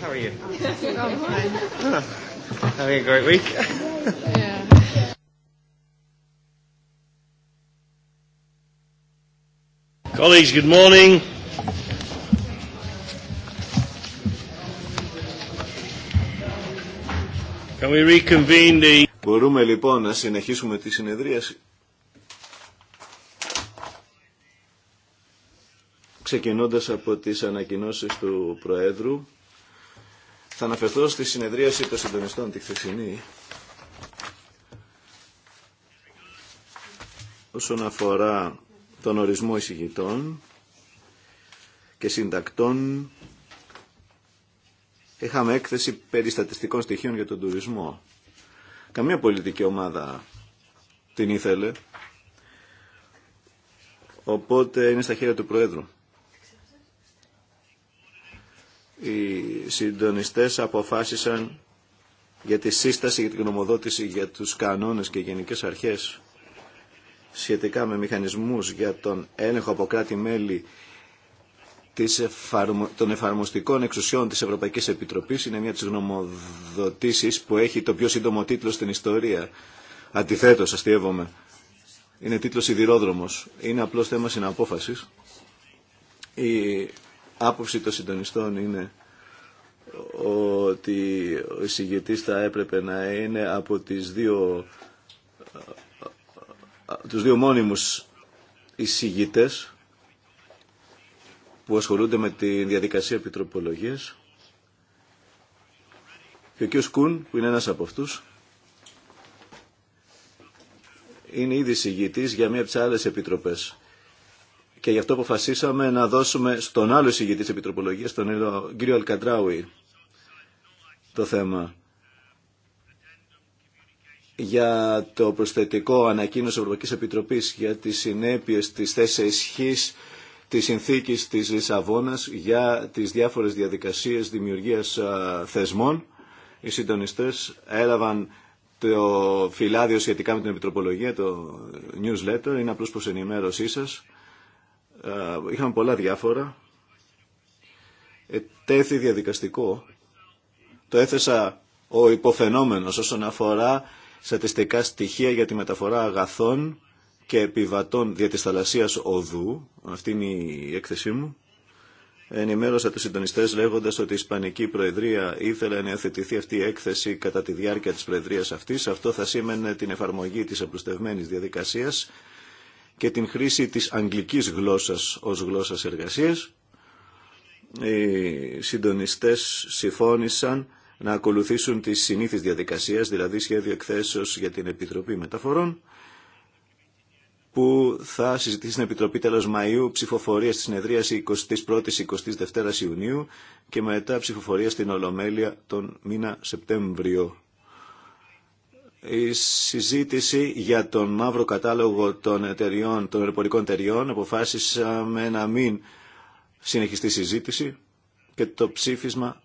How are you? Oh, Having a great week? Yeah. Colleagues, good morning. Can we reconvene the... Μπορούμε λοιπόν να συνεχίσουμε τη συνεδρίαση. ξεκινώντας από τις ανακοινώσεις του Προέδρου θα αναφερθώ στη συνεδρίαση των συντονιστών τη χθεσινή. Όσον αφορά τον ορισμό εισηγητών και συντακτών, είχαμε έκθεση περιστατιστικών στοιχείων για τον τουρισμό. Καμία πολιτική ομάδα την ήθελε, οπότε είναι στα χέρια του Προέδρου οι συντονιστές αποφάσισαν για τη σύσταση, για την γνωμοδότηση για τους κανόνες και γενικές αρχές σχετικά με μηχανισμούς για τον έλεγχο από κράτη-μέλη των εφαρμοστικών εξουσιών της Ευρωπαϊκής Επιτροπής είναι μια της γνωμοδοτήσεις που έχει το πιο σύντομο τίτλο στην ιστορία. Αντιθέτως, αστείευομαι. Είναι τίτλος «Σιδηρόδρομος». Είναι απλώς θέμα συναπόφασης. Η άποψη των συντονιστών είναι ότι ο εισηγητής θα έπρεπε να είναι από τις δύο, τους δύο μόνιμους εισηγητές που ασχολούνται με τη διαδικασία επιτροπολογίας και ο κ. Κούν που είναι ένας από αυτούς είναι ήδη εισηγητής για μία από τις άλλες επιτροπές και γι' αυτό αποφασίσαμε να δώσουμε στον άλλο εισηγητή της Επιτροπολογίας, τον κύριο Αλκατράουι, το θέμα για το προσθετικό ανακοίνωση Ευρωπαϊκής Επιτροπής για τις συνέπειες της θέσης ισχύ της συνθήκης της Λισαβόνας για τις διάφορες διαδικασίες δημιουργίας θεσμών. Οι συντονιστές έλαβαν το φυλάδιο σχετικά με την Επιτροπολογία, το newsletter, είναι απλώς προς ενημέρωσή σας. Ε, είχαμε πολλά διάφορα. Τέθη διαδικαστικό. Το έθεσα ο υποφαινόμενος όσον αφορά στατιστικά στοιχεία για τη μεταφορά αγαθών και επιβατών δια της θαλασσίας οδού. Αυτή είναι η έκθεσή μου. Ενημέρωσα τους συντονιστές λέγοντας ότι η Ισπανική Προεδρία ήθελε να υιοθετηθεί αυτή η έκθεση κατά τη διάρκεια της Προεδρίας αυτής. Αυτό θα σήμαινε την εφαρμογή της απλουστευμένης διαδικασίας και την χρήση της αγγλικής γλώσσας ως γλώσσας εργασίας. Οι συντονιστές συμφώνησαν να ακολουθήσουν τις συνήθεις διαδικασίας, δηλαδή σχέδιο εκθέσεως για την Επιτροπή Μεταφορών, που θα συζητήσει στην Επιτροπή τέλος Μαΐου ψηφοφορία στη συνεδρίαση 21η 22 ιουνιου και μετά ψηφοφορία στην Ολομέλεια τον μήνα Σεπτέμβριο η συζήτηση για τον μαύρο κατάλογο των, εταιριών, των αεροπορικών εταιριών αποφάσισαμε να μην συνεχιστεί συζήτηση και το ψήφισμα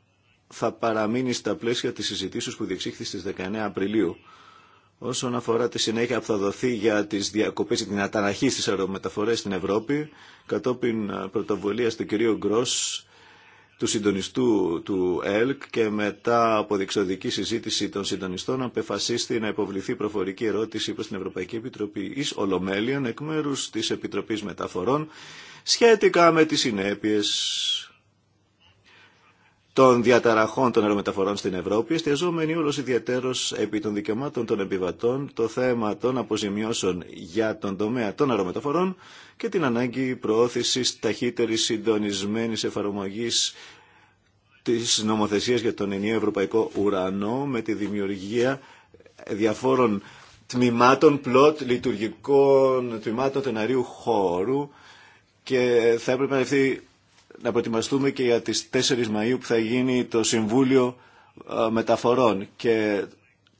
θα παραμείνει στα πλαίσια της συζήτησης που διεξήχθη στις 19 Απριλίου. Όσον αφορά τη συνέχεια που θα δοθεί για τις διακοπές και την αταναχή στις αερομεταφορές στην Ευρώπη, κατόπιν πρωτοβουλία του κυρίου Γκρός, του συντονιστού του ΕΛΚ και μετά από διεξοδική συζήτηση των συντονιστών απεφασίστη να υποβληθεί προφορική ερώτηση προς την Ευρωπαϊκή Επιτροπή εις Ολομέλειων εκ μέρους της Επιτροπής Μεταφορών σχετικά με τις συνέπειες των διαταραχών των αερομεταφορών στην Ευρώπη, εστιαζόμενοι όλο ιδιαίτερο επί των δικαιωμάτων των επιβατών, το θέμα των αποζημιώσεων για τον τομέα των αερομεταφορών και την ανάγκη προώθηση ταχύτερη συντονισμένη εφαρμογή της νομοθεσίας για τον ενιαίο ευρωπαϊκό ουρανό με τη δημιουργία διαφόρων τμήματων, πλότ, λειτουργικών τμήματων τεναρίου χώρου και θα έπρεπε να προετοιμαστούμε και για τις 4 Μαΐου που θα γίνει το Συμβούλιο ε, Μεταφορών και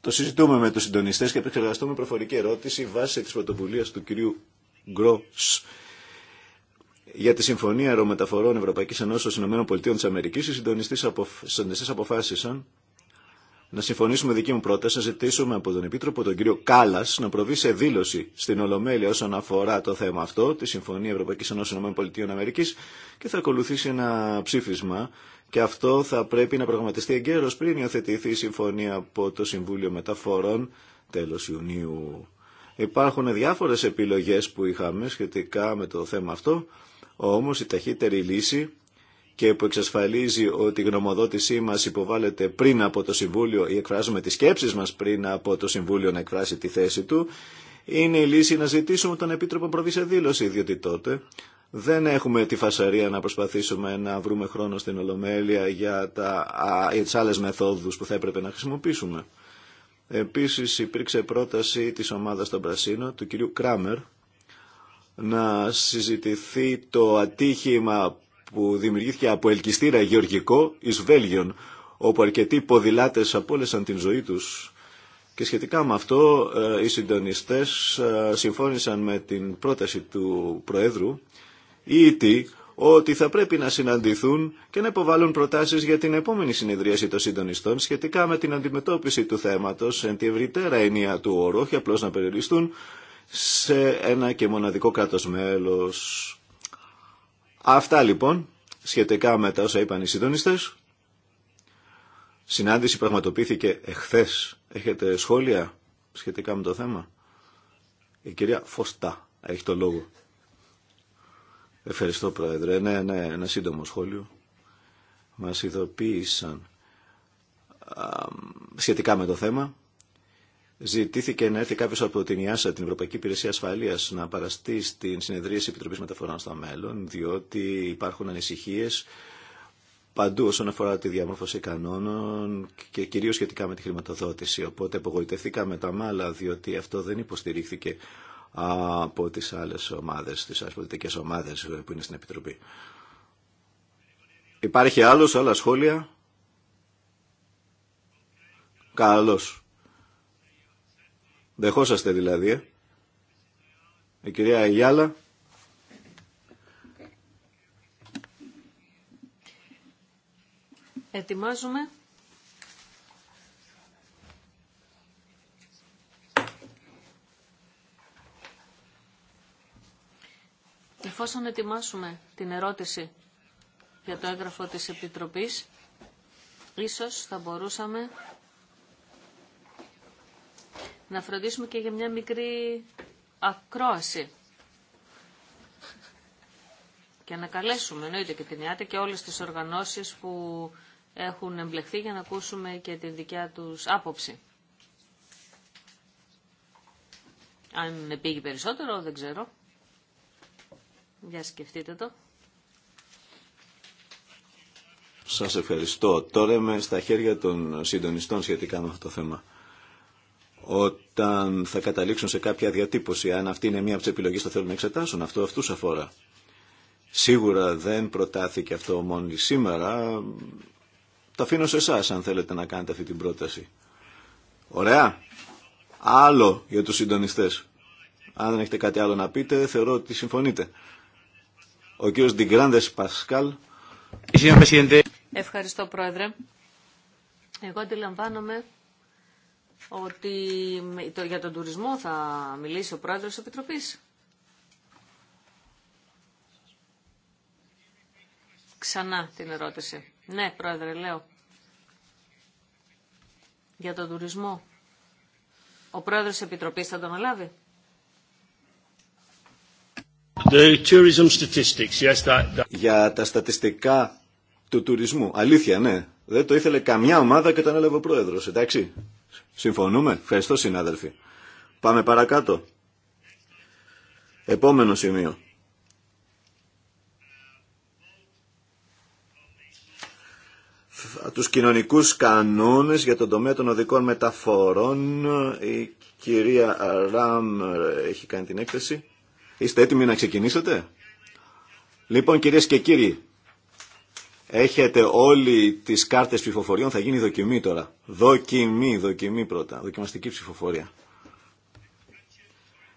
το συζητούμε με τους συντονιστές και επεξεργαστούμε προφορική ερώτηση βάσει της πρωτοβουλίας του κυρίου Γκρός για τη Συμφωνία Αερομεταφορών Ευρωπαϊκής των τη Αμερική, οι συντονιστές, αποφ... αποφάσισαν να συμφωνήσουμε δική μου πρόταση, να ζητήσουμε από τον Επίτροπο, τον κύριο Κάλλα, να προβεί σε δήλωση στην Ολομέλεια όσον αφορά το θέμα αυτό, τη Συμφωνία Ευρωπαϊκή Ενώση Αμερική και θα ακολουθήσει ένα ψήφισμα. Και αυτό θα πρέπει να προγραμματιστεί εγκαίρω πριν υιοθετηθεί η Συμφωνία από το Συμβούλιο Μεταφορών τέλο Ιουνίου. Υπάρχουν διάφορε επιλογέ που είχαμε σχετικά με το θέμα αυτό. Όμως η ταχύτερη λύση και που εξασφαλίζει ότι η γνωμοδότησή μας υποβάλλεται πριν από το Συμβούλιο ή εκφράζουμε τις σκέψεις μας πριν από το Συμβούλιο να εκφράσει τη θέση του, είναι η λύση να ζητήσουμε τον Επίτροπο προβεί σε δήλωση, διότι τότε δεν έχουμε τη φασαρία να προσπαθήσουμε να βρούμε χρόνο στην Ολομέλεια για, τα, για τις άλλες μεθόδους που θα έπρεπε να χρησιμοποιήσουμε. Επίσης υπήρξε πρόταση της ομάδας των Πρασίνων, του κυρίου Κράμερ, να συζητηθεί το ατύχημα που δημιουργήθηκε από ελκυστήρα γεωργικό εις Βέλγιον, όπου αρκετοί ποδηλάτες απόλυσαν την ζωή τους. Και σχετικά με αυτό ε, οι συντονιστές ε, συμφώνησαν με την πρόταση του Προέδρου ήτι; ότι θα πρέπει να συναντηθούν και να υποβάλουν προτάσεις για την επόμενη συνεδρίαση των συντονιστών σχετικά με την αντιμετώπιση του θέματος εν τη ευρυτέρα ενία του όρου, όχι απλώς να περιοριστούν σε ένα και μοναδικό κράτος μέλος. Αυτά λοιπόν, σχετικά με τα όσα είπαν οι συντονιστές. Συνάντηση πραγματοποιήθηκε εχθές. Έχετε σχόλια σχετικά με το θέμα. Η κυρία Φωστά έχει το λόγο. Ευχαριστώ Πρόεδρε. Ναι, ναι, ένα σύντομο σχόλιο. Μας ειδοποίησαν σχετικά με το θέμα. Ζητήθηκε να έρθει κάποιο από την ΙΑΣΑ, την Ευρωπαϊκή Υπηρεσία Ασφαλεία, να παραστεί στην συνεδρίαση Επιτροπή Μεταφορών στο μέλλον, διότι υπάρχουν ανησυχίε παντού όσον αφορά τη διαμόρφωση κανόνων και κυρίω σχετικά με τη χρηματοδότηση. Οπότε απογοητευθήκαμε τα μάλα, διότι αυτό δεν υποστηρίχθηκε από τι άλλε ομάδε, τι άλλε πολιτικέ ομάδε που είναι στην Επιτροπή. Υπάρχει άλλο άλλα σχόλια. Καλώ. Δεχόσαστε δηλαδή. Ε. Η κυρία Αγιάλα. Ετοιμάζουμε. Εφόσον ετοιμάσουμε την ερώτηση για το έγγραφο της Επιτροπής, ίσως θα μπορούσαμε να φροντίσουμε και για μια μικρή ακρόαση. Και να καλέσουμε, εννοείται και την ΙΑΤΕ και όλες τις οργανώσεις που έχουν εμπλεχθεί για να ακούσουμε και την δικιά τους άποψη. Αν πήγε περισσότερο, δεν ξέρω. Για σκεφτείτε το. Σας ευχαριστώ. Τώρα είμαι στα χέρια των συντονιστών σχετικά με αυτό το θέμα όταν θα καταλήξουν σε κάποια διατύπωση. Αν αυτή είναι μία από τι επιλογέ που θέλουν να εξετάσουν, αυτό αυτού αφορά. Σίγουρα δεν προτάθηκε αυτό μόνο σήμερα. Το αφήνω σε εσά αν θέλετε να κάνετε αυτή την πρόταση. Ωραία. Άλλο για τους συντονιστέ. Αν δεν έχετε κάτι άλλο να πείτε, θεωρώ ότι συμφωνείτε. Ο κύριο Ντιγκράντε Πασκάλ. Ευχαριστώ, Πρόεδρε. Εγώ αντιλαμβάνομαι ότι για τον τουρισμό θα μιλήσει ο πρόεδρος της Επιτροπής. Ξανά την ερώτηση. Ναι, πρόεδρε, λέω. Για τον τουρισμό. Ο πρόεδρος της Επιτροπής θα τον αναλάβει. The tourism statistics. Yes, Για τα στατιστικά του τουρισμού. Αλήθεια, ναι. Δεν το ήθελε καμιά ομάδα και τον έλαβε ο πρόεδρος, εντάξει. Συμφωνούμε. Ευχαριστώ συνάδελφοι. Πάμε παρακάτω. Επόμενο σημείο. Τους κοινωνικούς κανόνες για τον τομέα των οδικών μεταφορών. Η κυρία Ράμ έχει κάνει την έκθεση. Είστε έτοιμοι να ξεκινήσετε. Λοιπόν κυρίες και κύριοι, Έχετε όλοι τις κάρτες ψηφοφοριών, θα γίνει δοκιμή τώρα. Δοκιμή, δοκιμή πρώτα, δοκιμαστική ψηφοφορία.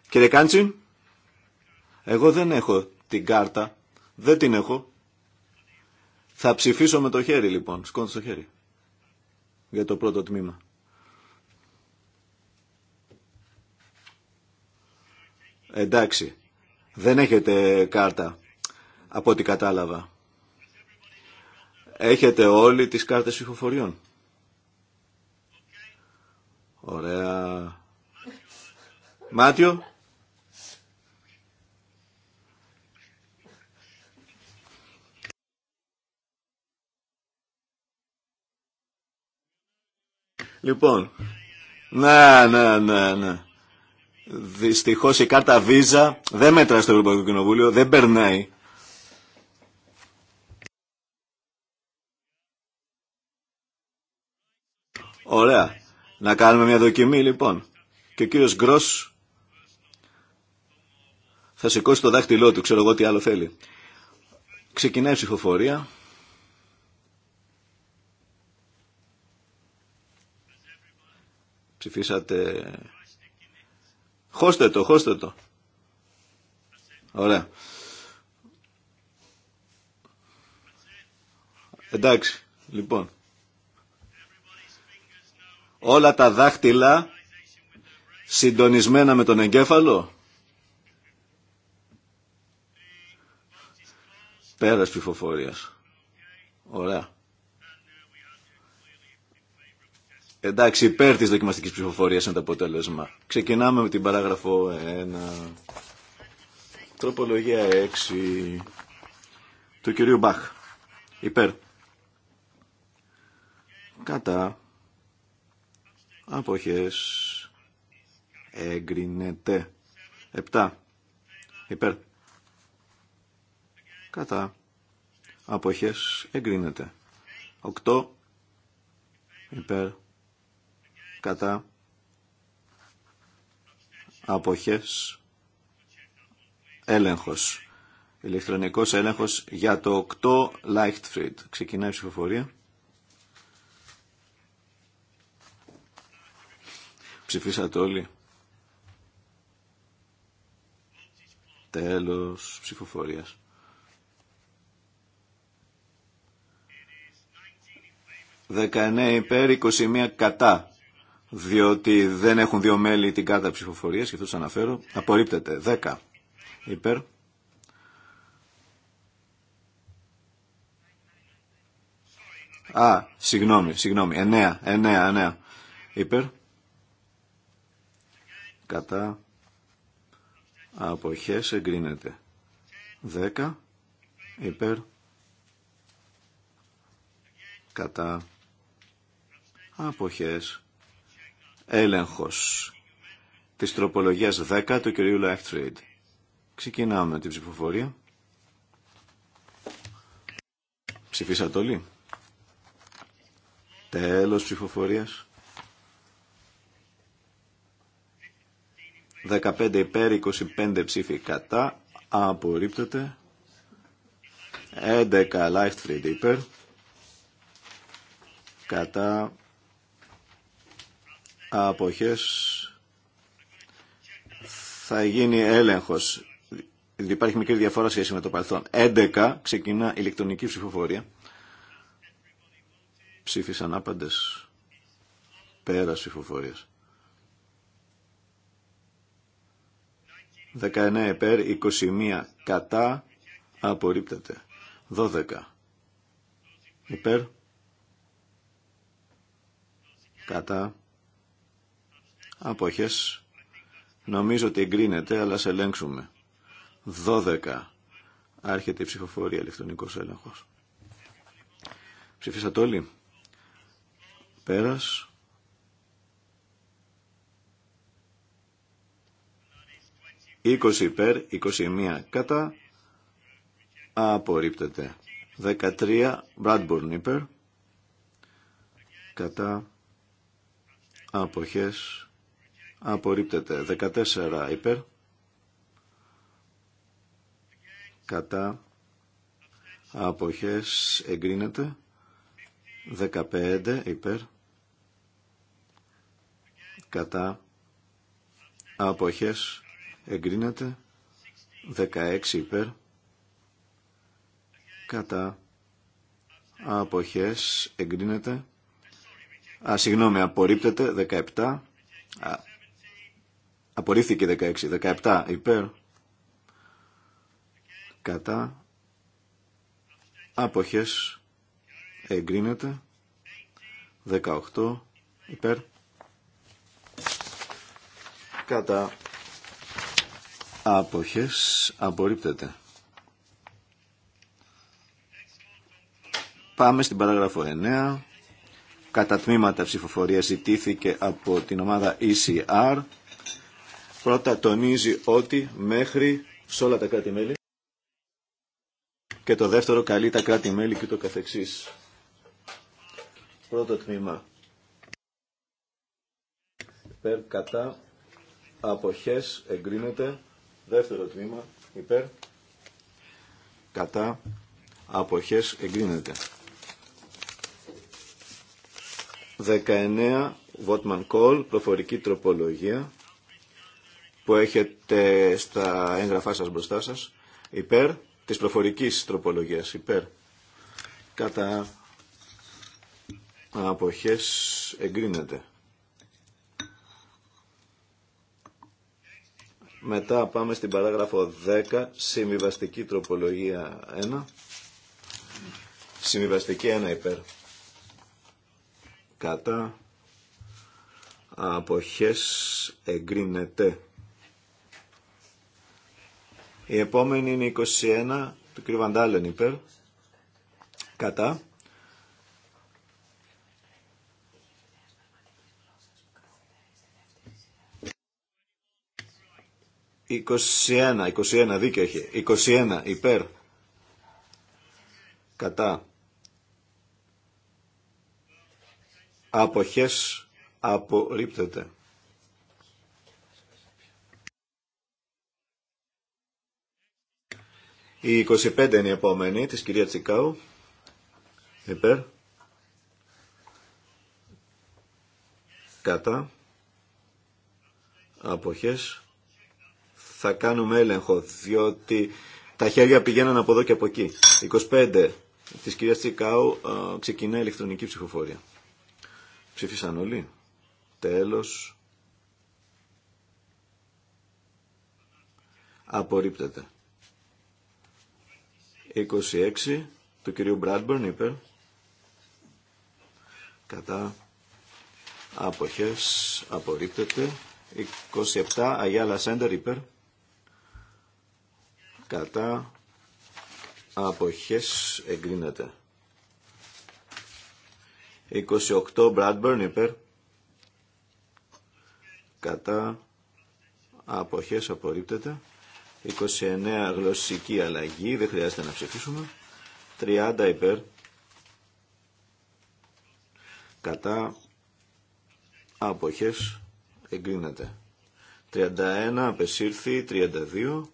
Κύριε Κάντσιν, εγώ δεν έχω την κάρτα, δεν την έχω. Θα ψηφίσω με το χέρι λοιπόν, σκόντω το χέρι, για το πρώτο τμήμα. Εντάξει, δεν έχετε κάρτα, από ό,τι κατάλαβα. Έχετε όλοι τις κάρτες ψηφοφοριών. Ωραία. Μάτιο. Λοιπόν, να, να, να, να. Δυστυχώς η κάρτα Visa δεν μέτρα στο Ευρωπαϊκό Κοινοβούλιο, δεν περνάει. Ωραία. Να κάνουμε μια δοκιμή λοιπόν. Και ο κύριος Γκρός θα σηκώσει το δάχτυλό του, ξέρω εγώ τι άλλο θέλει. Ξεκινάει η ψηφοφορία. Ψηφίσατε. Χώστε το, χώστε το. Ωραία. Εντάξει, λοιπόν όλα τα δάχτυλα συντονισμένα με τον εγκέφαλο. Πέρας ψηφοφορίας. Ωραία. Εντάξει, υπέρ της δοκιμαστικής ψηφοφορίας είναι το αποτέλεσμα. Ξεκινάμε με την παράγραφο 1. Τροπολογία 6 του κυρίου Μπαχ. Υπέρ. Κατά αποχές εγκρίνεται. 7. Υπέρ. Κατά. Αποχές εγκρίνεται. 8. Υπέρ. Κατά. Αποχές. Έλεγχος. Ηλεκτρονικός έλεγχος για το 8 Lightfried. Ξεκινάει η ψηφοφορία. Ψηφίσατε όλοι. Τέλος ψηφοφορίας. 19 υπέρ, 21 κατά. Διότι δεν έχουν δύο μέλη την κάρτα ψηφοφορία, και αυτό σα αναφέρω. Απορρίπτεται. 10 υπέρ. Α, συγγνώμη, συγγνώμη. 9, 9, 9 υπέρ κατά αποχές εγκρίνεται 10 υπέρ κατά αποχές έλεγχος της τροπολογίας 10 του κυρίου Trade. Ξεκινάμε την ψηφοφορία. Ψηφίσατε όλοι. Τέλος ψηφοφορίας. 15 υπέρ, 25 ψήφοι κατά. Απορρίπτεται. 11 Free υπέρ. Κατά αποχές θα γίνει έλεγχος. Υπάρχει μικρή διαφορά σχέση με το παρελθόν. 11 ξεκινά ηλεκτρονική ψηφοφορία. Ψήφισαν άπαντες πέρα ψηφοφορίας. 19 υπέρ, 21 κατά, απορρίπτεται. 12 υπέρ, κατά, αποχές. Νομίζω ότι εγκρίνεται, αλλά σε ελέγξουμε. 12. Άρχεται η ψηφοφορία, ηλεκτρονικός έλεγχος. Ψηφίσατε όλοι. Πέρας. 20 υπέρ, 21 κατά, απορρίπτεται. 13 Bradburn υπέρ, κατά, αποχές, απορρίπτεται. 14 υπέρ, κατά, αποχές, εγκρίνεται. 15 υπέρ, κατά, αποχές, εγκρίνεται 16 υπέρ κατά αποχές εγκρίνεται α, συγγνώμη, απορρίπτεται 17 α, απορρίφθηκε 16 17 υπέρ κατά αποχές εγκρίνεται 18 υπέρ κατά Αποχές απορρίπτεται. Πάμε στην παράγραφο 9. Κατά τμήματα ψηφοφορία ζητήθηκε από την ομάδα ECR. Πρώτα τονίζει ότι μέχρι σε όλα τα κράτη-μέλη και το δεύτερο καλεί τα κράτη-μέλη και το καθεξής. Πρώτο τμήμα. Περ κατά αποχές εγκρίνεται Δεύτερο τμήμα υπέρ κατά αποχές εγκρίνεται. 19 Votman Call, προφορική τροπολογία που έχετε στα έγγραφά σας μπροστά σας υπέρ της προφορικής τροπολογίας υπέρ κατά αποχές εγκρίνεται Μετά πάμε στην παράγραφο 10, συμβιβαστική τροπολογία 1. Συμβιβαστική 1 υπέρ. Κατά αποχές εγκρίνεται. Η επόμενη είναι 21 του κ. Βαντάλεν υπέρ. Κατά 21, 21 δίκαιο έχει. 21 υπέρ. Κατά. Αποχές απορρίπτεται. Η 25 είναι η επόμενη της κυρία Τσικάου. Υπέρ. Κατά. Αποχές θα κάνουμε έλεγχο, διότι τα χέρια πηγαίναν από εδώ και από εκεί. 25 της κυρίας Τσικάου ε, ξεκινά ηλεκτρονική ψηφοφορία. Ψήφισαν όλοι. Τέλος. Απορρίπτεται. 26 του κυρίου Μπράντμπερν υπέρ. Κατά. Αποχές. Απορρίπτεται. 27 Αγιάλα Σέντερ υπέρ κατά αποχές εγκρίνεται. 28 Bradburn υπέρ κατά αποχές απορρίπτεται. 29 γλωσσική αλλαγή, δεν χρειάζεται να ψηφίσουμε. 30 υπέρ κατά αποχές εγκρίνεται. 31 απεσύρθη, 32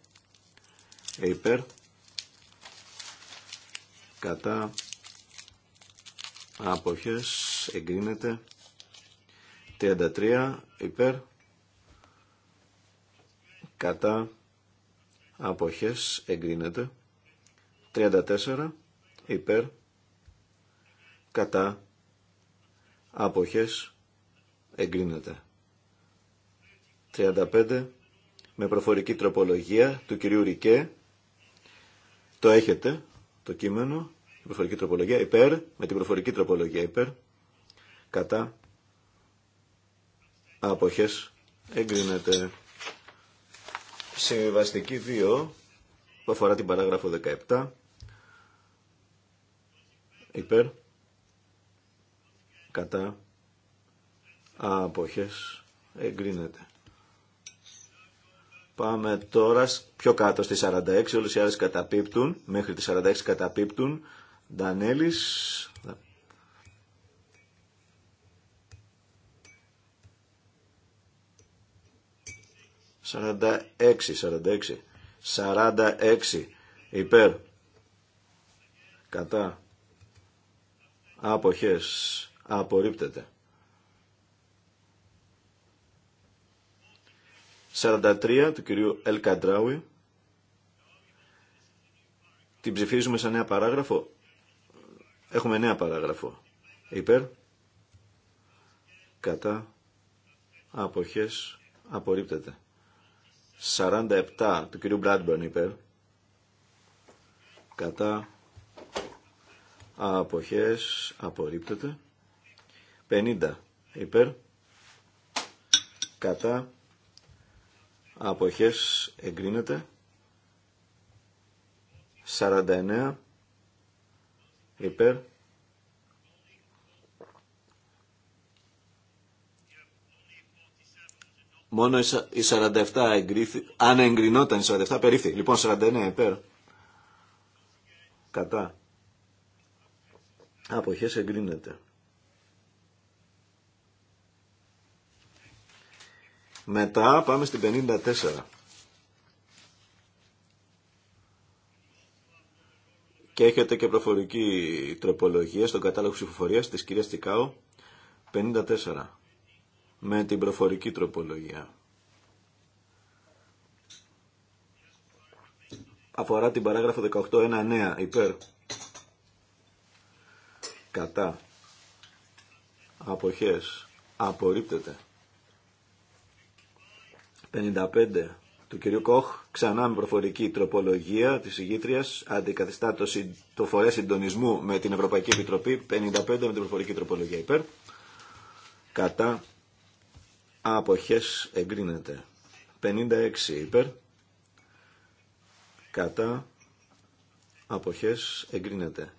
ε, υπέρ κατά άποχες εγκρίνεται 33 υπέρ κατά άποχες εγκρίνεται 34 υπέρ κατά άποχες εγκρίνεται 35 με προφορική τροπολογία του κυρίου Ρικέ το έχετε, το κείμενο, η προφορική τροπολογία υπέρ, με την προφορική τροπολογία υπέρ, κατά αποχές εγκρίνεται. Συμβιβαστική 2 που αφορά την παράγραφο 17 υπέρ κατά αποχές εγκρίνεται. Πάμε τώρα πιο κάτω στη 46, όλες οι άλλες καταπίπτουν, μέχρι τη 46 καταπίπτουν. Ντανέλης, 46, 46, 46, έξι, υπέρ, κατά, αποχές, απορρίπτεται. 43 του κυρίου Ελ Καντράουι. Την ψηφίζουμε σαν νέα παράγραφο. Έχουμε νέα παράγραφο. Υπέρ. Κατά. Αποχές. Απορρίπτεται. 47 του κυρίου Μπράντμπερν υπέρ. Κατά. Αποχές. Απορρίπτεται. 50 υπέρ. Κατά αποχές εγκρίνεται 49 υπέρ Μόνο η 47 εγκρίθη, αν εγκρινόταν η 47 περίφθη. Λοιπόν 49 υπέρ. Κατά. Αποχές εγκρίνεται. Μετά πάμε στην 54. Και έχετε και προφορική τροπολογία στον κατάλογο ψηφοφορία της κυρίας Τικάου 54 με την προφορική τροπολογία. Αφορά την παράγραφο 18.1.9 υπέρ κατά αποχές απορρίπτεται. 55 του κυρίου Κοχ, ξανά με προφορική τροπολογία της ηγήτριας, αντικαθιστά το, συ, το φορέα συντονισμού με την Ευρωπαϊκή Επιτροπή, 55 με την προφορική τροπολογία υπέρ, κατά αποχές εγκρίνεται. 56 υπέρ, κατά αποχές εγκρίνεται.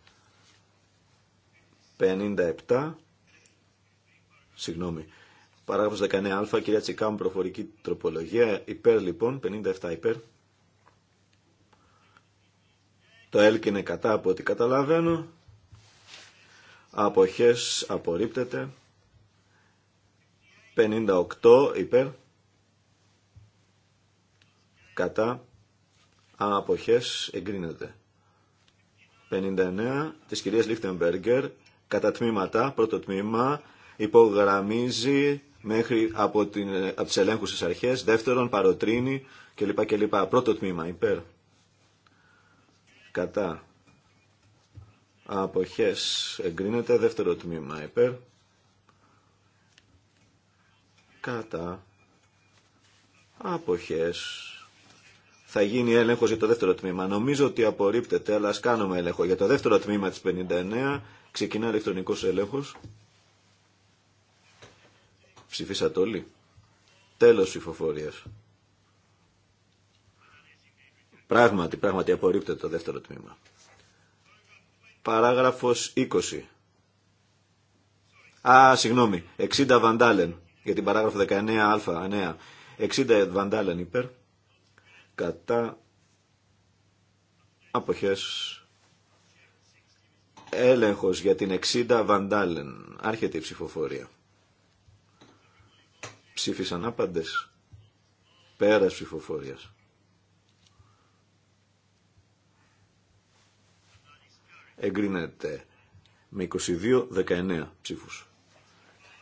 57, συγγνώμη, Παράγραφος 19α, κυρία Τσικάμου, προφορική τροπολογία, υπέρ λοιπόν, 57 υπέρ. Το ΕΛΚ είναι κατά από ό,τι καταλαβαίνω. Αποχές απορρίπτεται. 58 υπέρ. Κατά. Αποχές εγκρίνεται. 59 της κυρίας Λίχτεμπεργκερ. Κατά τμήματα. Πρώτο τμήμα υπογραμμίζει μέχρι από, την, από τις ελέγχουσες αρχές, δεύτερον παροτρύνει κλπ. κλπ. Πρώτο τμήμα, υπέρ, κατά, αποχές, εγκρίνεται, δεύτερο τμήμα, υπέρ, κατά, αποχές, θα γίνει έλεγχος για το δεύτερο τμήμα. Νομίζω ότι απορρίπτεται, αλλά ας κάνουμε έλεγχο. Για το δεύτερο τμήμα της 59 ξεκινά ηλεκτρονικός έλεγχος. Ψηφίσατε όλοι. Τέλος ψηφοφορίας. Πράγματι, πράγματι απορρίπτεται το δεύτερο τμήμα. Παράγραφος 20. Α, συγγνώμη. 60 Βαντάλεν. Για την παράγραφο 19α, 9. 60 Βαντάλεν υπέρ. Κατά αποχές. Έλεγχος για την 60 Βαντάλεν. Άρχεται η ψηφοφορία. Ψήφισαν άπαντες. Πέρας ψηφοφορίας. Εγκρίνεται με 22-19 ψήφους.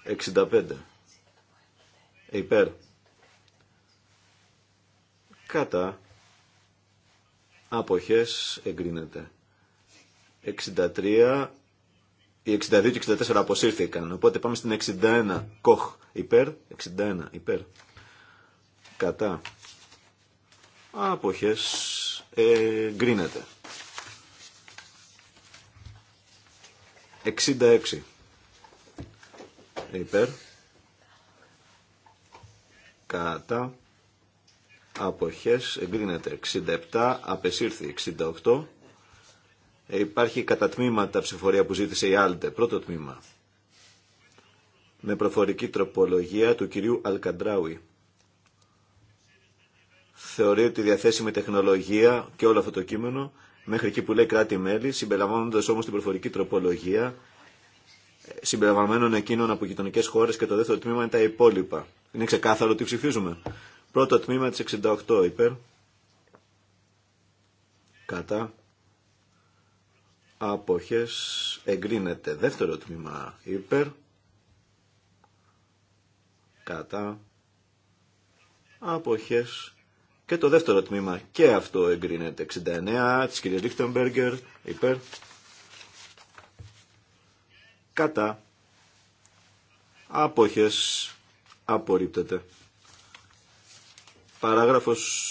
65. Υπέρ. Κατά. Αποχές εγκρίνεται. 63 οι 62 και 64 αποσύρθηκαν. Οπότε πάμε στην 61. Κοχ. Υπέρ. 61. Υπέρ. Κατά. Αποχές. Ε, γκρίνεται. 66. Υπέρ. Κατά. Αποχές. Εγκρίνεται. 67. Απεσύρθη. 68. Ε, υπάρχει κατά τμήματα ψηφορία που ζήτησε η ΑΛΤΕ. Πρώτο τμήμα. Με προφορική τροπολογία του κυρίου Αλκαντράουι. Θεωρεί ότι διαθέσιμη τεχνολογία και όλο αυτό το κείμενο, μέχρι εκεί που λέει κράτη-μέλη, συμπεριλαμβάνοντα όμω την προφορική τροπολογία, συμπεριλαμβανομένων εκείνων από γειτονικέ χώρε και το δεύτερο τμήμα είναι τα υπόλοιπα. Είναι ξεκάθαρο τι ψηφίζουμε. Πρώτο τμήμα τη 68 υπέρ. Κατά αποχές εγκρίνεται. Δεύτερο τμήμα υπέρ, κατά, αποχές και το δεύτερο τμήμα και αυτό εγκρίνεται. 69 της κυρίας Λίχτεμπεργκερ υπέρ, κατά, αποχές απορρίπτεται. Παράγραφος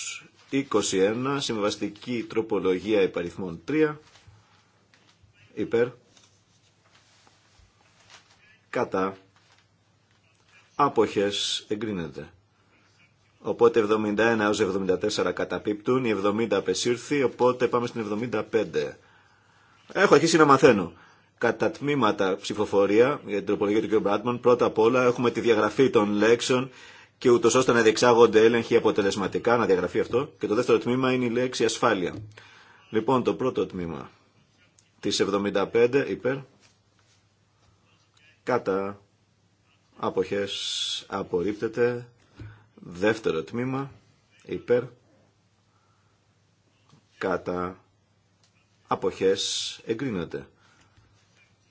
21, συμβαστική τροπολογία υπαριθμών 3, υπέρ κατά άποχες εγκρίνεται. Οπότε 71 έως 74 καταπίπτουν, η 70 απεσύρθη, οπότε πάμε στην 75. Έχω αρχίσει να μαθαίνω. Κατά τμήματα ψηφοφορία για την τροπολογία του κ. Μπράτμαν, πρώτα απ' όλα έχουμε τη διαγραφή των λέξεων και ούτω ώστε να διεξάγονται έλεγχοι αποτελεσματικά, να διαγραφεί αυτό. Και το δεύτερο τμήμα είναι η λέξη ασφάλεια. Λοιπόν, το πρώτο τμήμα Τις 75 υπέρ. Κατά. Αποχές απορρίπτεται. Δεύτερο τμήμα υπέρ. Κατά. Αποχές εγκρίνεται.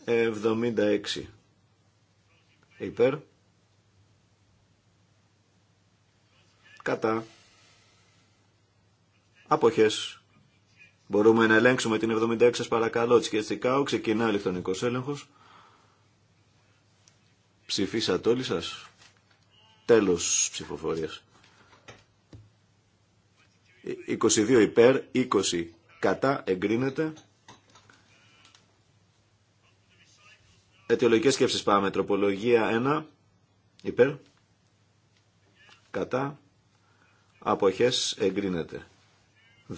76 υπέρ. Κατά. Αποχές Μπορούμε να ελέγξουμε την 76 σας παρακαλώ Τη Ξεκινά ο ηλεκτρονικός έλεγχος. Ψηφίσατε όλοι σας. Τέλος ψηφοφορίας. 22 υπέρ, 20 κατά, εγκρίνεται. Αιτιολογικές σκέψεις πάμε. Τροπολογία 1, υπέρ, κατά, αποχές, εγκρίνεται.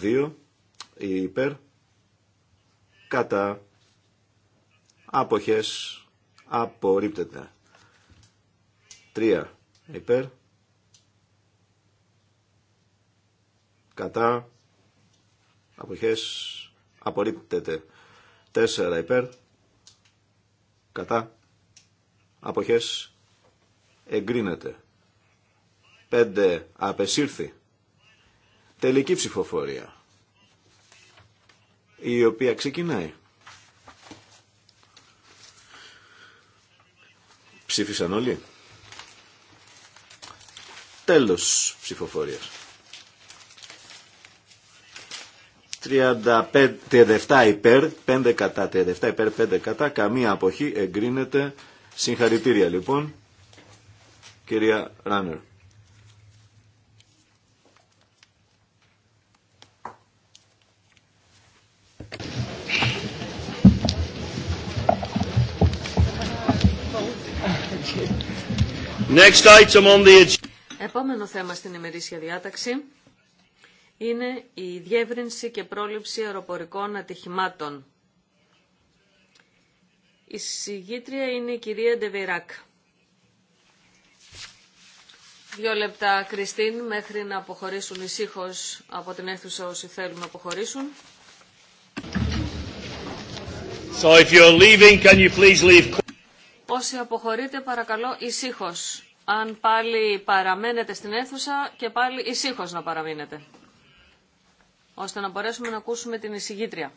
2, υπέρ κατά άποχες απορρίπτεται. τρία υπέρ κατά αποχές απορρίπτεται. τέσσερα υπέρ κατά αποχές εγκρίνεται. πέντε απεσύρθη. Τελική ψηφοφορία η οποία ξεκινάει. Ψήφισαν όλοι. Τέλος ψηφοφορίας. 35, 37 υπέρ, 5 κατά, 37 υπέρ, 5 κατά, καμία αποχή εγκρίνεται. Συγχαρητήρια λοιπόν, κυρία Ράνερ. Επόμενο θέμα στην ημερήσια διάταξη είναι η διεύρυνση και πρόληψη αεροπορικών ατυχημάτων. Η συγγήτρια είναι η κυρία Ντεβιράκ. Δύο λεπτά, Κριστίν, μέχρι να αποχωρήσουν ησύχω από την αίθουσα όσοι θέλουν να αποχωρήσουν. So if you're leaving, can you please Όσοι αποχωρείτε, παρακαλώ, ησύχω αν πάλι παραμένετε στην αίθουσα και πάλι ησύχως να παραμείνετε, ώστε να μπορέσουμε να ακούσουμε την εισηγήτρια.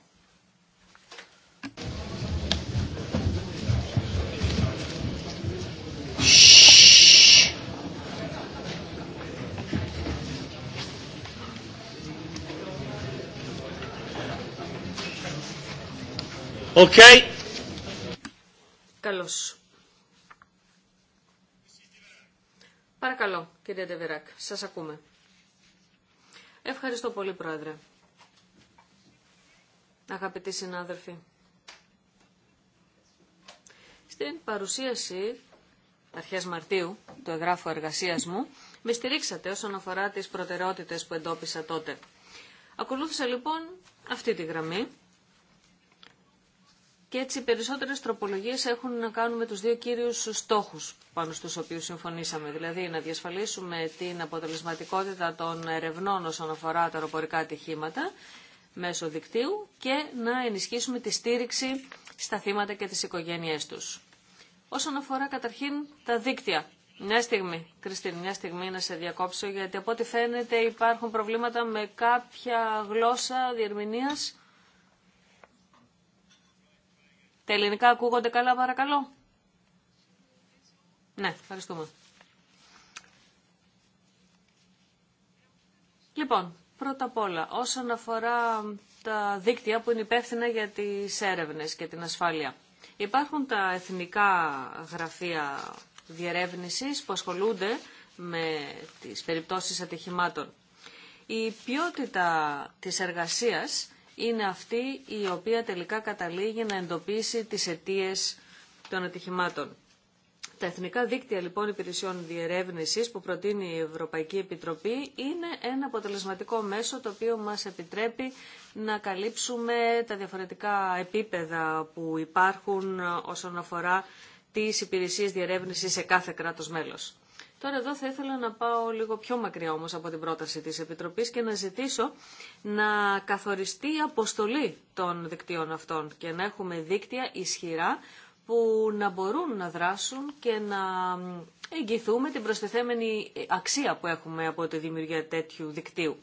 Okay. Καλώς. Παρακαλώ, κύριε Ντεβεράκ, σας ακούμε. Ευχαριστώ πολύ, Πρόεδρε. Αγαπητοί συνάδελφοι, στην παρουσίαση αρχές Μαρτίου του εγγράφου εργασίας μου, με στηρίξατε όσον αφορά τις προτεραιότητες που εντόπισα τότε. Ακολούθησα λοιπόν αυτή τη γραμμή και έτσι οι περισσότερες τροπολογίες έχουν να κάνουν με τους δύο κύριους στόχους πάνω στους οποίους συμφωνήσαμε. Δηλαδή να διασφαλίσουμε την αποτελεσματικότητα των ερευνών όσον αφορά τα αεροπορικά ατυχήματα μέσω δικτύου και να ενισχύσουμε τη στήριξη στα θύματα και τις οικογένειές τους. Όσον αφορά καταρχήν τα δίκτυα. Μια στιγμή, Κριστίν, μια στιγμή να σε διακόψω, γιατί από ό,τι φαίνεται υπάρχουν προβλήματα με κάποια γλώσσα διερμηνίας. Τα ελληνικά ακούγονται καλά, παρακαλώ. Ναι, ευχαριστούμε. Λοιπόν, πρώτα απ' όλα, όσον αφορά τα δίκτυα που είναι υπεύθυνα για τις έρευνες και την ασφάλεια. Υπάρχουν τα εθνικά γραφεία διερεύνησης που ασχολούνται με τις περιπτώσεις ατυχημάτων. Η ποιότητα της εργασίας είναι αυτή η οποία τελικά καταλήγει να εντοπίσει τις αιτίε των ατυχημάτων. Τα εθνικά δίκτυα λοιπόν υπηρεσιών διερεύνησης που προτείνει η Ευρωπαϊκή Επιτροπή είναι ένα αποτελεσματικό μέσο το οποίο μας επιτρέπει να καλύψουμε τα διαφορετικά επίπεδα που υπάρχουν όσον αφορά τις υπηρεσίες διερεύνησης σε κάθε κράτος μέλος. Τώρα εδώ θα ήθελα να πάω λίγο πιο μακριά όμως από την πρόταση της Επιτροπής και να ζητήσω να καθοριστεί η αποστολή των δικτύων αυτών και να έχουμε δίκτυα ισχυρά που να μπορούν να δράσουν και να εγγυθούμε την προστιθέμενη αξία που έχουμε από τη δημιουργία τέτοιου δικτύου.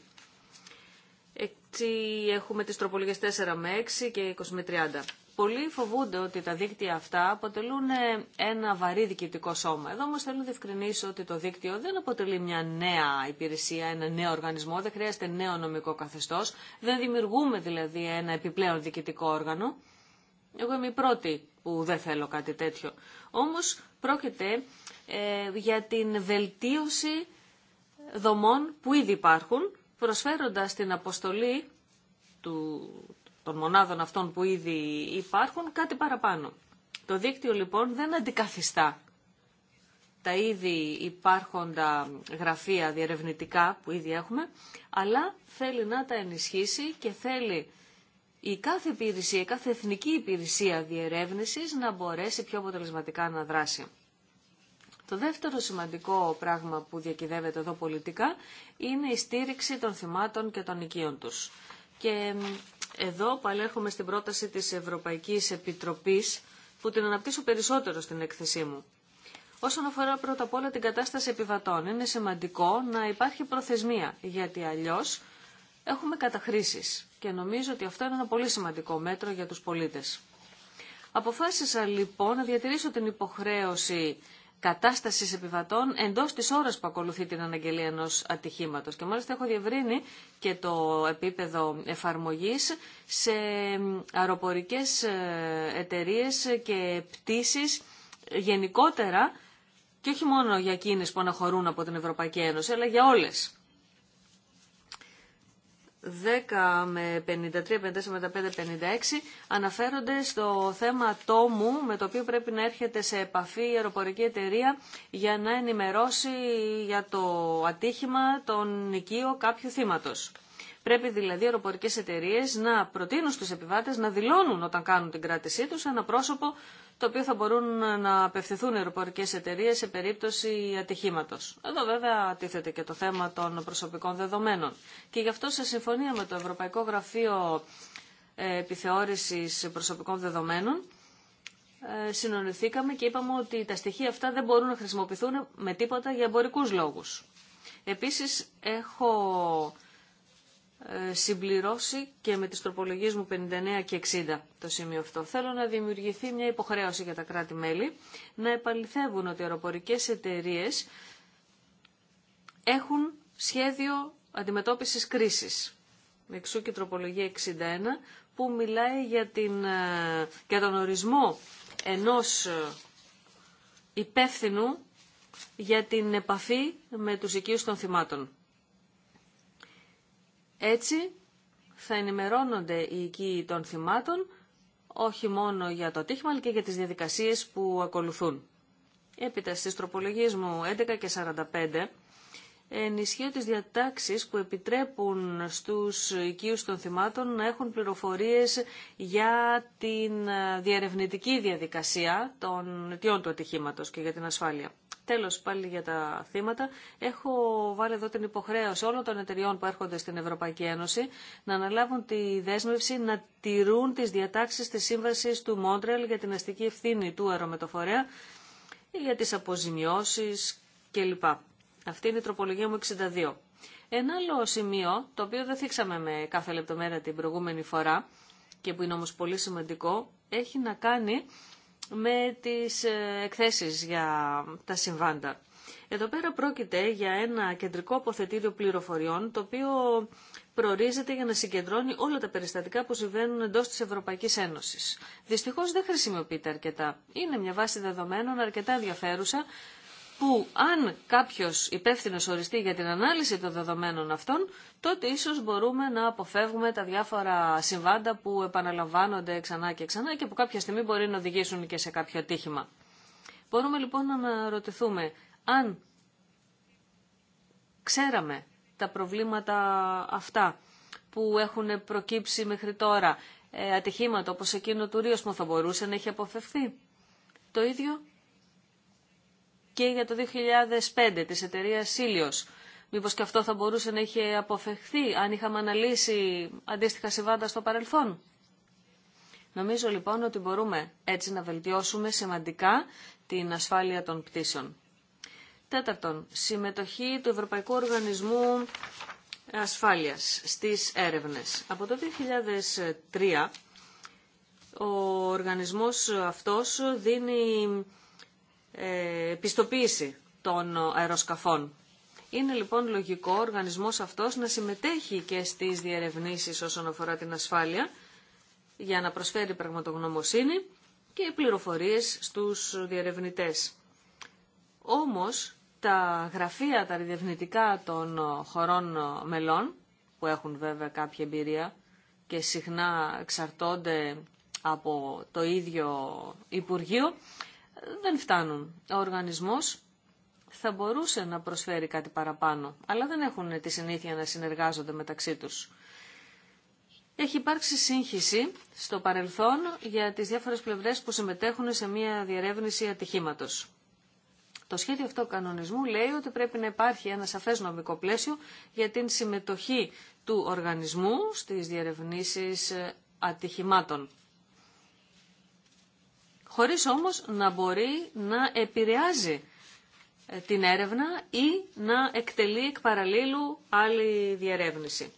Έτσι έχουμε τις τροπολογίες 4 με 6 και 20 με 30 πολλοί φοβούνται ότι τα δίκτυα αυτά αποτελούν ε, ένα βαρύ διοικητικό σώμα. Εδώ όμω θέλω να διευκρινίσω ότι το δίκτυο δεν αποτελεί μια νέα υπηρεσία, ένα νέο οργανισμό, δεν χρειάζεται νέο νομικό καθεστώ, δεν δημιουργούμε δηλαδή ένα επιπλέον διοικητικό όργανο. Εγώ είμαι η πρώτη που δεν θέλω κάτι τέτοιο. Όμω πρόκειται ε, για την βελτίωση δομών που ήδη υπάρχουν, προσφέροντα την αποστολή του, των μονάδων αυτών που ήδη υπάρχουν κάτι παραπάνω. Το δίκτυο λοιπόν δεν αντικαθιστά τα ήδη υπάρχοντα γραφεία διερευνητικά που ήδη έχουμε, αλλά θέλει να τα ενισχύσει και θέλει η κάθε υπηρεσία, η κάθε εθνική υπηρεσία διερεύνησης να μπορέσει πιο αποτελεσματικά να δράσει. Το δεύτερο σημαντικό πράγμα που διακυδεύεται εδώ πολιτικά είναι η στήριξη των θυμάτων και των οικείων τους. Και εδώ παλέρχομαι στην πρόταση της Ευρωπαϊκής Επιτροπής που την αναπτύσσω περισσότερο στην έκθεσή μου. Όσον αφορά πρώτα απ' όλα την κατάσταση επιβατών, είναι σημαντικό να υπάρχει προθεσμία, γιατί αλλιώς έχουμε καταχρήσεις και νομίζω ότι αυτό είναι ένα πολύ σημαντικό μέτρο για τους πολίτες. Αποφάσισα λοιπόν να διατηρήσω την υποχρέωση Κατάσταση επιβατών εντός τη ώρα που ακολουθεί την αναγγελία ενό ατυχήματο. Και μάλιστα έχω διευρύνει και το επίπεδο εφαρμογής σε αεροπορικές ε, εταιρείε και πτήσεις γενικότερα και όχι μόνο για εκείνες που αναχωρούν από την Ευρωπαϊκή Ένωση, αλλά για όλες. 10 με 53, 54, 55, 56 αναφέρονται στο θέμα τόμου με το οποίο πρέπει να έρχεται σε επαφή η αεροπορική εταιρεία για να ενημερώσει για το ατύχημα τον οικείο κάποιου θύματος. Πρέπει δηλαδή οι αεροπορικές εταιρείες να προτείνουν στους επιβάτες να δηλώνουν όταν κάνουν την κράτησή τους ένα πρόσωπο το οποίο θα μπορούν να απευθυνθούν ευρωπαϊκές εταιρείε σε περίπτωση ατυχήματο. Εδώ βέβαια τίθεται και το θέμα των προσωπικών δεδομένων. Και γι' αυτό σε συμφωνία με το Ευρωπαϊκό Γραφείο ε, επιθεώρηση Προσωπικών Δεδομένων, ε, συνονιθήκαμε και είπαμε ότι τα στοιχεία αυτά δεν μπορούν να χρησιμοποιηθούν με τίποτα για εμπορικού λόγου. Επίσης έχω ε, συμπληρώσει και με τις τροπολογίες μου 59 και 60 το σημείο αυτό. Θέλω να δημιουργηθεί μια υποχρέωση για τα κράτη-μέλη να επαληθεύουν ότι οι αεροπορικές εταιρείες έχουν σχέδιο αντιμετώπισης κρίσης. Εξού και τροπολογία 61 που μιλάει για, την, ε, για τον ορισμό ενός ε, υπεύθυνου για την επαφή με τους οικείους των θυμάτων. Έτσι θα ενημερώνονται οι οικοί των θυμάτων όχι μόνο για το ατύχημα αλλά και για τις διαδικασίες που ακολουθούν. Έπειτα στις τροπολογίες μου 11 και 45 ενισχύω τις διατάξεις που επιτρέπουν στους οικείους των θυμάτων να έχουν πληροφορίες για την ε, διαρευνητική διαδικασία των αιτιών του ατυχήματο και για την ασφάλεια. Τέλος, πάλι για τα θύματα, έχω βάλει εδώ την υποχρέωση όλων των εταιριών που έρχονται στην Ευρωπαϊκή Ένωση να αναλάβουν τη δέσμευση να τηρούν τις διατάξεις της Σύμβασης του Μόντρελ για την αστική ευθύνη του αερομετοφορέα για τις αποζημιώσεις κλπ. Αυτή είναι η τροπολογία μου 62. Ένα άλλο σημείο, το οποίο δεν θίξαμε με κάθε λεπτομέρεια την προηγούμενη φορά και που είναι όμως πολύ σημαντικό, έχει να κάνει με τις ε, εκθέσεις για τα συμβάντα. Εδώ πέρα πρόκειται για ένα κεντρικό αποθετήριο πληροφοριών, το οποίο προορίζεται για να συγκεντρώνει όλα τα περιστατικά που συμβαίνουν εντό τη Ευρωπαϊκή Ένωση. Δυστυχώ δεν χρησιμοποιείται αρκετά. Είναι μια βάση δεδομένων αρκετά ενδιαφέρουσα που αν κάποιος υπεύθυνο οριστεί για την ανάλυση των δεδομένων αυτών, τότε ίσως μπορούμε να αποφεύγουμε τα διάφορα συμβάντα που επαναλαμβάνονται ξανά και ξανά και που κάποια στιγμή μπορεί να οδηγήσουν και σε κάποιο ατύχημα. Μπορούμε λοιπόν να αναρωτηθούμε αν ξέραμε τα προβλήματα αυτά που έχουν προκύψει μέχρι τώρα, ε, ατυχήματα όπως εκείνο του Ρίος που θα μπορούσε να έχει αποφευθεί. Το ίδιο και για το 2005 της εταιρεία Ήλιος. Μήπως και αυτό θα μπορούσε να είχε αποφευχθεί αν είχαμε αναλύσει αντίστοιχα συμβάντα στο παρελθόν. Νομίζω λοιπόν ότι μπορούμε έτσι να βελτιώσουμε σημαντικά την ασφάλεια των πτήσεων. Τέταρτον, συμμετοχή του Ευρωπαϊκού Οργανισμού Ασφάλειας στις έρευνες. Από το 2003 ο οργανισμός αυτός δίνει ε, πιστοποίηση των αεροσκαφών. Είναι λοιπόν λογικό ο οργανισμός αυτός να συμμετέχει και στις διερευνήσεις όσον αφορά την ασφάλεια για να προσφέρει πραγματογνωμοσύνη και πληροφορίες στους διερευνητές. Όμως τα γραφεία, τα διερευνητικά των χωρών μελών που έχουν βέβαια κάποια εμπειρία και συχνά εξαρτώνται από το ίδιο Υπουργείο δεν φτάνουν. Ο οργανισμός θα μπορούσε να προσφέρει κάτι παραπάνω, αλλά δεν έχουν τη συνήθεια να συνεργάζονται μεταξύ τους. Έχει υπάρξει σύγχυση στο παρελθόν για τις διάφορες πλευρές που συμμετέχουν σε μια διερεύνηση ατυχήματος. Το σχέδιο αυτό κανονισμού λέει ότι πρέπει να υπάρχει ένα σαφές νομικό πλαίσιο για την συμμετοχή του οργανισμού στις διερευνήσεις ατυχημάτων χωρίς όμως να μπορεί να επηρεάζει ε, την έρευνα ή να εκτελεί εκ άλλη διερεύνηση.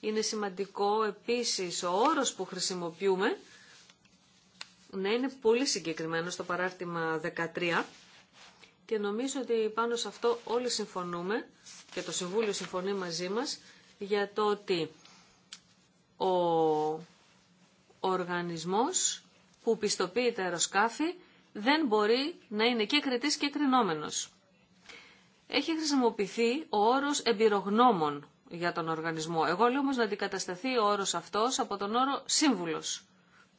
Είναι σημαντικό επίσης ο όρος που χρησιμοποιούμε να είναι πολύ συγκεκριμένο στο παράρτημα 13 και νομίζω ότι πάνω σε αυτό όλοι συμφωνούμε και το Συμβούλιο συμφωνεί μαζί μας για το ότι ο οργανισμός που πιστοποιείται αεροσκάφη δεν μπορεί να είναι και κριτής και κρινόμενος. Έχει χρησιμοποιηθεί ο όρος εμπειρογνώμων για τον οργανισμό. Εγώ λέω όμως να αντικατασταθεί ο όρος αυτός από τον όρο σύμβουλος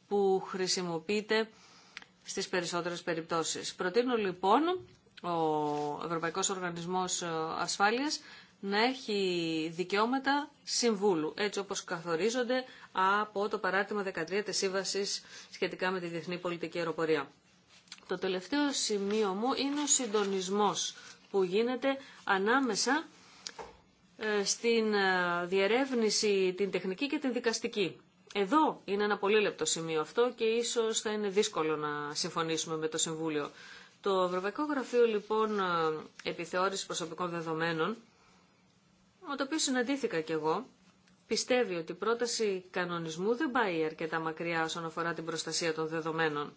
που χρησιμοποιείται στις περισσότερες περιπτώσεις. Προτείνω λοιπόν ο Ευρωπαϊκός Οργανισμός Ασφάλειας να έχει δικαιώματα συμβούλου, έτσι όπως καθορίζονται από το παράρτημα 13 της Σύμβασης σχετικά με τη Διεθνή Πολιτική Αεροπορία. Το τελευταίο σημείο μου είναι ο συντονισμός που γίνεται ανάμεσα ε, στην ε, διερεύνηση, την τεχνική και την δικαστική. Εδώ είναι ένα πολύ λεπτό σημείο αυτό και ίσως θα είναι δύσκολο να συμφωνήσουμε με το Συμβούλιο. Το Ευρωπαϊκό Γραφείο λοιπόν ε, Επιθεώρησης Προσωπικών Δεδομένων, με το οποίο συναντήθηκα και εγώ, πιστεύει ότι η πρόταση κανονισμού δεν πάει αρκετά μακριά όσον αφορά την προστασία των δεδομένων.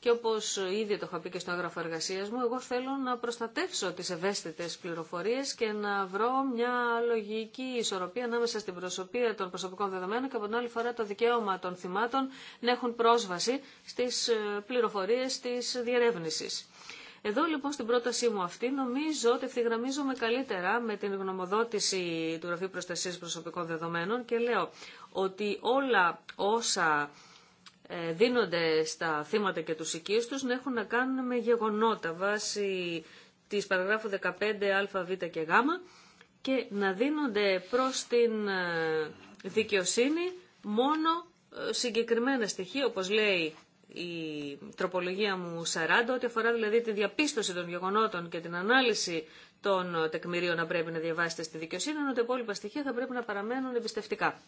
Και όπως ήδη το είχα πει και στο έγγραφο εργασία μου, εγώ θέλω να προστατεύσω τις ευαίσθητε πληροφορίες και να βρω μια λογική ισορροπία ανάμεσα στην προσωπία των προσωπικών δεδομένων και από την άλλη φορά το δικαίωμα των θυμάτων να έχουν πρόσβαση στι ε, πληροφορίε τη διερεύνηση. Εδώ λοιπόν στην πρότασή μου αυτή νομίζω ότι ευθυγραμμίζομαι καλύτερα με την γνωμοδότηση του Γραφείου Προστασίας Προσωπικών Δεδομένων και λέω ότι όλα όσα ε, δίνονται στα θύματα και τους οικείους τους να έχουν να κάνουν με γεγονότα βάσει της παραγράφου 15 α, β και γ και να δίνονται προς την ε, δικαιοσύνη μόνο ε, συγκεκριμένα στοιχεία όπως λέει η τροπολογία μου 40, ό,τι αφορά δηλαδή τη διαπίστωση των γεγονότων και την ανάλυση των τεκμηρίων να πρέπει να διαβάσετε στη δικαιοσύνη, ενώ τα υπόλοιπα στοιχεία θα πρέπει να παραμένουν εμπιστευτικά.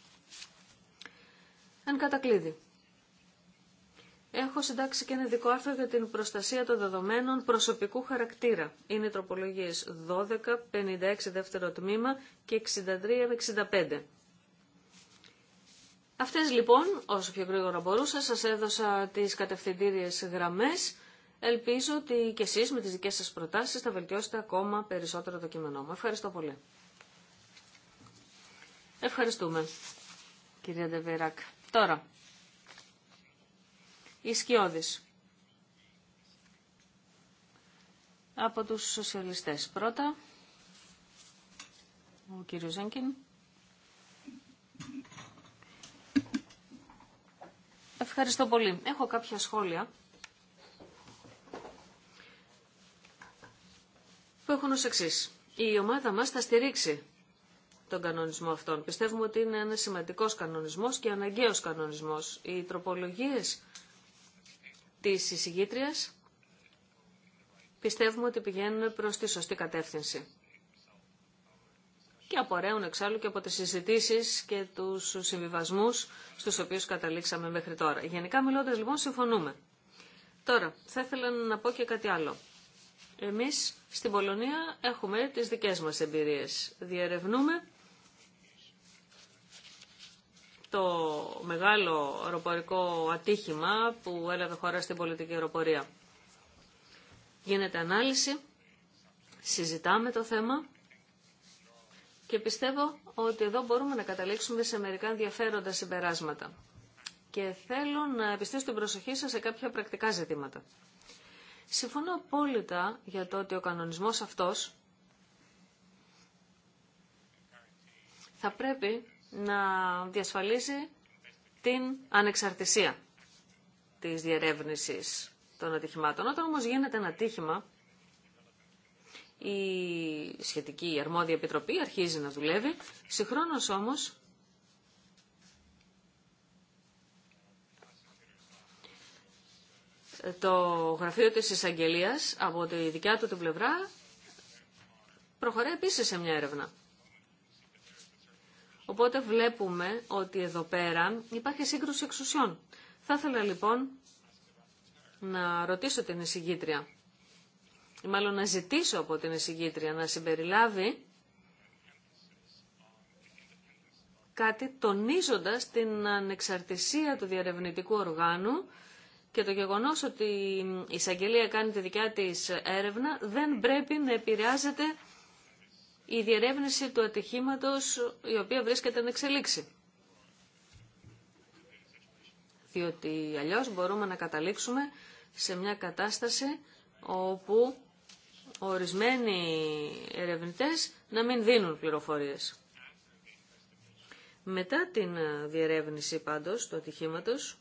Εν κατακλείδη. Έχω συντάξει και ένα ειδικό άρθρο για την προστασία των δεδομένων προσωπικού χαρακτήρα. Είναι τροπολογίες 12, 56 δεύτερο τμήμα και 63 με 65. Αυτές λοιπόν, όσο πιο γρήγορα μπορούσα, σας έδωσα τις κατευθυντήριες γραμμές. Ελπίζω ότι και εσείς με τις δικές σας προτάσεις θα βελτιώσετε ακόμα περισσότερο το κείμενό μου. Ευχαριστώ πολύ. Ευχαριστούμε, κυρία Ντεβεράκ. Τώρα, η Σκιώδης. Από τους σοσιαλιστές πρώτα, ο κύριος Ζένκιν. Ευχαριστώ πολύ. Έχω κάποια σχόλια που έχουν ως εξής. Η ομάδα μας θα στηρίξει τον κανονισμό αυτόν. Πιστεύουμε ότι είναι ένα σημαντικός κανονισμός και αναγκαίος κανονισμός. Οι τροπολογίες της εισηγήτριας πιστεύουμε ότι πηγαίνουν προς τη σωστή κατεύθυνση και απορρέουν εξάλλου και από τις συζητήσει και τους συμβιβασμού στους οποίους καταλήξαμε μέχρι τώρα. Γενικά μιλώντας λοιπόν συμφωνούμε. Τώρα, θα ήθελα να πω και κάτι άλλο. Εμείς στην Πολωνία έχουμε τις δικές μας εμπειρίες. Διερευνούμε το μεγάλο αεροπορικό ατύχημα που έλαβε χώρα στην πολιτική αεροπορία. Γίνεται ανάλυση, συζητάμε το θέμα και πιστεύω ότι εδώ μπορούμε να καταλήξουμε σε μερικά ενδιαφέροντα συμπεράσματα. Και θέλω να επιστήσω την προσοχή σας σε κάποια πρακτικά ζητήματα. Συμφωνώ απόλυτα για το ότι ο κανονισμός αυτός θα πρέπει να διασφαλίζει την ανεξαρτησία της διερεύνησης των ατυχημάτων. Όταν όμως γίνεται ένα ατύχημα, η σχετική αρμόδια επιτροπή αρχίζει να δουλεύει. Συγχρόνως όμως το γραφείο της εισαγγελία από τη δικιά του την πλευρά προχωράει επίσης σε μια έρευνα. Οπότε βλέπουμε ότι εδώ πέρα υπάρχει σύγκρουση εξουσιών. Θα ήθελα λοιπόν να ρωτήσω την εισηγήτρια μάλλον να ζητήσω από την εισηγήτρια να συμπεριλάβει κάτι τονίζοντας την ανεξαρτησία του διαρευνητικού οργάνου και το γεγονός ότι η εισαγγελία κάνει τη δικιά της έρευνα δεν πρέπει να επηρεάζεται η διερεύνηση του ατυχήματος η οποία βρίσκεται να εξελίξει. Διότι αλλιώς μπορούμε να καταλήξουμε σε μια κατάσταση όπου ορισμένοι ερευνητές να μην δίνουν πληροφορίες. Μετά την διερεύνηση πάντως του ατυχήματος,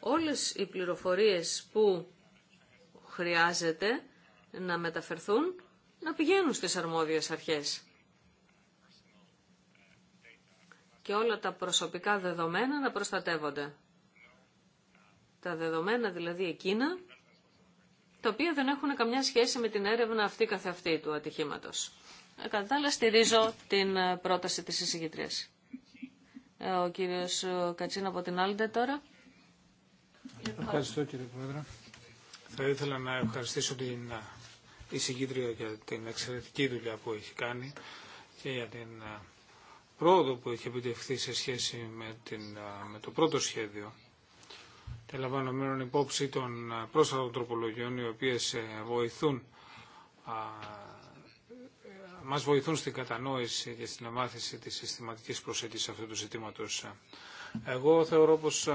όλες οι πληροφορίες που χρειάζεται να μεταφερθούν να πηγαίνουν στις αρμόδιες αρχές. Και όλα τα προσωπικά δεδομένα να προστατεύονται. Τα δεδομένα δηλαδή εκείνα τα οποία δεν έχουν καμιά σχέση με την έρευνα αυτή καθεαυτή του ατυχήματος. Ε, κατά τα στηρίζω την ε, πρόταση της εισηγητρίας. Ε, ο κύριος Κατσίνα από την Άλντε τώρα. Ευχαριστώ κύριε Πρόεδρε. Θα ήθελα να ευχαριστήσω την εισηγήτρια για την εξαιρετική δουλειά που έχει κάνει και για την πρόοδο που έχει επιτευχθεί σε σχέση με, την, με το πρώτο σχέδιο λαμβανωμένων υπόψη των ε, πρόσφατων τροπολογιών οι οποίες ε, βοηθούν ε, μας βοηθούν στην κατανόηση και στην εμάθηση της συστηματικής προσέγγισης αυτού του ζητήματος. Εγώ θεωρώ πως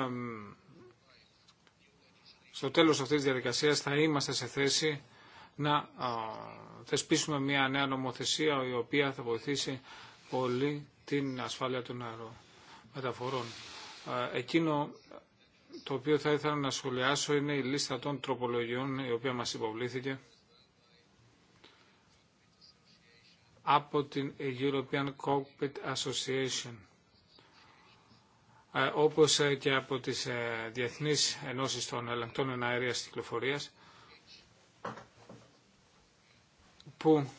στο τέλος αυτής της διαδικασίας θα είμαστε σε θέση να θεσπίσουμε μια νέα νομοθεσία η οποία θα βοηθήσει πολύ την ασφάλεια των αερομεταφορών. Εκείνο το οποίο θα ήθελα να σχολιάσω είναι η λίστα των τροπολογιών η οποία μας υποβλήθηκε από την European Cockpit Association ε, όπως ε, και από τις ε, Διεθνείς Ενώσεις των Ελεγκτών Εναερίας Κυκλοφορίας που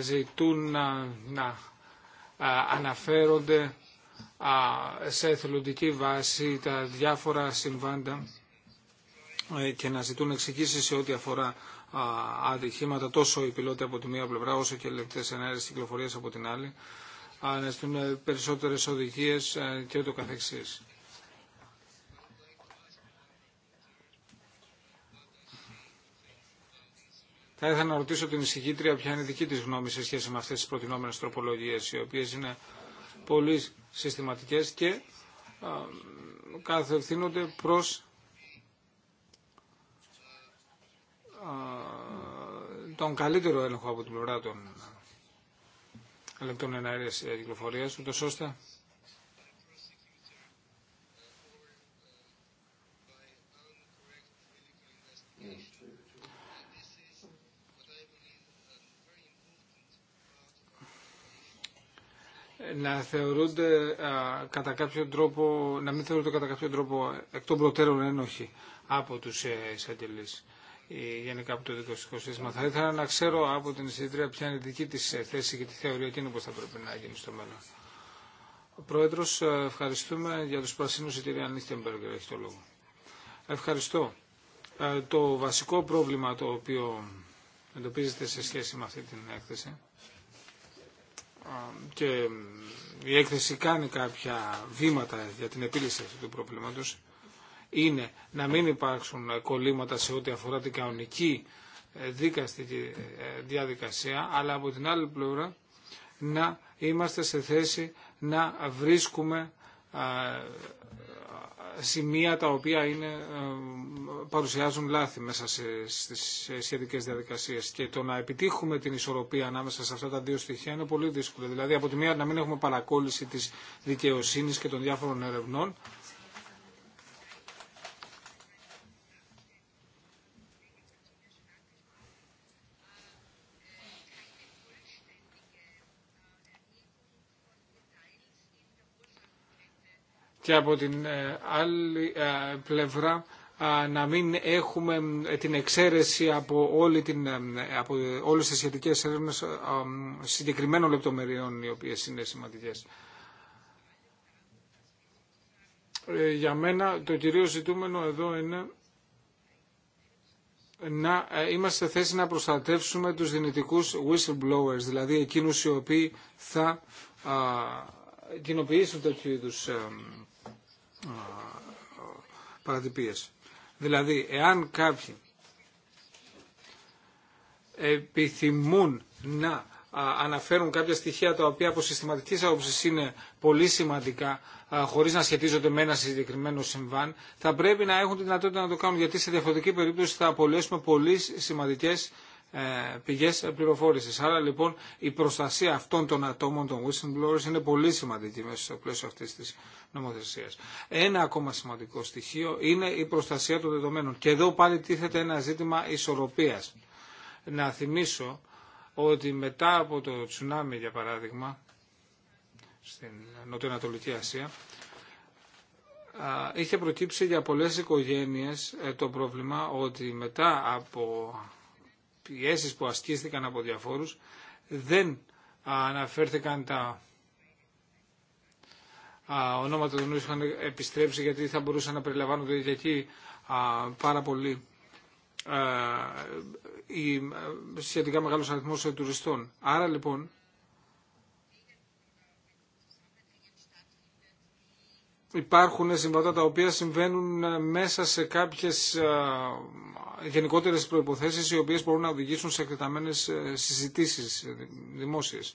ζητούν να αναφέρονται σε εθελοντική βάση τα διάφορα συμβάντα ε, και να ζητούν εξηγήσει σε ό,τι αφορά ατυχήματα τόσο οι πιλότοι από τη μία πλευρά όσο και ελεκτές ενέργειες κυκλοφορίας από την άλλη να ζητούν περισσότερες οδηγίες ε, και ούτω καθεξής. Θα ήθελα να ρωτήσω την εισηγήτρια ποια είναι η δική της γνώμη σε σχέση με αυτές τις προτινόμενες τροπολογίες, οι οποίες είναι πολύ συστηματικές και κατευθύνονται προς τον καλύτερο έλεγχο από την πλευρά των ελεκτών και κυκλοφορίας, ούτως ώστε να θεωρούνται κατά κάποιο τρόπο, να μην θεωρούνται κατά κάποιο τρόπο εκ των προτέρων ένοχοι από τους η ε, ε, γενικά από το δικαστικό σύστημα. Θα ήθελα να ξέρω από την εισαγγελία ποια είναι η δική τη ε, θέση και τη θεωρία εκείνη πώς θα πρέπει να γίνει στο μέλλον. Ο Πρόεδρος, ευχαριστούμε για του πράσινου η κυρία Νίχτεμπεργκ, έχει το λόγο. Ευχαριστώ. Το βασικό πρόβλημα το οποίο εντοπίζεται σε σχέση με αυτή την έκθεση και η έκθεση κάνει κάποια βήματα για την επίλυση αυτού του προβλήματος είναι να μην υπάρξουν κολλήματα σε ό,τι αφορά την κανονική ε, δίκαστη ε, διαδικασία, αλλά από την άλλη πλευρά να είμαστε σε θέση να βρίσκουμε σημεία τα οποία είναι, ε, παρουσιάζουν λάθη μέσα σε, στις σχετικές διαδικασίες και το να επιτύχουμε την ισορροπία ανάμεσα σε αυτά τα δύο στοιχεία είναι πολύ δύσκολο. Δηλαδή από τη μία να μην έχουμε παρακόλληση της δικαιοσύνης και των διάφορων ερευνών και από την ε, άλλη ε, πλευρά να μην έχουμε την εξαίρεση από, όλη την, ε, από όλες τις σχετικές έρευνες συγκεκριμένων λεπτομεριών οι οποίες είναι σημαντικές. Για μένα το κυρίω ζητούμενο εδώ είναι να είμαστε θέσει να προστατεύσουμε τους δυνητικούς whistleblowers, δηλαδή εκείνους οι οποίοι θα κοινοποιήσουν τέτοιου είδους παρατυπίες. Δηλαδή, εάν κάποιοι επιθυμούν να αναφέρουν κάποια στοιχεία τα οποία από συστηματική άποψη είναι πολύ σημαντικά χωρίς να σχετίζονται με ένα συγκεκριμένο συμβάν, θα πρέπει να έχουν τη δυνατότητα να το κάνουν γιατί σε διαφορετική περίπτωση θα απολέσουμε πολύ σημαντικές ε, πηγές πληροφόρησης. Άρα λοιπόν η προστασία αυτών των ατόμων, των whistleblowers, είναι πολύ σημαντική μέσα στο πλαίσιο αυτής της νομοθεσίας. Ένα ακόμα σημαντικό στοιχείο είναι η προστασία των δεδομένων. Και εδώ πάλι τίθεται ένα ζήτημα ισορροπίας. Να θυμίσω ότι μετά από το τσουνάμι για παράδειγμα, στην Νοτιοανατολική Ασία, είχε προκύψει για πολλές οικογένειες ε, το πρόβλημα ότι μετά από πιέσεις που ασκήθηκαν από διαφόρους δεν αναφέρθηκαν τα ονόματα των οποίων είχαν επιστρέψει γιατί θα μπορούσαν να περιλαμβάνονται γιατί εκεί πάρα πολύ η, σχετικά μεγάλος αριθμός τουριστών. Άρα λοιπόν υπάρχουν συμβατά τα οποία συμβαίνουν μέσα σε κάποιες γενικότερες προϋποθέσεις οι οποίες μπορούν να οδηγήσουν σε εκτεταμένες ε, συζητήσεις δημόσιες.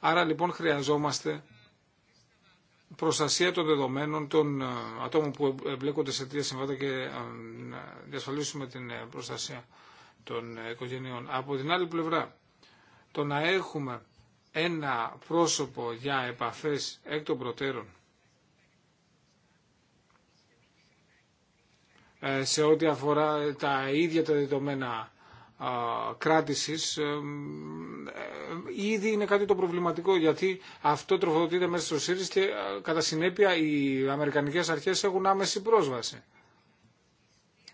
Άρα λοιπόν χρειαζόμαστε προστασία των δεδομένων των ε, ατόμων που εμπλέκονται σε τρία συμβάτα και ε, να διασφαλίσουμε την προστασία των οικογενειών. Από την άλλη πλευρά, το να έχουμε ένα πρόσωπο για επαφές εκ των προτέρων Ε, σε ό,τι αφορά τα ίδια τα δεδομένα κράτησης ε, ε, ήδη είναι κάτι το προβληματικό γιατί αυτό τροφοδοτείται μέσα στο ΣΥΡΙΣ και κατά συνέπεια οι Αμερικανικές αρχές έχουν άμεση πρόσβαση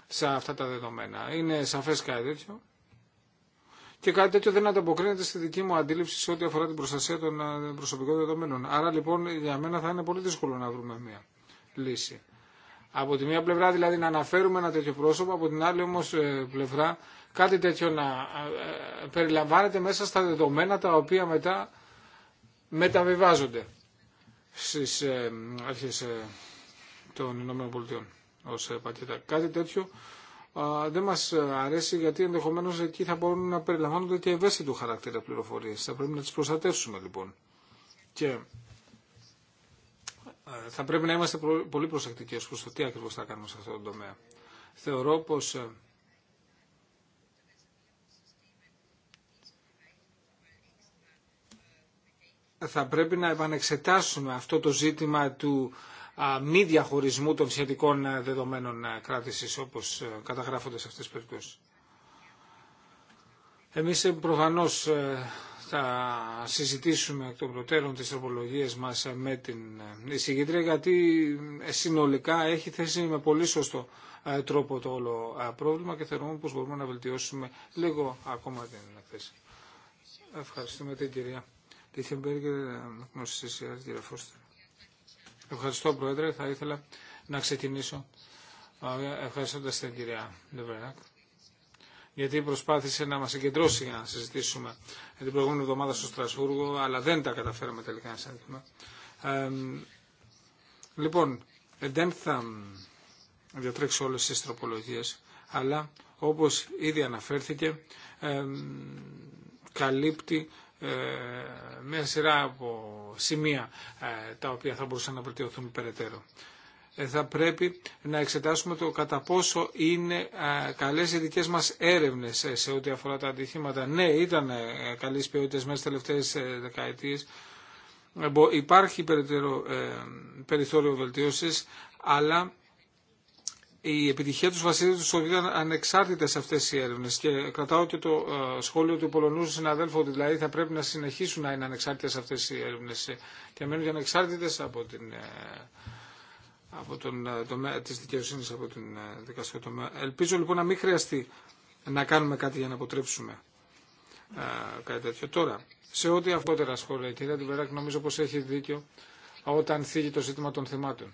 σε αυτά τα δεδομένα. Είναι σαφές κάτι τέτοιο και κάτι τέτοιο δεν ανταποκρίνεται στη δική μου αντίληψη σε ό,τι αφορά την προστασία των προσωπικών δεδομένων. Άρα λοιπόν για μένα θα είναι πολύ δύσκολο να βρούμε μια λύση. Από τη μία πλευρά δηλαδή να αναφέρουμε ένα τέτοιο πρόσωπο, από την άλλη όμως ε, πλευρά κάτι τέτοιο να ε, περιλαμβάνεται μέσα στα δεδομένα τα οποία μετά μεταβιβάζονται στις ε, αρχές των Ηνωμένων Πολιτειών ως πακέτα. Κάτι τέτοιο δεν μας αρέσει γιατί ενδεχομένως εκεί θα μπορούν να περιλαμβάνονται και ευαίσθητου χαρακτήρα πληροφορίες. Θα πρέπει να τις προστατεύσουμε λοιπόν. Και ε, θα πρέπει να είμαστε πολύ προσεκτικοί ως προς το τι ακριβώς θα κάνουμε σε αυτό το τομέα. Θεωρώ πως ε, θα πρέπει να επανεξετάσουμε αυτό το ζήτημα του μη διαχωρισμού των σχετικών ε, δεδομένων κράτησης όπως καταγράφονται σε αυτές τις περιπτώσεις. Εμείς προφανώς θα συζητήσουμε εκ των προτέρων τις τροπολογίες μας με την εισηγήτρια γιατί ε, συνολικά έχει θέση με πολύ σωστό ε, τρόπο το όλο ε, πρόβλημα και θεωρούμε πως μπορούμε να βελτιώσουμε λίγο ακόμα την εκθέση. Ευχαριστούμε την κυρία Τίθεμπεργκερ, γνώση της Ευχαριστώ Πρόεδρε, θα ήθελα να ξεκινήσω ευχαριστώντας την κυρία γιατί προσπάθησε να μας συγκεντρώσει για να συζητήσουμε την προηγούμενη εβδομάδα στο Στρασβούργο, αλλά δεν τα καταφέραμε τελικά να συζητήσουμε. Ε, λοιπόν, δεν θα διατρέξω όλες τις τροπολογίε, αλλά όπως ήδη αναφέρθηκε, καλύπτει ε, μια σειρά από σημεία ε, τα οποία θα μπορούσαν να βελτιωθούν περαιτέρω. Ε, θα πρέπει να εξετάσουμε το κατά πόσο είναι καλές οι δικές μας έρευνες ε, σε ό,τι αφορά τα αντιχήματα. Ναι, ήταν ε, καλής ποιότητας μέσα στις τελευταίες δεκαετίες. Υπάρχει περιθώριο βελτίωσης, αλλά η επιτυχία του βασίζεται του ότι ήταν ανεξάρτητες αυτές οι έρευνες και κρατάω και το σχόλιο του Πολωνού συναδέλφου ότι δηλαδή θα πρέπει να συνεχίσουν να είναι ανεξάρτητες αυτές οι έρευνες και μένουν και ανεξάρτητες από την από τον ε, τομέα της δικαιοσύνης από την ε, δικαστική τομέα. Ελπίζω λοιπόν να μην χρειαστεί να κάνουμε κάτι για να αποτρέψουμε ε, κάτι τέτοιο. Τώρα, σε ό,τι αφότερα σχόλια, η κυρία Τιβεράκ, νομίζω πως έχει δίκιο όταν θίγει το ζήτημα των θυμάτων.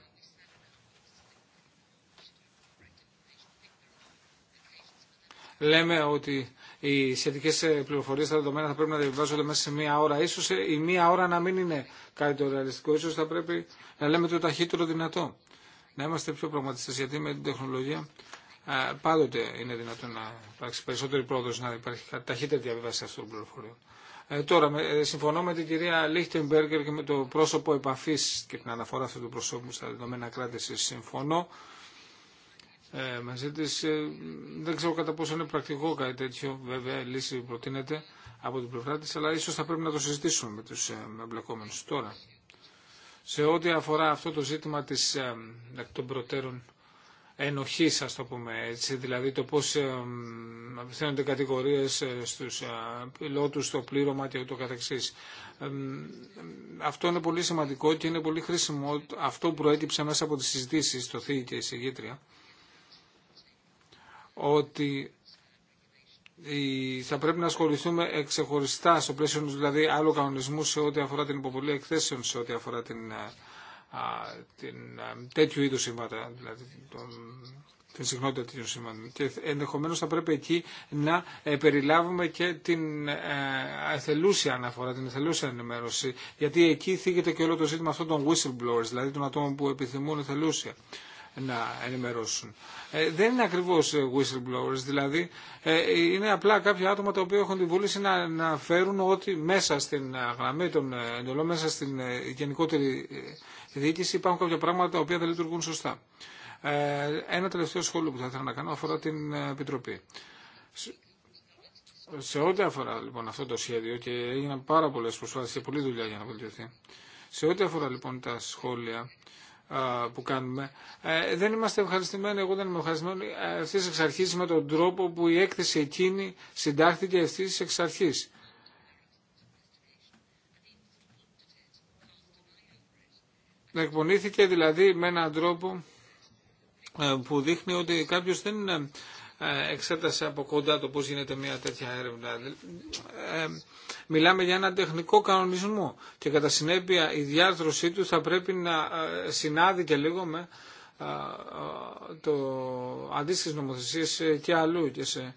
Λέμε ότι οι σχετικέ πληροφορίε στα δεδομένα θα πρέπει να διαβάζονται μέσα σε μία ώρα. σω η μία ώρα να μην είναι κάτι το ρεαλιστικό. σω θα πρέπει να λέμε το ταχύτερο δυνατό να είμαστε πιο πραγματιστέ, γιατί με την τεχνολογία πάντοτε είναι δυνατόν να υπάρξει περισσότερη πρόοδο, να υπάρχει ταχύτερη διαβίβαση αυτών των πληροφοριών. Ε, τώρα, ε, συμφωνώ με την κυρία Λίχτεμπεργκερ και με το πρόσωπο επαφή και την αναφορά αυτού του προσώπου στα δεδομένα κράτηση. Συμφωνώ ε, μαζί τη. Ε, δεν ξέρω κατά πόσο είναι πρακτικό κάτι τέτοιο, βέβαια, λύση προτείνεται από την πλευρά τη, αλλά ίσω θα πρέπει να το συζητήσουμε με του εμπλεκόμενου τώρα σε ό,τι αφορά αυτό το ζήτημα της, ε, των προτέρων ενοχή, ας το πούμε έτσι, δηλαδή το πώ ε, απευθύνονται κατηγορίε ε, στου πιλότους, στο πλήρωμα και ούτω καθεξή. Αυτό είναι πολύ σημαντικό και είναι πολύ χρήσιμο. Αυτό προέκυψε μέσα από τις συζητήσεις στο ΘΥΙ και η συγγήτρια. Ότι θα πρέπει να ασχοληθούμε εξεχωριστά στο πλαίσιο δηλαδή άλλου κανονισμού σε ό,τι αφορά την υποβολή εκθέσεων, σε ό,τι αφορά την, ε, την ε, τέτοιου είδους συμβάτα, δηλαδή τον, την συχνότητα τέτοιων συμβάτων. Και ενδεχομένω θα πρέπει εκεί να ε, περιλάβουμε και την εθελούσια αναφορά, την εθελούσια ενημέρωση, γιατί εκεί θίγεται και όλο το ζήτημα αυτό των whistleblowers, δηλαδή των ατόμων που επιθυμούν εθελούσια να ενημερώσουν. Ε, δεν είναι ακριβώς ε, whistleblowers, δηλαδή ε, είναι απλά κάποια άτομα τα οποία έχουν τη βούληση να, φέρουν ότι μέσα στην γραμμή των εντολών, μέσα στην γενικότερη διοίκηση υπάρχουν κάποια πράγματα τα οποία δεν λειτουργούν σωστά. ένα τελευταίο σχόλιο που θα ήθελα να κάνω αφορά την Επιτροπή. Σε ό,τι αφορά λοιπόν αυτό το σχέδιο και έγιναν πάρα πολλέ προσπάθειες και πολλή δουλειά για να βελτιωθεί. Σε ό,τι αφορά λοιπόν τα σχόλια που κάνουμε. Ε, δεν είμαστε ευχαριστημένοι, εγώ δεν είμαι ευχαριστημένοι ε, ευθύ εξ αρχή με τον τρόπο που η έκθεση εκείνη συντάχθηκε ευθύ εξ αρχή. Εκπονήθηκε δηλαδή με έναν τρόπο ε, που δείχνει ότι κάποιος δεν ε, εξέτασε από κοντά το πώς γίνεται μια τέτοια έρευνα. Ε, μιλάμε για ένα τεχνικό κανονισμό και κατά συνέπεια η διάρθρωσή του θα πρέπει να ε, συνάδει και λίγο με ε, το αντίστοιχε νομοθεσίε και αλλού και σε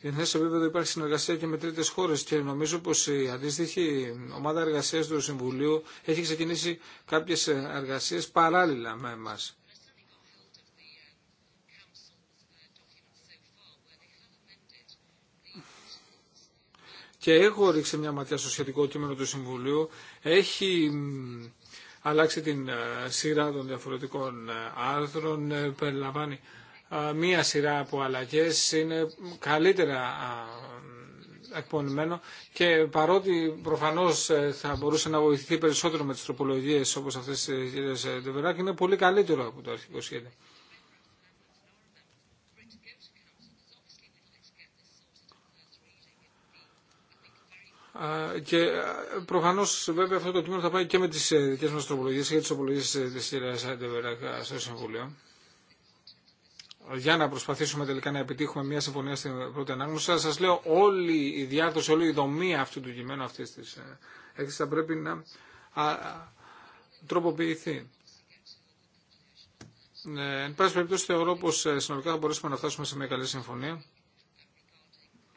διεθνέ επίπεδο υπάρχει συνεργασία και με τρίτες χώρες και νομίζω πως η αντίστοιχη ομάδα εργασία του Συμβουλίου έχει ξεκινήσει κάποιε εργασίε παράλληλα με εμά. και έχω ρίξει μια ματιά στο σχετικό κείμενο του Συμβουλίου, έχει αλλάξει την ε, σειρά των διαφορετικών ε, άρθρων, ε, περιλαμβάνει μία σειρά από αλλαγές, είναι καλύτερα εκπονημένο και παρότι προφανώς θα μπορούσε να βοηθηθεί περισσότερο με τις τροπολογίες όπως αυτές της κυρίας Ντεβεράκη, είναι πολύ καλύτερο από το αρχικό σχέδιο. και προφανώ βέβαια αυτό το κείμενο θα πάει και με τι ε, δικέ μα τροπολογίε και τι τροπολογίε ε, τη κυρία Σάντεβερακ στο Συμβούλιο. Για να προσπαθήσουμε τελικά να επιτύχουμε μια συμφωνία στην πρώτη ανάγνωση, σα λέω όλη η διάρθρωση, όλη η δομή αυτού του κειμένου αυτή τη ε, έκθεση θα πρέπει να τροποποιηθεί. Ε, εν πάση περιπτώσει, θεωρώ πω συνολικά θα μπορέσουμε να φτάσουμε σε μια καλή συμφωνία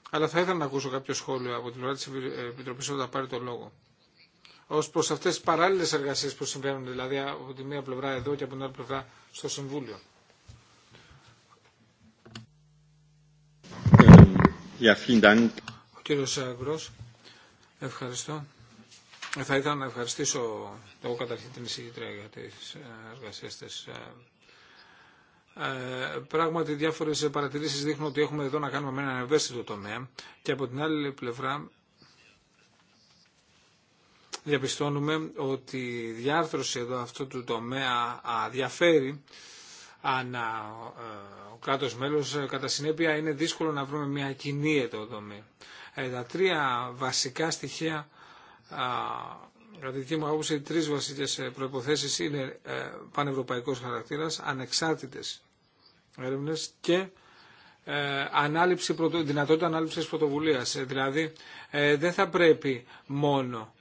αλλά θα ήθελα να ακούσω κάποιο σχόλιο από την πλευρά τη Επιτροπή όταν πάρει το λόγο. Ω προ αυτέ τι παράλληλε εργασίε που συμβαίνουν, δηλαδή από τη μία πλευρά εδώ και από την άλλη πλευρά στο Συμβούλιο. Ε, Ο κύριο Γκρό, ευχαριστώ. Ε, θα ήθελα να ευχαριστήσω εγώ καταρχήν την εισηγήτρια για τι ε, εργασίε τη ε, πράγματι διάφορες παρατηρήσει δείχνουν ότι έχουμε εδώ να κάνουμε με έναν ευαίσθητο τομέα και από την άλλη πλευρά διαπιστώνουμε ότι η διάρθρωση εδώ αυτού του τομέα αδιαφέρει ανά ε, ο κράτος μέλος ε, κατά συνέπεια είναι δύσκολο να βρούμε μια κοινή ετοδομή. Ε, τα τρία βασικά στοιχεία κατά τη δική μου άποψη, τρεις βασικές προϋποθέσεις είναι πανευρωπαϊκός χαρακτήρας, ανεξάρτητες και ε, ανάληψη, δυνατότητα ανάληψης πρωτοβουλίας. Ε, δηλαδή ε, δεν θα πρέπει μόνο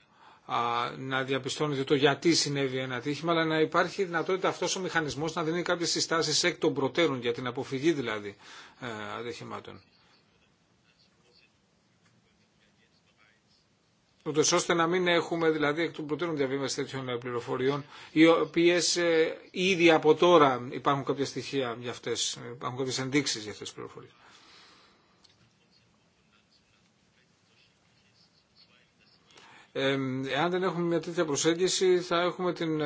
να διαπιστώνεται το γιατί συνέβη ένα ατύχημα αλλά να υπάρχει δυνατότητα αυτό ο μηχανισμός να δίνει κάποιες συστάσεις εκ των προτέρων για την αποφυγή δηλαδή ατυχημάτων. ούτω ώστε να μην έχουμε δηλαδή εκ των προτέρων διαβίβαση τέτοιων ε, πληροφοριών, οι οποίε ε, ήδη από τώρα υπάρχουν κάποια στοιχεία για αυτέ, ε, υπάρχουν κάποιε ενδείξει για αυτέ τι πληροφορίε. εάν δεν έχουμε μια τέτοια προσέγγιση θα έχουμε την,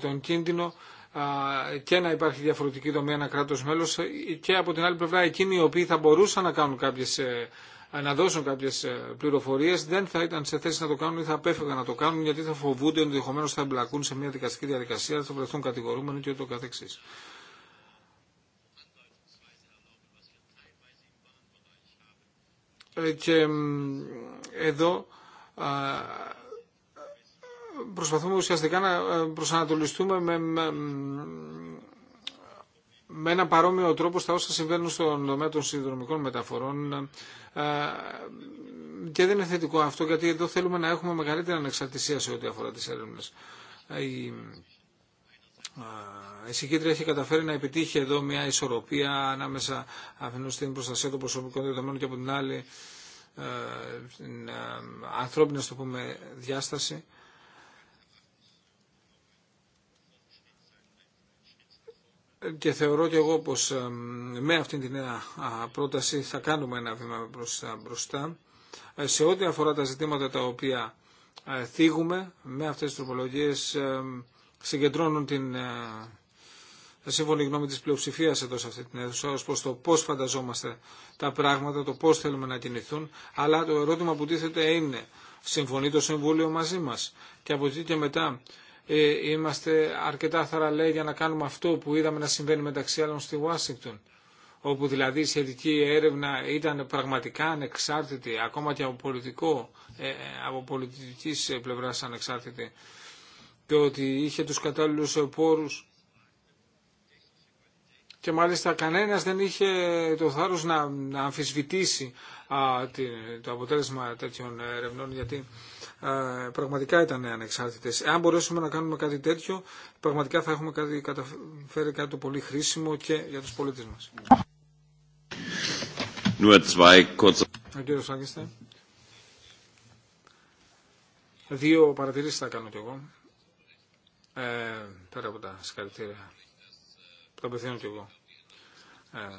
τον κίνδυνο και να υπάρχει διαφορετική δομή ένα κράτος μέλος και από την άλλη πλευρά εκείνοι οι οποίοι θα μπορούσαν να κάνουν κάποιες να δώσουν κάποιε ε, πληροφορίε δεν θα ήταν σε θέση να το κάνουν ή θα απέφευγαν να το κάνουν γιατί θα φοβούνται ότι ενδεχομένω θα εμπλακούν σε μια δικαστική διαδικασία, θα βρεθούν κατηγορούμενοι και ούτω καθεξή. Ε, και εδώ προσπαθούμε ουσιαστικά να ε, προσανατολιστούμε με με ένα παρόμοιο τρόπο στα όσα συμβαίνουν στον τομέα των συνδρομικών μεταφορών ε, και δεν είναι θετικό αυτό γιατί εδώ θέλουμε να έχουμε μεγαλύτερη ανεξαρτησία σε ό,τι αφορά τις έρευνες. Ε, η ε, συγκίτρια έχει καταφέρει να επιτύχει εδώ μια ισορροπία ανάμεσα αφενός στην προστασία των προσωπικών δεδομένων και από την άλλη την ανθρώπινη, πούμε, διάσταση. και θεωρώ και εγώ πως με αυτήν την νέα πρόταση θα κάνουμε ένα βήμα μπροστά ε, σε ό,τι αφορά τα ζητήματα τα οποία ε, θίγουμε με αυτές τις τροπολογίες συγκεντρώνουν την ε, σύμφωνη γνώμη της πλειοψηφίας εδώ σε αυτή την αίθουσα ως προς το πώς φανταζόμαστε τα πράγματα, το πώς θέλουμε να κινηθούν αλλά το ερώτημα που τίθεται είναι συμφωνεί το Συμβούλιο μαζί μας και από εκεί και μετά ε, είμαστε αρκετά θαραλέοι για να κάνουμε αυτό που είδαμε να συμβαίνει μεταξύ άλλων στη Ουάσιγκτον όπου δηλαδή η σχετική έρευνα ήταν πραγματικά ανεξάρτητη, ακόμα και από, πολιτικό, ε, ε, από πολιτικής πλευράς ανεξάρτητη, και ότι είχε τους κατάλληλους πόρους και μάλιστα κανένας δεν είχε το θάρρος να, να αμφισβητήσει το αποτέλεσμα τέτοιων ερευνών, γιατί ε, πραγματικά ήταν ανεξάρτητες. Εάν μπορέσουμε να κάνουμε κάτι τέτοιο, πραγματικά θα έχουμε κάτι, καταφέρει κάτι το πολύ χρήσιμο και για τους πολίτες μας. Δύο παρατηρήσεις θα κάνω κι εγώ. Ε, πέρα από τα συγχαρητήρια. Τα πεθαίνω κι εγώ. Ε,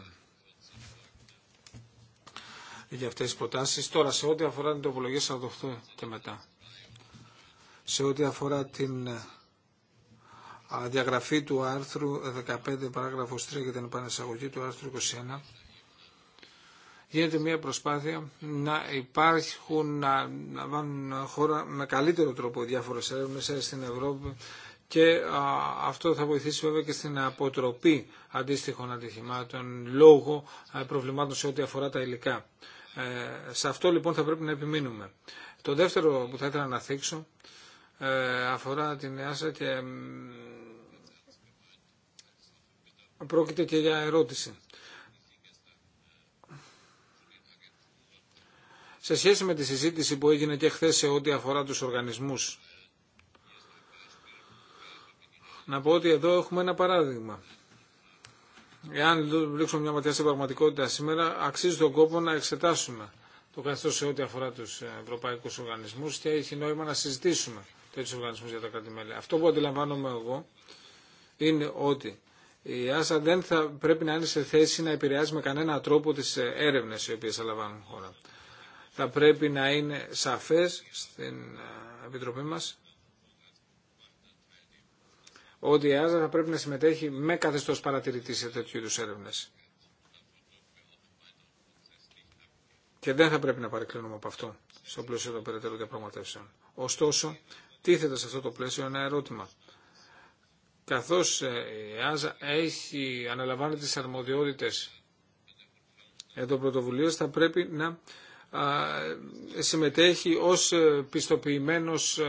για αυτές τις προτάσεις. Τώρα σε ό,τι αφορά την τοπολογία δοθώ και μετά σε ό,τι αφορά την διαγραφή του άρθρου 15 παράγραφος 3 για την επανεσαγωγή του άρθρου 21 γίνεται μια προσπάθεια να υπάρχουν, να, να βάλουν χώρα με καλύτερο τρόπο διάφορες έρευνες ε, στην Ευρώπη και αυτό θα βοηθήσει βέβαια και στην αποτροπή αντίστοιχων ατυχημάτων λόγω ε, προβλημάτων σε ό,τι αφορά τα υλικά. Ε, σε αυτό λοιπόν θα πρέπει να επιμείνουμε. Το δεύτερο που θα ήθελα να θίξω ε, αφορά την ΕΑΣΑ και πρόκειται και για ερώτηση. Σε σχέση με τη συζήτηση που έγινε και χθες σε ό,τι αφορά τους οργανισμούς, να πω ότι εδώ έχουμε ένα παράδειγμα. Εάν ρίξουμε μια ματιά στην πραγματικότητα σήμερα, αξίζει τον κόπο να εξετάσουμε το καθώς σε ό,τι αφορά τους ευρωπαϊκούς οργανισμούς και έχει νόημα να συζητήσουμε τέτοιου οργανισμού για τα κράτη-μέλη. Αυτό που αντιλαμβάνομαι εγώ είναι ότι η ΆΣΑ δεν θα πρέπει να είναι σε θέση να επηρεάζει με κανένα τρόπο τι έρευνε, οι οποίε θα χώρα. Θα πρέπει να είναι σαφέ στην Επιτροπή μα. ότι η ΆΖΑ θα πρέπει να συμμετέχει με καθεστώ παρατηρητή σε τέτοιου είδου έρευνε. Και δεν θα πρέπει να παρεκκλίνουμε από αυτό στο πλαίσιο των περαιτέρω διαπραγματεύσεων. Ωστόσο, τίθεται σε αυτό το πλαίσιο ένα ερώτημα. Καθώς ε, η ΆΖΑ έχει αναλαμβάνει τις αρμοδιότητες εδώ πρωτοβουλίας, θα πρέπει να συμμετέχει ως ε, πιστοποιημένος ε,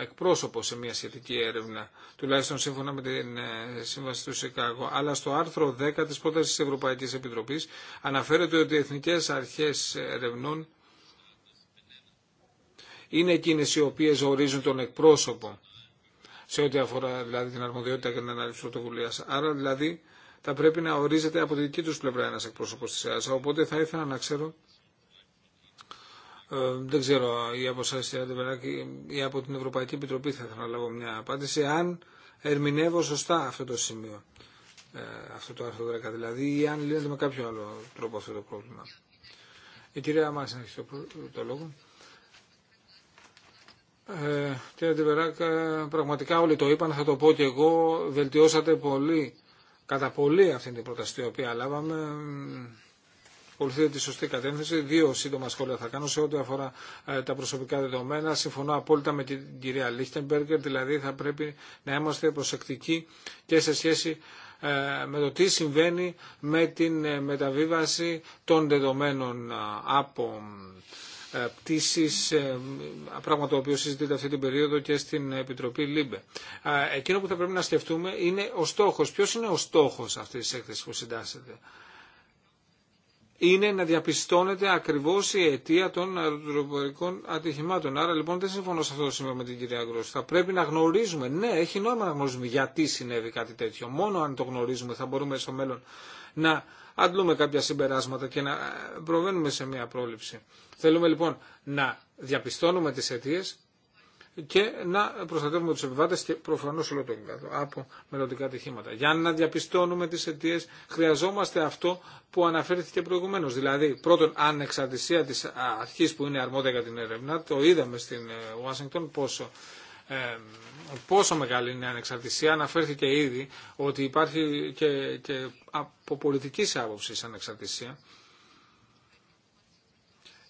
εκπρόσωπος σε μια σχετική έρευνα, τουλάχιστον σύμφωνα με την Σύμβαση του Σικάγο. Αλλά στο άρθρο 10 της πρότασης της Ευρωπαϊκής Επιτροπής αναφέρεται ότι οι εθνικές αρχές ερευνών είναι εκείνε οι οποίε ορίζουν τον εκπρόσωπο σε ό,τι αφορά δηλαδή, την αρμοδιότητα και την ανάληψη πρωτοβουλία. Άρα δηλαδή θα πρέπει να ορίζεται από τη δική του πλευρά ένα εκπρόσωπο τη. ΕΑΣΑ. Οπότε θα ήθελα να ξέρω, ε, δεν ξέρω ή από εσάς ή από την Ευρωπαϊκή Επιτροπή θα ήθελα να λάβω μια απάντηση, αν ερμηνεύω σωστά αυτό το σημείο, ε, αυτό το άρθρο 10, δηλαδή ή αν λύνεται με κάποιο άλλο τρόπο αυτό το πρόβλημα. Η απο εσα η απο την ευρωπαικη επιτροπη θα ηθελα να λαβω μια απαντηση αν ερμηνευω σωστα αυτο το σημειο αυτο το αρθρο 10 δηλαδη η έχει το, το λόγο. Ε, κύριε Τιβεράκ, ε, πραγματικά όλοι το είπαν, θα το πω και εγώ, βελτιώσατε πολύ, κατά πολύ αυτή την πρόταση την οποία λάβαμε. Ακολουθείτε τη σωστή κατεύθυνση. Δύο σύντομα σχόλια θα κάνω σε ό,τι αφορά ε, τα προσωπικά δεδομένα. Συμφωνώ απόλυτα με την κυρία Λίχτεμπεργκερ, δηλαδή θα πρέπει να είμαστε προσεκτικοί και σε σχέση με το τι συμβαίνει με την μεταβίβαση των δεδομένων από ε, πτήσει, ε, πράγμα το οποίο συζητείται αυτή την περίοδο και στην Επιτροπή ΛΥΜΠΕ. Εκείνο που θα πρέπει να σκεφτούμε είναι ο στόχο. Ποιο είναι ο στόχο αυτή τη έκθεση που συντάσσεται είναι να διαπιστώνεται ακριβώ η αιτία των αεροδρομικών ατυχημάτων. Άρα λοιπόν δεν συμφωνώ σε αυτό το σημείο με την κυρία Γκρόση. Θα πρέπει να γνωρίζουμε, ναι, έχει νόημα να γνωρίζουμε γιατί συνέβη κάτι τέτοιο. Μόνο αν το γνωρίζουμε θα μπορούμε στο μέλλον να αντλούμε κάποια συμπεράσματα και να ε, προβαίνουμε σε μια πρόληψη. Θέλουμε λοιπόν να διαπιστώνουμε τις αιτίε και να προστατεύουμε τους επιβάτες και προφανώς όλο το επίπεδο από μελλοντικά ατυχήματα. Για να διαπιστώνουμε τις αιτίε χρειαζόμαστε αυτό που αναφέρθηκε προηγουμένως. Δηλαδή πρώτον ανεξαρτησία της αρχής που είναι αρμόδια για την έρευνα. Το είδαμε στην ε, Ουάσιγκτον πόσο ε, πόσο μεγάλη είναι η ανεξαρτησία αναφέρθηκε ήδη ότι υπάρχει και, και από πολιτική άποψη ανεξαρτησία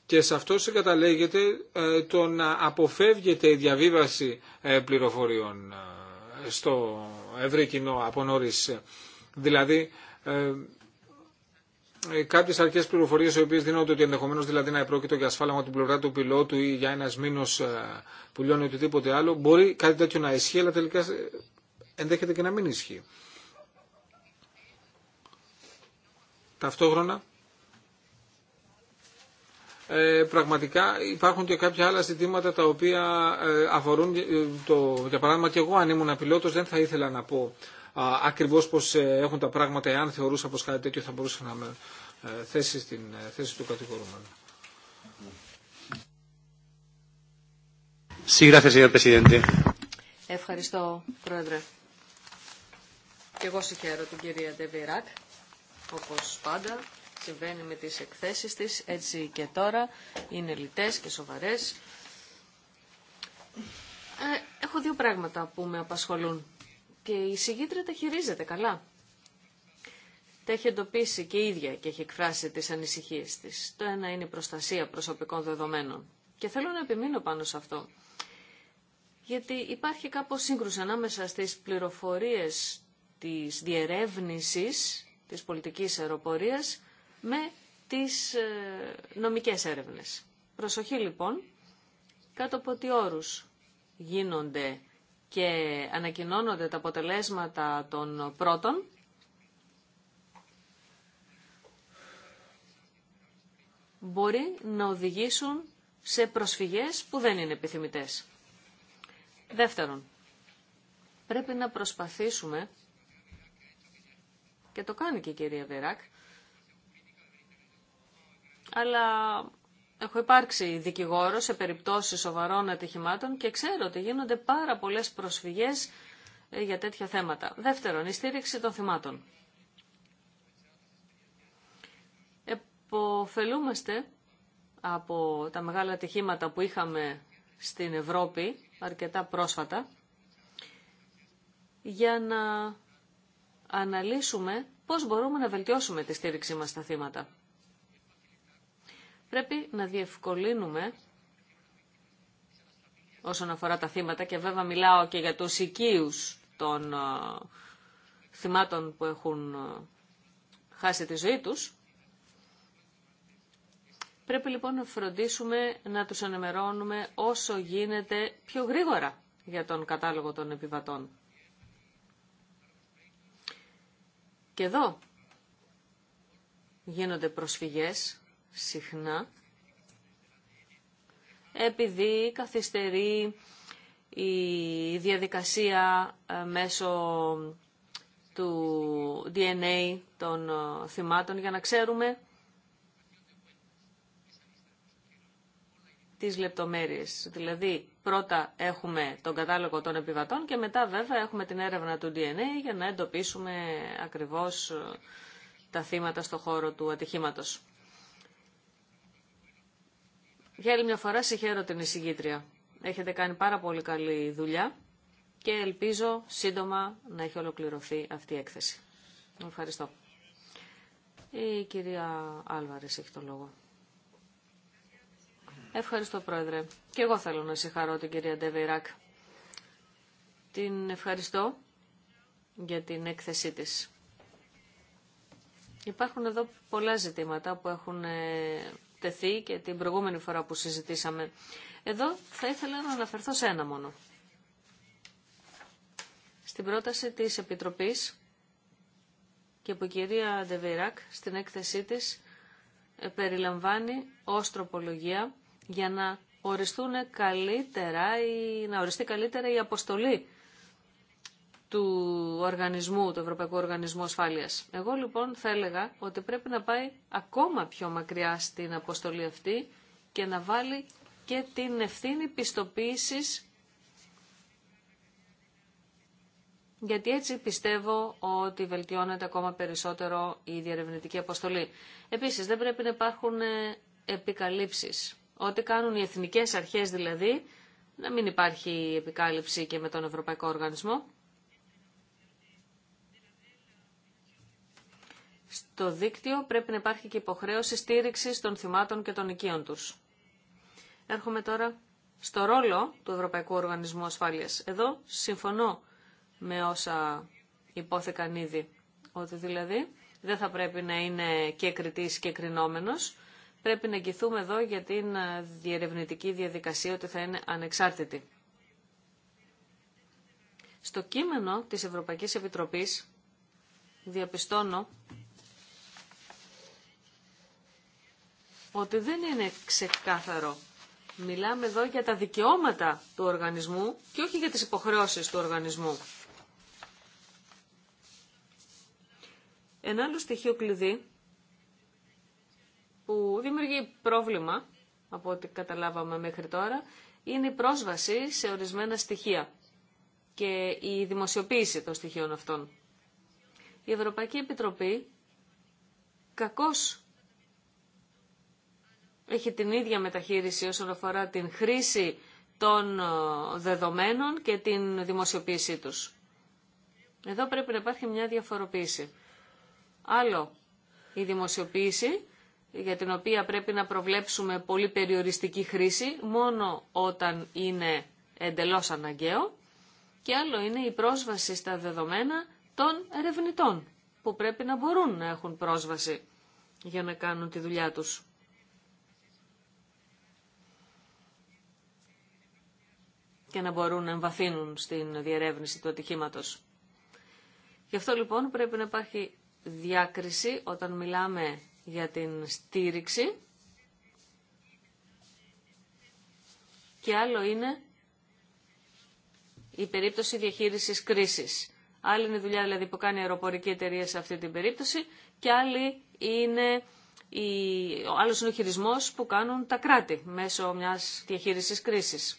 και σε αυτό συγκαταλέγεται ε, το να αποφεύγεται η διαβίβαση ε, πληροφοριών στο ευρύ κοινό από νωρίς. Δηλαδή ε, κάποιε αρκετέ πληροφορίε οι οποίε δίνονται ότι ενδεχομένω δηλαδή να επρόκειτο για από την πλευρά του πιλότου ή για ένα μήνο ε, που λιώνει οτιδήποτε άλλο. Μπορεί κάτι τέτοιο να ισχύει, αλλά τελικά ε, ενδέχεται και να μην ισχύει. Ταυτόχρονα, πραγματικά υπάρχουν και κάποια άλλα ζητήματα τα οποία αφορούν, το, για παράδειγμα και εγώ αν ήμουν πιλότος δεν θα ήθελα να πω Ακριβώ ε, πω κάτι θεωρουσα πω κατι τετοιο θα μπορούσε να με ε, θέσει στην ε, θέση του κατηγορούμενου. Ευχαριστώ, Πρόεδρε. Και εγώ συγχαίρω την κυρία Ντεβιράκ, όπως πάντα συμβαίνει με τις εκθέσεις της, έτσι και τώρα, είναι λιτές και σοβαρές. έχω δύο πράγματα που με απασχολούν και η συγγήτρια τα χειρίζεται καλά. Τα έχει εντοπίσει και η ίδια και έχει εκφράσει τις ανησυχίες της. Το ένα είναι η προστασία προσωπικών δεδομένων. Και θέλω να επιμείνω πάνω σε αυτό. Γιατί υπάρχει κάπως σύγκρουση ανάμεσα στις πληροφορίες της διερεύνησης της πολιτικής αεροπορίας με τις ε, νομικές έρευνες. Προσοχή λοιπόν, κάτω από τι όρους γίνονται και ανακοινώνονται τα αποτελέσματα των πρώτων, μπορεί να οδηγήσουν σε προσφυγές που δεν είναι επιθυμητές. Δεύτερον, πρέπει να προσπαθήσουμε, και το κάνει και η κυρία Βεράκ, αλλά Έχω υπάρξει δικηγόρο σε περιπτώσεις σοβαρών ατυχημάτων και ξέρω ότι γίνονται πάρα πολλέ προσφυγέ ε, για τέτοια θέματα. Δεύτερον, η στήριξη των θυμάτων. Εποφελούμαστε από τα μεγάλα ατυχήματα που είχαμε στην Ευρώπη αρκετά πρόσφατα για να αναλύσουμε πώς μπορούμε να βελτιώσουμε τη στήριξή μας στα θύματα. Πρέπει να διευκολύνουμε όσον αφορά τα θύματα και βέβαια μιλάω και για τους οικείους των ε, θυμάτων που έχουν ε, χάσει τη ζωή τους. Πρέπει λοιπόν να φροντίσουμε να τους ενημερώνουμε όσο γίνεται πιο γρήγορα για τον κατάλογο των επιβατών. Και εδώ γίνονται προσφυγές συχνά επειδή καθυστερεί η διαδικασία ε, μέσω του DNA των ε, θυμάτων για να ξέρουμε τις λεπτομέρειες. Δηλαδή πρώτα έχουμε τον κατάλογο των επιβατών και μετά βέβαια έχουμε την έρευνα του DNA για να εντοπίσουμε ακριβώς ε, τα θύματα στο χώρο του ατυχήματος. Για άλλη μια φορά συγχαίρω την εισηγήτρια. Έχετε κάνει πάρα πολύ καλή δουλειά και ελπίζω σύντομα να έχει ολοκληρωθεί αυτή η έκθεση. Ευχαριστώ. Η κυρία Άλβαρης έχει το λόγο. Ευχαριστώ Πρόεδρε. Και εγώ θέλω να συγχαρώ την κυρία Ντεβιράκ. Την ευχαριστώ για την έκθεσή της. Υπάρχουν εδώ πολλά ζητήματα που έχουν ε, τεθεί και την προηγούμενη φορά που συζητήσαμε. Εδώ θα ήθελα να αναφερθώ σε ένα μόνο. Στην πρόταση της Επιτροπής και που η κυρία Ντεβιράκ στην έκθεσή της ε, περιλαμβάνει ως τροπολογία για να οριστούν καλύτερα ή να οριστεί καλύτερα η αποστολή του οργανισμού, του Ευρωπαϊκού Οργανισμού Ασφάλειας. Εγώ λοιπόν θα έλεγα ότι πρέπει να πάει ακόμα πιο μακριά στην αποστολή αυτή και να βάλει και την ευθύνη πιστοποίησης γιατί έτσι πιστεύω ότι βελτιώνεται ακόμα περισσότερο η διαρευνητική αποστολή. Επίσης δεν πρέπει να υπάρχουν ε, επικαλύψεις. Ό,τι κάνουν οι εθνικές αρχές δηλαδή, να μην υπάρχει επικάλυψη και με τον Ευρωπαϊκό Οργανισμό. στο δίκτυο πρέπει να υπάρχει και υποχρέωση στήριξης των θυμάτων και των οικείων τους. Έρχομαι τώρα στο ρόλο του Ευρωπαϊκού Οργανισμού Ασφάλειας. Εδώ συμφωνώ με όσα υπόθηκαν ήδη, ότι δηλαδή δεν θα πρέπει να είναι και κριτής και κρινόμενος. Πρέπει να εγγυθούμε εδώ για την διερευνητική διαδικασία ότι θα είναι ανεξάρτητη. Στο κείμενο της Ευρωπαϊκής Επιτροπής διαπιστώνω ότι δεν είναι ξεκάθαρο. Μιλάμε εδώ για τα δικαιώματα του οργανισμού και όχι για τις υποχρεώσεις του οργανισμού. Ένα άλλο στοιχείο κλειδί που δημιουργεί πρόβλημα από ό,τι καταλάβαμε μέχρι τώρα είναι η πρόσβαση σε ορισμένα στοιχεία και η δημοσιοποίηση των στοιχείων αυτών. Η Ευρωπαϊκή Επιτροπή κακώς έχει την ίδια μεταχείριση όσον αφορά την χρήση των ε, δεδομένων και την δημοσιοποίησή τους. Εδώ πρέπει να υπάρχει μια διαφοροποίηση. Άλλο, η δημοσιοποίηση για την οποία πρέπει να προβλέψουμε πολύ περιοριστική χρήση μόνο όταν είναι εντελώς αναγκαίο και άλλο είναι η πρόσβαση στα δεδομένα των ερευνητών που πρέπει να μπορούν να έχουν πρόσβαση για να κάνουν τη δουλειά τους. και να μπορούν να εμβαθύνουν στην διερεύνηση του ατυχήματος. Γι' αυτό λοιπόν πρέπει να υπάρχει διάκριση όταν μιλάμε για την στήριξη και άλλο είναι η περίπτωση διαχείρισης κρίσης. Άλλη είναι η δουλειά δηλαδή, που κάνει η αεροπορική εταιρεία σε αυτή την περίπτωση και άλλη είναι ο άλλος είναι ο χειρισμός που κάνουν τα κράτη μέσω μιας διαχείρισης κρίσης.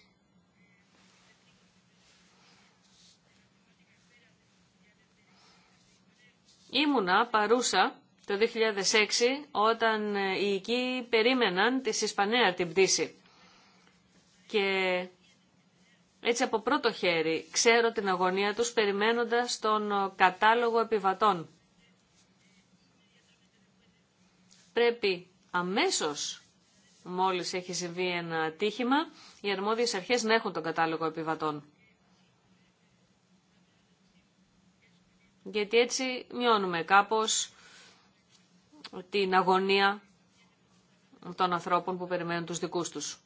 Ήμουνα παρούσα το 2006 όταν ε, οι οικοί περίμεναν τη Ισπανέα την πτήση. Και έτσι από πρώτο χέρι ξέρω την αγωνία τους περιμένοντας τον ε, κατάλογο επιβατών. Πρέπει αμέσως μόλις έχει συμβεί ένα ατύχημα οι αρμόδιες αρχές να έχουν τον κατάλογο επιβατών. γιατί έτσι μειώνουμε κάπως την αγωνία των ανθρώπων που περιμένουν τους δικούς τους.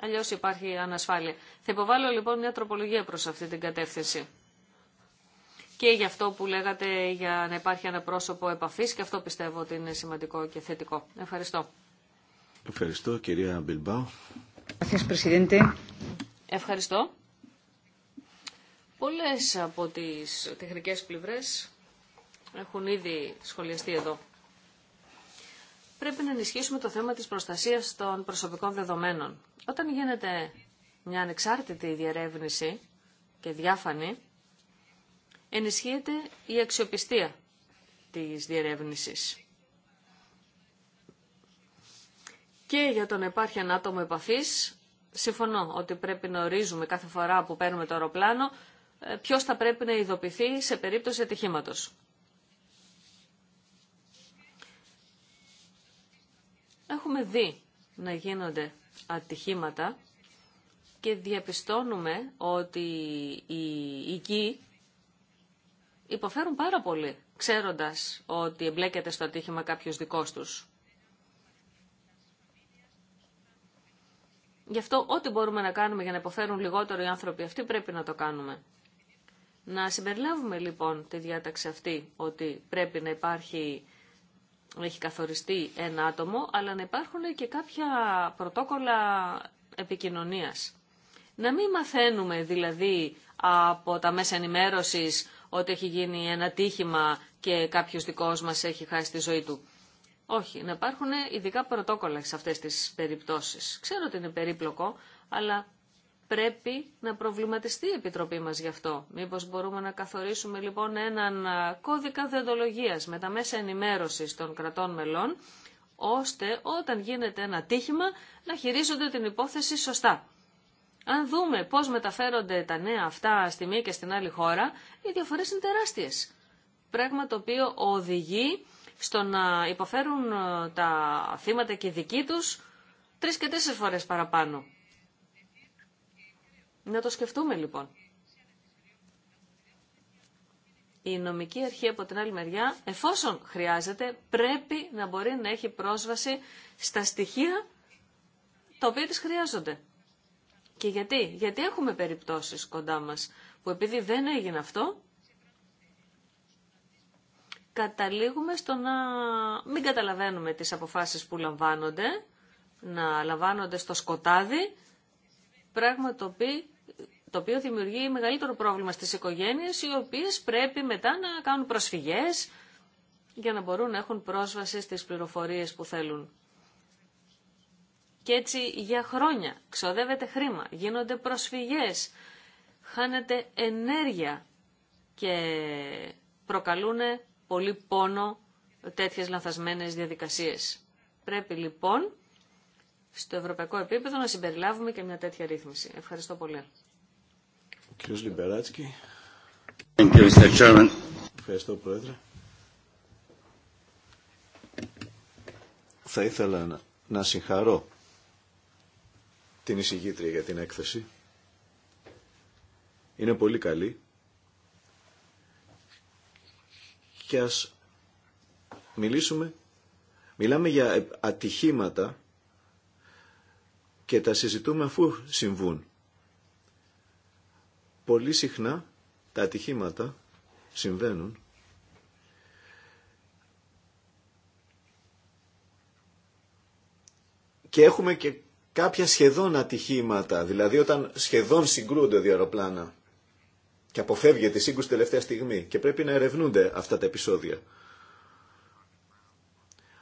Αλλιώς υπάρχει ανασφάλεια. Θα υποβάλω λοιπόν μια τροπολογία προς αυτή την κατεύθυνση. Και για αυτό που λέγατε για να υπάρχει ένα πρόσωπο επαφής και αυτό πιστεύω ότι είναι σημαντικό και θετικό. Ευχαριστώ. Ευχαριστώ κυρία Μπιλμπάου. Ευχαριστώ. Πολλές από τις τεχνικές πλευρές έχουν ήδη σχολιαστεί εδώ. Πρέπει να ενισχύσουμε το θέμα της προστασίας των προσωπικών δεδομένων. Όταν γίνεται μια ανεξάρτητη διερεύνηση και διάφανη, ενισχύεται η αξιοπιστία της διερεύνησης. Και για τον υπάρχει άτομο επαφής, συμφωνώ ότι πρέπει να ορίζουμε κάθε φορά που παίρνουμε το αεροπλάνο ε, Ποιο θα πρέπει να ειδοποιηθεί σε περίπτωση ατυχήματος. Έχουμε δει να γίνονται ατυχήματα και διαπιστώνουμε ότι οι οικοί υποφέρουν πάρα πολύ, ξέροντας ότι εμπλέκεται στο ατύχημα κάποιος δικός τους. Γι' αυτό ό,τι μπορούμε να κάνουμε για να υποφέρουν λιγότερο οι άνθρωποι αυτοί πρέπει να το κάνουμε. Να συμπεριλάβουμε λοιπόν τη διάταξη αυτή ότι πρέπει να υπάρχει, έχει καθοριστεί ένα άτομο, αλλά να υπάρχουν και κάποια πρωτόκολλα επικοινωνίας. Να μην μαθαίνουμε δηλαδή από τα μέσα ενημέρωσης ότι έχει γίνει ένα τύχημα και κάποιος δικός μας έχει χάσει τη ζωή του. Όχι, να υπάρχουν ειδικά πρωτόκολλα σε αυτές τις περιπτώσεις. Ξέρω ότι είναι περίπλοκο, αλλά πρέπει να προβληματιστεί η Επιτροπή μας γι' αυτό. Μήπως μπορούμε να καθορίσουμε λοιπόν έναν κώδικα διοντολογίας με τα μέσα ενημέρωσης των κρατών μελών, ώστε όταν γίνεται ένα τύχημα να χειρίζονται την υπόθεση σωστά. Αν δούμε πώς μεταφέρονται τα νέα αυτά στη μία και στην άλλη χώρα, οι διαφορές είναι τεράστιες. Πράγμα το οποίο οδηγεί στο να υποφέρουν ε, τα θύματα και δικοί τους τρεις και τέσσερις φορές παραπάνω. Να το σκεφτούμε λοιπόν. Η νομική αρχή από την άλλη μεριά, εφόσον χρειάζεται, πρέπει να μπορεί να έχει πρόσβαση στα στοιχεία τα οποία της χρειάζονται. Και γιατί, γιατί έχουμε περιπτώσεις κοντά μας που επειδή δεν έγινε αυτό, καταλήγουμε στο να μην καταλαβαίνουμε τις αποφάσεις που λαμβάνονται, να λαμβάνονται στο σκοτάδι, πράγμα το οποίο, το οποίο δημιουργεί μεγαλύτερο πρόβλημα στις οικογένειες, οι οποίες πρέπει μετά να κάνουν προσφυγές για να μπορούν να έχουν πρόσβαση στις πληροφορίες που θέλουν. Και έτσι για χρόνια ξοδεύεται χρήμα, γίνονται προσφυγές, χάνεται ενέργεια και προκαλούν πολύ πόνο τέτοιες λανθασμένες διαδικασίες. Πρέπει λοιπόν στο ευρωπαϊκό επίπεδο να συμπεριλάβουμε και μια τέτοια ρύθμιση. Ευχαριστώ πολύ. Λιμπεράτσκι. Ευχαριστώ Πρόεδρε. Θα ήθελα να, να συγχαρώ την εισηγήτρια για την έκθεση. Είναι πολύ καλή και ας μιλήσουμε. Μιλάμε για ατυχήματα και τα συζητούμε αφού συμβούν. Πολύ συχνά τα ατυχήματα συμβαίνουν και έχουμε και κάποια σχεδόν ατυχήματα, δηλαδή όταν σχεδόν συγκρούνται δύο αεροπλάνα και αποφεύγεται η σύγκρουση τελευταία στιγμή και πρέπει να ερευνούνται αυτά τα επεισόδια.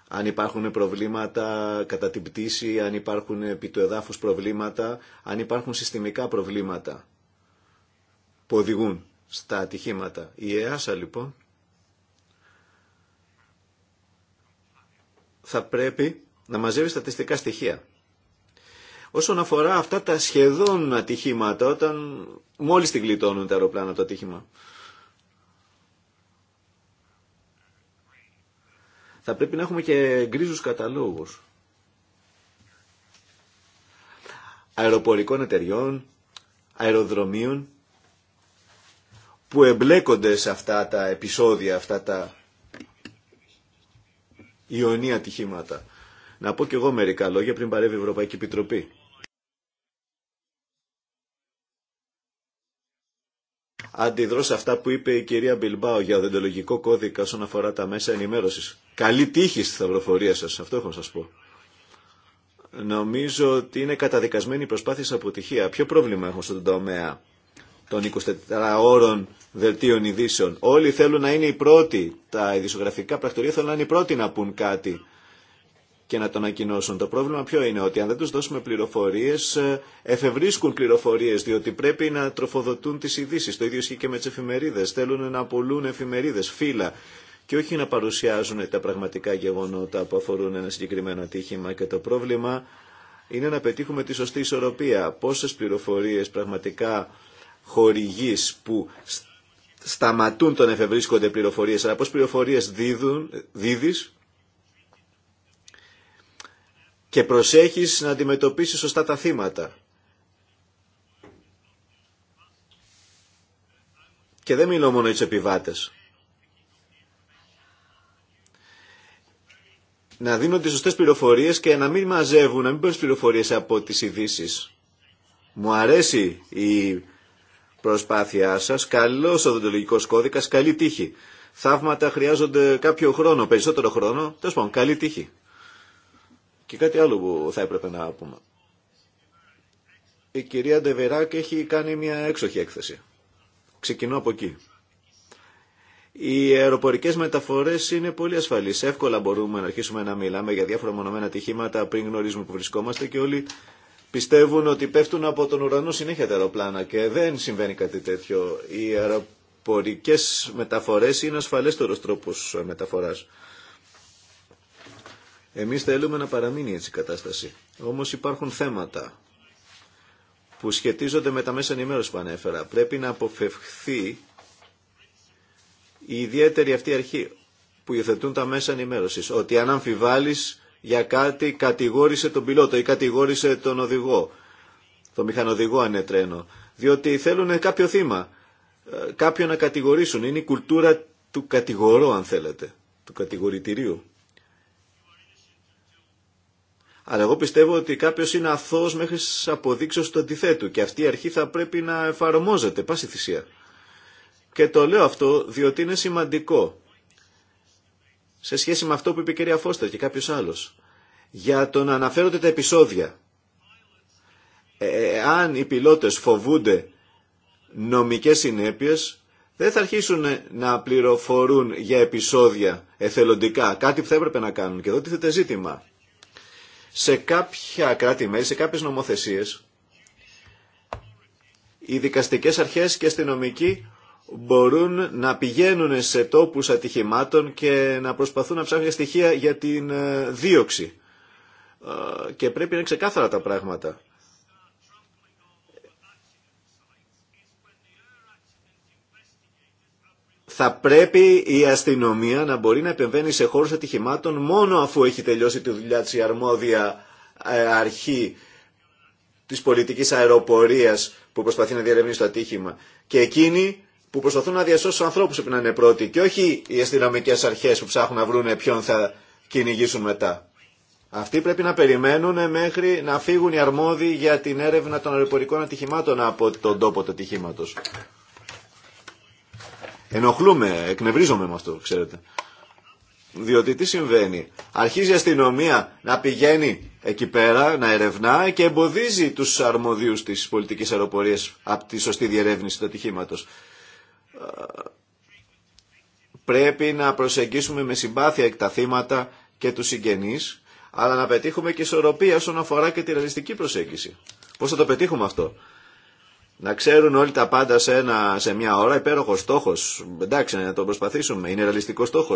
Αν υπάρχουν προβλήματα κατά την πτήση, αν υπάρχουν επί του εδάφους προβλήματα, αν υπάρχουν συστημικά προβλήματα που οδηγούν στα ατυχήματα. Η ΕΑΣΑ λοιπόν θα πρέπει να μαζεύει στατιστικά στοιχεία Όσον αφορά αυτά τα σχεδόν ατυχήματα, όταν μόλις την γλιτώνουν τα αεροπλάνα το ατύχημα. Θα πρέπει να έχουμε και γκρίζους καταλόγους. Αεροπορικών εταιριών, αεροδρομίων, που εμπλέκονται σε αυτά τα επεισόδια, αυτά τα ιωνία ατυχήματα. Να πω και εγώ μερικά λόγια πριν παρεύει η Ευρωπαϊκή Επιτροπή. αντιδρώ σε αυτά που είπε η κυρία Μπιλμπάου για δεντολογικό κώδικα όσον αφορά τα μέσα ενημέρωσης. Καλή τύχη στη θαυροφορία σας, αυτό έχω να σας πω. Νομίζω ότι είναι καταδικασμένη η προσπάθεια σε αποτυχία. Ποιο πρόβλημα έχουμε στον τομέα των 24 ώρων δελτίων ειδήσεων. Όλοι θέλουν να είναι οι πρώτοι. Τα ειδησογραφικά πρακτορία θέλουν να είναι οι πρώτοι να πούν κάτι και να το ανακοινώσουν. Το πρόβλημα ποιο είναι, ότι αν δεν τους δώσουμε πληροφορίες, ε, εφευρίσκουν πληροφορίες, διότι πρέπει να τροφοδοτούν τις ειδήσει. Το ίδιο ισχύει και με τις εφημερίδες. Θέλουν να πουλούν εφημερίδες, φύλλα και όχι να παρουσιάζουν τα πραγματικά γεγονότα που αφορούν ένα συγκεκριμένο ατύχημα. Και το πρόβλημα είναι να πετύχουμε τη σωστή ισορροπία. Πόσες πληροφορίες πραγματικά χορηγείς που σταματούν τον εφευρίσκονται πληροφορίες, αλλά πώς πληροφορίες δίδουν, δίδεις και προσέχεις να αντιμετωπίσεις σωστά τα θύματα. Και δεν μιλώ μόνο για επιβάτες. Να τις σωστές πληροφορίες και να μην μαζεύουν, να μην παίρνουν πληροφορίες από τις ειδήσει. Μου αρέσει η προσπάθειά σας, καλός οδοντολογικός κώδικας, καλή τύχη. Θαύματα χρειάζονται κάποιο χρόνο, περισσότερο χρόνο, τέλος πάντων, καλή τύχη. Και κάτι άλλο που θα έπρεπε να πούμε. Η κυρία Ντεβεράκ έχει κάνει μια έξοχη έκθεση. Ξεκινώ από εκεί. Οι αεροπορικές μεταφορές είναι πολύ ασφαλείς. Εύκολα μπορούμε να αρχίσουμε να μιλάμε για διάφορα μονομένα ατυχήματα πριν γνωρίζουμε που βρισκόμαστε και όλοι πιστεύουν ότι πέφτουν από τον ουρανό συνέχεια τα αεροπλάνα και δεν συμβαίνει κάτι τέτοιο. Οι αεροπορικές μεταφορές είναι ασφαλέστερος τρόπος μεταφοράς. Εμείς θέλουμε να παραμείνει έτσι η κατάσταση. Όμως υπάρχουν θέματα που σχετίζονται με τα μέσα ενημέρωση που ανέφερα. Πρέπει να αποφευχθεί η ιδιαίτερη αυτή αρχή που υιοθετούν τα μέσα ενημέρωση. Ότι αν αμφιβάλλεις για κάτι κατηγόρησε τον πιλότο ή κατηγόρησε τον οδηγό, τον μηχανοδηγό αν είναι τρένο. Διότι θέλουν κάποιο θύμα, ε, κάποιον να κατηγορήσουν. Είναι η κουλτούρα του κατηγορώ αν θέλετε, του κατηγορητηρίου. Αλλά εγώ πιστεύω ότι κάποιο είναι αθώο μέχρι αποδείξει του αντιθέτου και αυτή η αρχή θα πρέπει να εφαρμόζεται, πάση θυσία. Και το λέω αυτό διότι είναι σημαντικό σε σχέση με αυτό που είπε η κυρία Φώστερ και κάποιο άλλο. Για το να αναφέρονται τα επεισόδια. Ε, ε αν οι πιλότες φοβούνται νομικές συνέπειε, δεν θα αρχίσουν να πληροφορούν για επεισόδια εθελοντικά, κάτι που θα έπρεπε να κάνουν. Και εδώ τίθεται ζήτημα σε κάποια κράτη-μέλη, σε κάποιες νομοθεσίες, οι δικαστικές αρχές και αστυνομικοί μπορούν να πηγαίνουν σε τόπους ατυχημάτων και να προσπαθούν να ψάχνουν στοιχεία για την ε, δίωξη. Ε, και πρέπει να είναι ξεκάθαρα τα πράγματα. θα πρέπει η αστυνομία να μπορεί να επεμβαίνει σε χώρους ατυχημάτων μόνο αφού έχει τελειώσει τη δουλειά της η αρμόδια ε, αρχή της πολιτικής αεροπορίας που προσπαθεί να διαρευνήσει το ατύχημα. Και εκείνη που προσπαθούν να διασώσουν τους ανθρώπους πρέπει να είναι πρώτοι και όχι οι αστυνομικέ αρχές που ψάχνουν να βρουν ποιον θα κυνηγήσουν μετά. Αυτοί πρέπει να περιμένουν μέχρι να φύγουν οι αρμόδιοι για την έρευνα των αεροπορικών ατυχημάτων από τον τόπο του ατυχήματος. Ενοχλούμε, εκνευρίζομαι με αυτό, ξέρετε. Διότι τι συμβαίνει. Αρχίζει η αστυνομία να πηγαίνει εκεί πέρα, να ερευνά και εμποδίζει τους αρμοδίους τη πολιτική αεροπορία από τη σωστή διερεύνηση του ατυχήματο. Πρέπει να προσεγγίσουμε με συμπάθεια τα θύματα και τους συγγενεί, αλλά να πετύχουμε και ισορροπία όσον αφορά και τη ρεαλιστική προσέγγιση. Πώ θα το πετύχουμε αυτό. Να ξέρουν όλοι τα πάντα σε, σε μια ώρα, υπέροχο στόχο. Εντάξει, να το προσπαθήσουμε. Είναι ρεαλιστικό στόχο.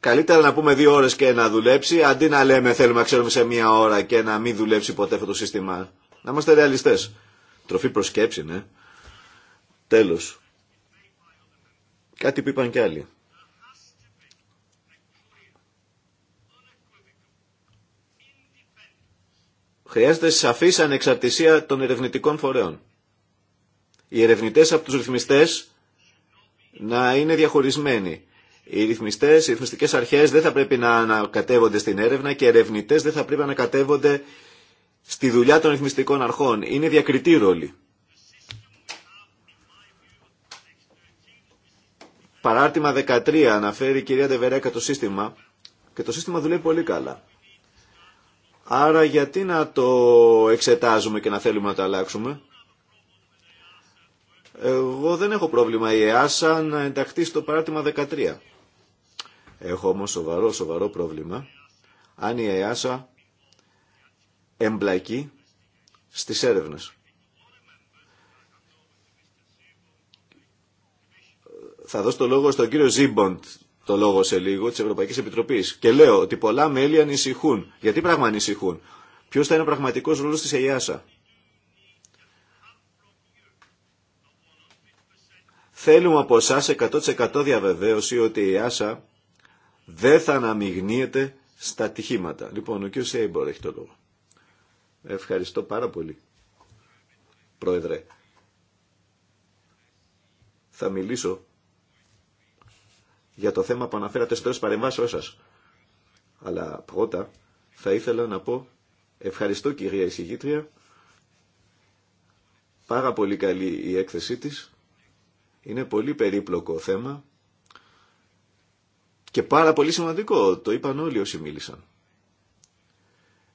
Καλύτερα να πούμε δύο ώρε και να δουλέψει, αντί να λέμε θέλουμε να ξέρουμε σε μια ώρα και να μην δουλέψει ποτέ αυτό το σύστημα. Να είμαστε ρεαλιστέ. Τροφή προσκέψη, ναι. Τέλο. Κάτι που είπαν κι άλλοι. Χρειάζεται σαφή ανεξαρτησία των ερευνητικών φορέων. Οι ερευνητέ από τους ρυθμιστές να είναι διαχωρισμένοι. Οι ρυθμιστές, οι ρυθμιστικέ αρχές δεν θα πρέπει να ανακατεύονται στην έρευνα και οι ερευνητέ δεν θα πρέπει να ανακατεύονται στη δουλειά των ρυθμιστικών αρχών. Είναι διακριτή ρόλη. Παράρτημα 13 αναφέρει η κυρία Ντεβερέκα το σύστημα και το σύστημα δουλεύει πολύ καλά. Άρα γιατί να το εξετάζουμε και να θέλουμε να το αλλάξουμε. Εγώ δεν έχω πρόβλημα η ΕΑΣΑ να ενταχθεί στο παράρτημα 13. Έχω όμως σοβαρό, σοβαρό πρόβλημα αν η ΕΑΣΑ εμπλακεί στις έρευνες. Θα δώσω το λόγο στον κύριο Ζίμποντ το λόγο σε λίγο τη Ευρωπαϊκή Επιτροπή. Και λέω ότι πολλά μέλη ανησυχούν. Γιατί πράγμα ανησυχούν. Ποιο θα είναι ο πραγματικό ρόλο τη ΕΙΑΣΑ. Θέλουμε από εσά 100% διαβεβαίωση ότι η ΕΙΑΣΑ δεν θα αναμειγνύεται στα τυχήματα. Λοιπόν, ο κ. Σέιμπορ έχει το λόγο. Ευχαριστώ πάρα πολύ, Πρόεδρε. Θα μιλήσω για το θέμα που αναφέρατε στο τέλος σας. Αλλά πρώτα θα ήθελα να πω ευχαριστώ κυρία εισηγήτρια. Πάρα πολύ καλή η έκθεσή της. Είναι πολύ περίπλοκο θέμα και πάρα πολύ σημαντικό. Το είπαν όλοι όσοι μίλησαν.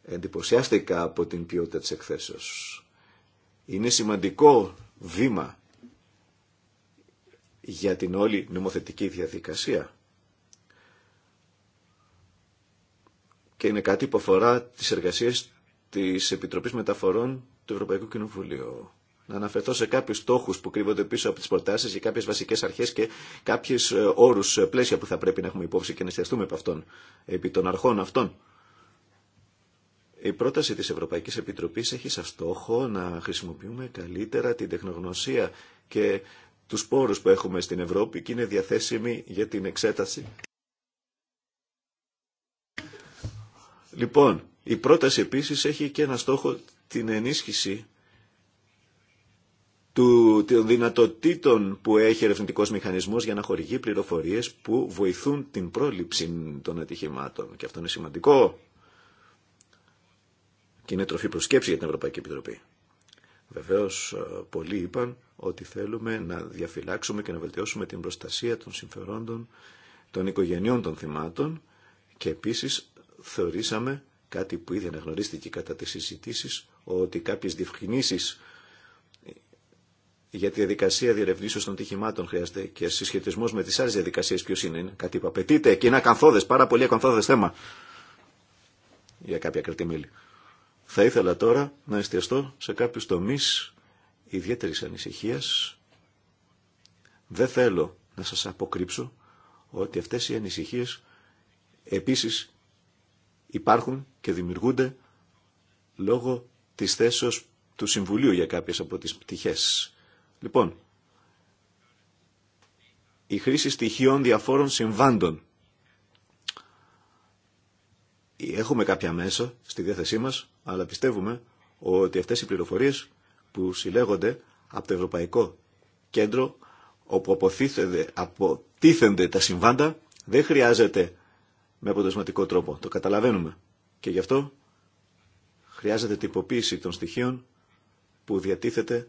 Εντυπωσιάστηκα από την ποιότητα της εκθέσεως. Είναι σημαντικό βήμα για την όλη νομοθετική διαδικασία. Και είναι κάτι που αφορά τις εργασίες της Επιτροπής Μεταφορών του Ευρωπαϊκού Κοινοβουλίου. Να αναφερθώ σε κάποιους στόχους που κρύβονται πίσω από τις προτάσεις για κάποιες βασικές αρχές και κάποιες ε, όρους ε, πλαίσια που θα πρέπει να έχουμε υπόψη και να εστιαστούμε από αυτών, επί των αρχών αυτών. Η πρόταση της Ευρωπαϊκής Επιτροπής έχει σαν στόχο να χρησιμοποιούμε καλύτερα την τεχνογνωσία και τους πόρους που έχουμε στην Ευρώπη και είναι διαθέσιμοι για την εξέταση. Λοιπόν, η πρόταση επίσης έχει και ένα στόχο την ενίσχυση του, των δυνατοτήτων που έχει ερευνητικό μηχανισμός για να χορηγεί πληροφορίες που βοηθούν την πρόληψη των ατυχημάτων. Και αυτό είναι σημαντικό και είναι τροφή προσκέψη για την Ευρωπαϊκή Επιτροπή. Βεβαίως ε, πολλοί είπαν ότι θέλουμε να διαφυλάξουμε και να βελτιώσουμε την προστασία των συμφερόντων των οικογενειών των θυμάτων και επίσης θεωρήσαμε κάτι που ήδη αναγνωρίστηκε κατά τις συζητήσεις ότι κάποιες διευκρινήσεις για τη διαδικασία διερευνήσεω των τυχημάτων χρειάζεται και συσχετισμό με τι άλλε διαδικασίε ποιο είναι, είναι κάτι που απαιτείται και είναι ακαθόδε, πάρα πολύ ακαθόδε θέμα για κάποια κρατημέλη. Θα ήθελα τώρα να εστιαστώ σε κάποιου τομεί ιδιαίτερης ανησυχίας. Δεν θέλω να σας αποκρύψω ότι αυτές οι ανησυχίες επίσης υπάρχουν και δημιουργούνται λόγω της θέσεως του Συμβουλίου για κάποιες από τις πτυχές. Λοιπόν, η χρήση στοιχείων διαφόρων συμβάντων. Έχουμε κάποια μέσα στη διάθεσή μας, αλλά πιστεύουμε ότι αυτές οι πληροφορίες που συλλέγονται από το Ευρωπαϊκό Κέντρο όπου αποτίθενται τα συμβάντα δεν χρειάζεται με αποτελεσματικό τρόπο. Το καταλαβαίνουμε. Και γι' αυτό χρειάζεται τυποποίηση των στοιχείων που διατίθεται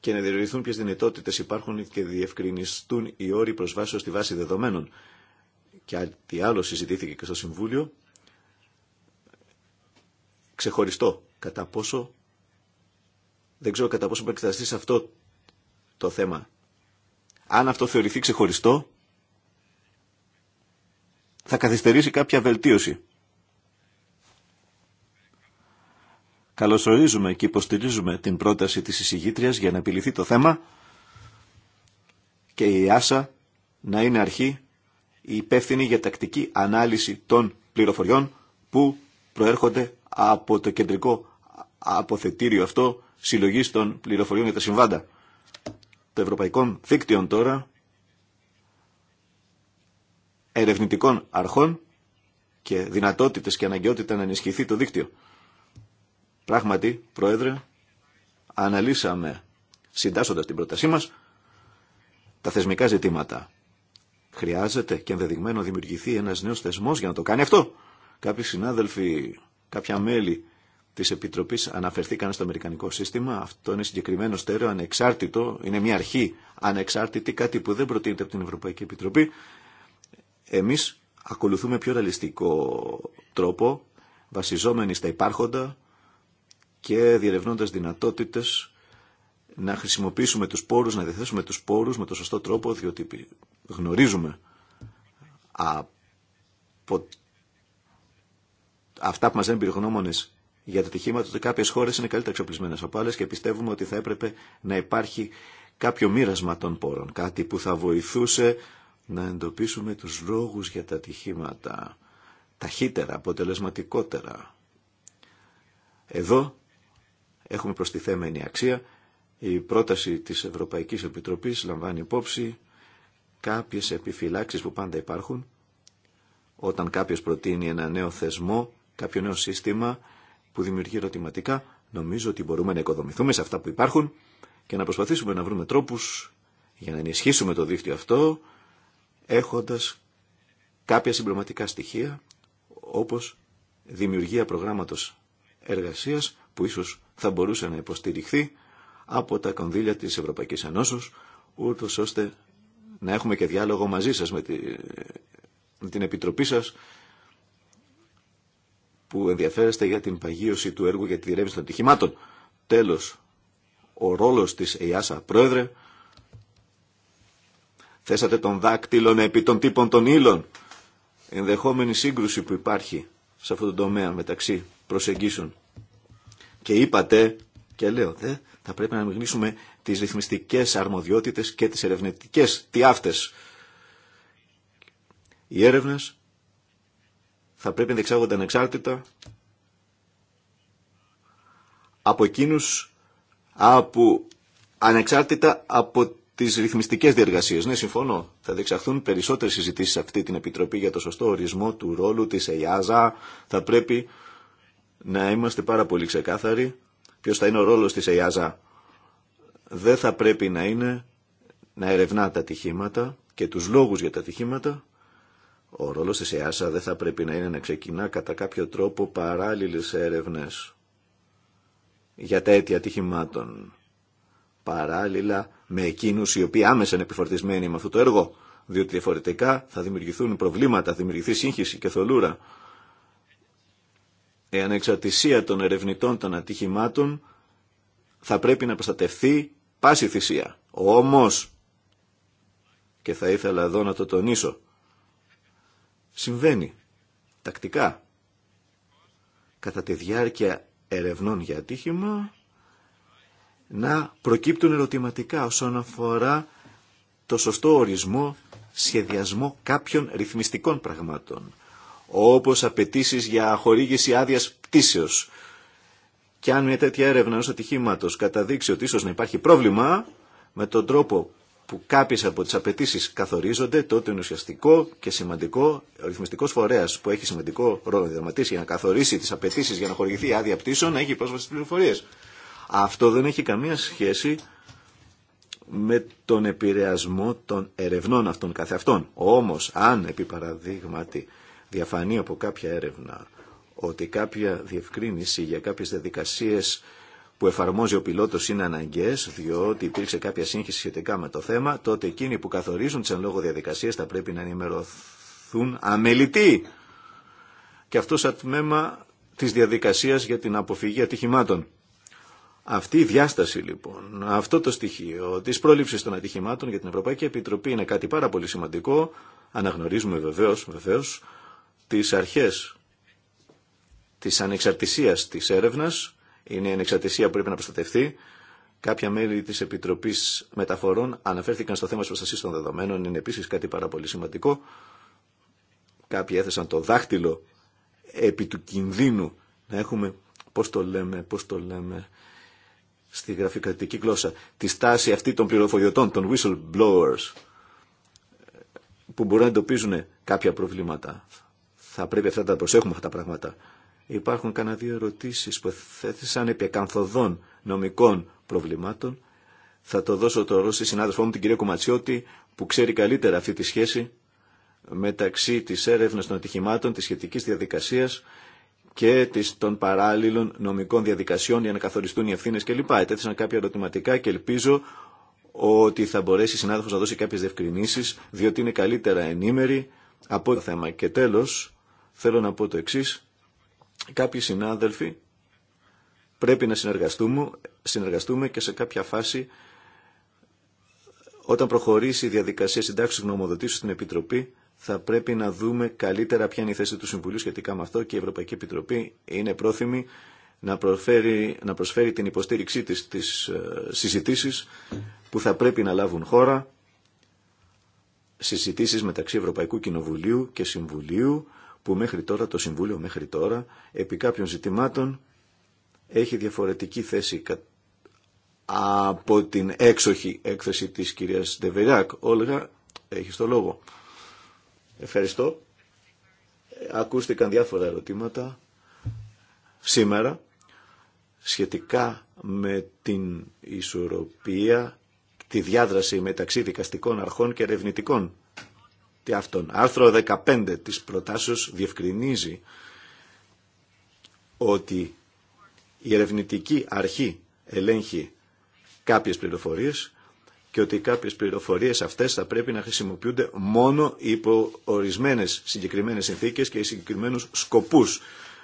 και να διευρυνθούν ποιε δυνατότητε υπάρχουν και διευκρινιστούν οι όροι προσβάσεω στη βάση δεδομένων. Και τι άλλο συζητήθηκε και στο Συμβούλιο, ξεχωριστό κατά πόσο δεν ξέρω κατά πόσο πρέπει να σε αυτό το θέμα. Αν αυτό θεωρηθεί ξεχωριστό, θα καθυστερήσει κάποια βελτίωση. Καλωσορίζουμε και υποστηρίζουμε την πρόταση της εισηγήτριας για να επιληθεί το θέμα και η Άσα να είναι αρχή υπεύθυνη για τακτική ανάλυση των πληροφοριών που προέρχονται από το κεντρικό αποθετήριο αυτό συλλογή των πληροφοριών για τα συμβάντα. Των ευρωπαϊκών δίκτυων τώρα, ερευνητικών αρχών και δυνατότητες και αναγκαιότητα να ενισχυθεί το δίκτυο. Πράγματι, Πρόεδρε, αναλύσαμε, συντάσσοντας την πρότασή μας, τα θεσμικά ζητήματα. Χρειάζεται και ενδεδειγμένο δημιουργηθεί ένας νέος θεσμός για να το κάνει αυτό. Κάποιοι συνάδελφοι, κάποια μέλη Τη Επιτροπής αναφερθήκαν στο Αμερικανικό σύστημα. Αυτό είναι συγκεκριμένο στέρεο, ανεξάρτητο, είναι μια αρχή ανεξάρτητη, κάτι που δεν προτείνεται από την Ευρωπαϊκή Επιτροπή. Εμείς ακολουθούμε πιο ρεαλιστικό τρόπο, βασιζόμενοι στα υπάρχοντα και διερευνώντας δυνατότητες να χρησιμοποιήσουμε τους πόρους, να διαθέσουμε του πόρου με το σωστό τρόπο, διότι γνωρίζουμε αυτά που μας λένε για τα ατυχήματα ότι κάποιε χώρε είναι καλύτερα εξοπλισμένε από άλλε και πιστεύουμε ότι θα έπρεπε να υπάρχει κάποιο μοίρασμα των πόρων. Κάτι που θα βοηθούσε να εντοπίσουμε του λόγου για τα ατυχήματα ταχύτερα, αποτελεσματικότερα. Εδώ έχουμε προστιθέμενη αξία. Η πρόταση της Ευρωπαϊκής Επιτροπής λαμβάνει υπόψη κάποιες επιφυλάξεις που πάντα υπάρχουν όταν κάποιος προτείνει ένα νέο θεσμό, κάποιο νέο σύστημα που δημιουργεί ερωτηματικά, νομίζω ότι μπορούμε να οικοδομηθούμε σε αυτά που υπάρχουν και να προσπαθήσουμε να βρούμε τρόπους για να ενισχύσουμε το δίκτυο αυτό, έχοντας κάποια συμπληρωματικά στοιχεία, όπως δημιουργία προγράμματος εργασίας, που ίσως θα μπορούσε να υποστηριχθεί από τα κονδύλια της Ευρωπαϊκής Ενώσεως, ούτως ώστε να έχουμε και διάλογο μαζί σας με την Επιτροπή σας που ενδιαφέρεστε για την παγίωση του έργου για τη διερεύνηση των ατυχημάτων. Τέλος, ο ρόλος της ΕΙΑΣΑ πρόεδρε, θέσατε τον δάκτυλο επί των τύπων των ύλων, ενδεχόμενη σύγκρουση που υπάρχει σε αυτό το τομέα μεταξύ προσεγγίσεων. Και είπατε, και λέω, δε, θα πρέπει να αναγνήσουμε τις ρυθμιστικέ αρμοδιότητες και τι ερευνητικέ τι αυτέ. Οι έρευνε θα πρέπει να διεξάγονται ανεξάρτητα από εκείνους από, ανεξάρτητα από τις ρυθμιστικές διεργασίες. Ναι, συμφωνώ. Θα διεξαχθούν περισσότερε συζητήσει σε αυτή την Επιτροπή για το σωστό ορισμό του ρόλου της ΕΙΑΖΑ. Θα πρέπει να είμαστε πάρα πολύ ξεκάθαροι Ποιο θα είναι ο ρόλος της ΕΙΑΖΑ. Δεν θα πρέπει να είναι να ερευνά τα ατυχήματα και τους λόγους για τα ατυχήματα ο ρόλο της ΕΑΣΑ δεν θα πρέπει να είναι να ξεκινά κατά κάποιο τρόπο παράλληλε έρευνε για τα ατυχημάτων. Παράλληλα με εκείνους οι οποίοι άμεσα είναι επιφορτισμένοι με αυτό το έργο, διότι διαφορετικά θα δημιουργηθούν προβλήματα, θα δημιουργηθεί σύγχυση και θολούρα. Η ανεξαρτησία των ερευνητών των ατυχημάτων θα πρέπει να προστατευθεί πάση θυσία. Όμως, και θα ήθελα εδώ να το τονίσω, Συμβαίνει τακτικά κατά τη διάρκεια ερευνών για ατύχημα να προκύπτουν ερωτηματικά όσον αφορά το σωστό ορισμό, σχεδιασμό κάποιων ρυθμιστικών πραγμάτων, όπως απαιτήσει για χορήγηση άδεια πτήσεως. Και αν μια τέτοια έρευνα ενός ατυχήματος καταδείξει ότι ίσως να υπάρχει πρόβλημα με τον τρόπο που κάποιες από τις απαιτήσει καθορίζονται, τότε είναι ουσιαστικό και σημαντικό ο ρυθμιστικός φορέας που έχει σημαντικό ρόλο να διαδραματίσει για να καθορίσει τις απαιτήσει για να χορηγηθεί άδεια πτήσεων να έχει πρόσβαση στις πληροφορίες. Αυτό δεν έχει καμία σχέση με τον επηρεασμό των ερευνών αυτών καθεαυτών. Όμως, αν επί παραδείγματι διαφανεί από κάποια έρευνα ότι κάποια διευκρίνηση για κάποιες διαδικασίες που εφαρμόζει ο πιλότο είναι αναγκαίε, διότι υπήρξε κάποια σύγχυση σχετικά με το θέμα, τότε εκείνοι που καθορίζουν τι εν λόγω διαδικασίες θα πρέπει να ενημερωθούν αμελητοί. Και αυτό σαν τμήμα τη διαδικασία για την αποφυγή ατυχημάτων. Αυτή η διάσταση λοιπόν, αυτό το στοιχείο τη πρόληψη των ατυχημάτων για την Ευρωπαϊκή Επιτροπή είναι κάτι πάρα πολύ σημαντικό. Αναγνωρίζουμε βεβαίω, βεβαίως τις αρχές της ανεξαρτησίας της είναι η ανεξαρτησία που πρέπει να προστατευτεί. Κάποια μέλη τη Επιτροπή Μεταφορών αναφέρθηκαν στο θέμα τη προστασία των δεδομένων. Είναι επίση κάτι πάρα πολύ σημαντικό. Κάποιοι έθεσαν το δάχτυλο επί του κινδύνου να έχουμε, πώς το λέμε, πώς το λέμε, στη γραφειοκρατική γλώσσα, τη στάση αυτή των πληροφοριωτών, των whistleblowers, που μπορούν να εντοπίζουν κάποια προβλήματα. Θα πρέπει αυτά να τα προσέχουμε αυτά τα πράγματα. Υπάρχουν κανένα δύο ερωτήσεις που θέθησαν επί εκανθοδών νομικών προβλημάτων. Θα το δώσω τώρα στη συνάδελφό μου την κυρία Κουματσιώτη που ξέρει καλύτερα αυτή τη σχέση μεταξύ της έρευνας των ατυχημάτων, της σχετικής διαδικασίας και της, των παράλληλων νομικών διαδικασιών για να καθοριστούν οι ευθύνε κλπ. Ετέθησαν κάποια ερωτηματικά και ελπίζω ότι θα μπορέσει η συνάδελφος να δώσει κάποιες διευκρινήσεις, διότι είναι καλύτερα ενήμερη από το θέμα. Και τέλος, θέλω να πω το εξής. Κάποιοι συνάδελφοι πρέπει να συνεργαστούμε, συνεργαστούμε και σε κάποια φάση όταν προχωρήσει η διαδικασία συντάξης γνωμοδοτήσεως στην Επιτροπή θα πρέπει να δούμε καλύτερα ποια είναι η θέση του Συμβουλίου σχετικά με αυτό και η Ευρωπαϊκή Επιτροπή είναι πρόθυμη να, να προσφέρει την υποστήριξή της στις ε, συζητήσεις που θα πρέπει να λάβουν χώρα συζητήσεις μεταξύ Ευρωπαϊκού Κοινοβουλίου και Συμβουλίου που μέχρι τώρα το Συμβούλιο, μέχρι τώρα, επί κάποιων ζητημάτων έχει διαφορετική θέση από την έξοχη έκθεση της κυρίας Ντεβεριάκ. Όλγα, έχει το λόγο. Ευχαριστώ. Ακούστηκαν διάφορα ερωτήματα σήμερα σχετικά με την ισορροπία, τη διάδραση μεταξύ δικαστικών αρχών και ερευνητικών τι αυτόν. Άρθρο 15 της προτάσεως διευκρινίζει ότι η ερευνητική αρχή ελέγχει κάποιες πληροφορίες και ότι κάποιες πληροφορίες αυτές θα πρέπει να χρησιμοποιούνται μόνο υπό ορισμένες συγκεκριμένες συνθήκες και συγκεκριμένους σκοπούς.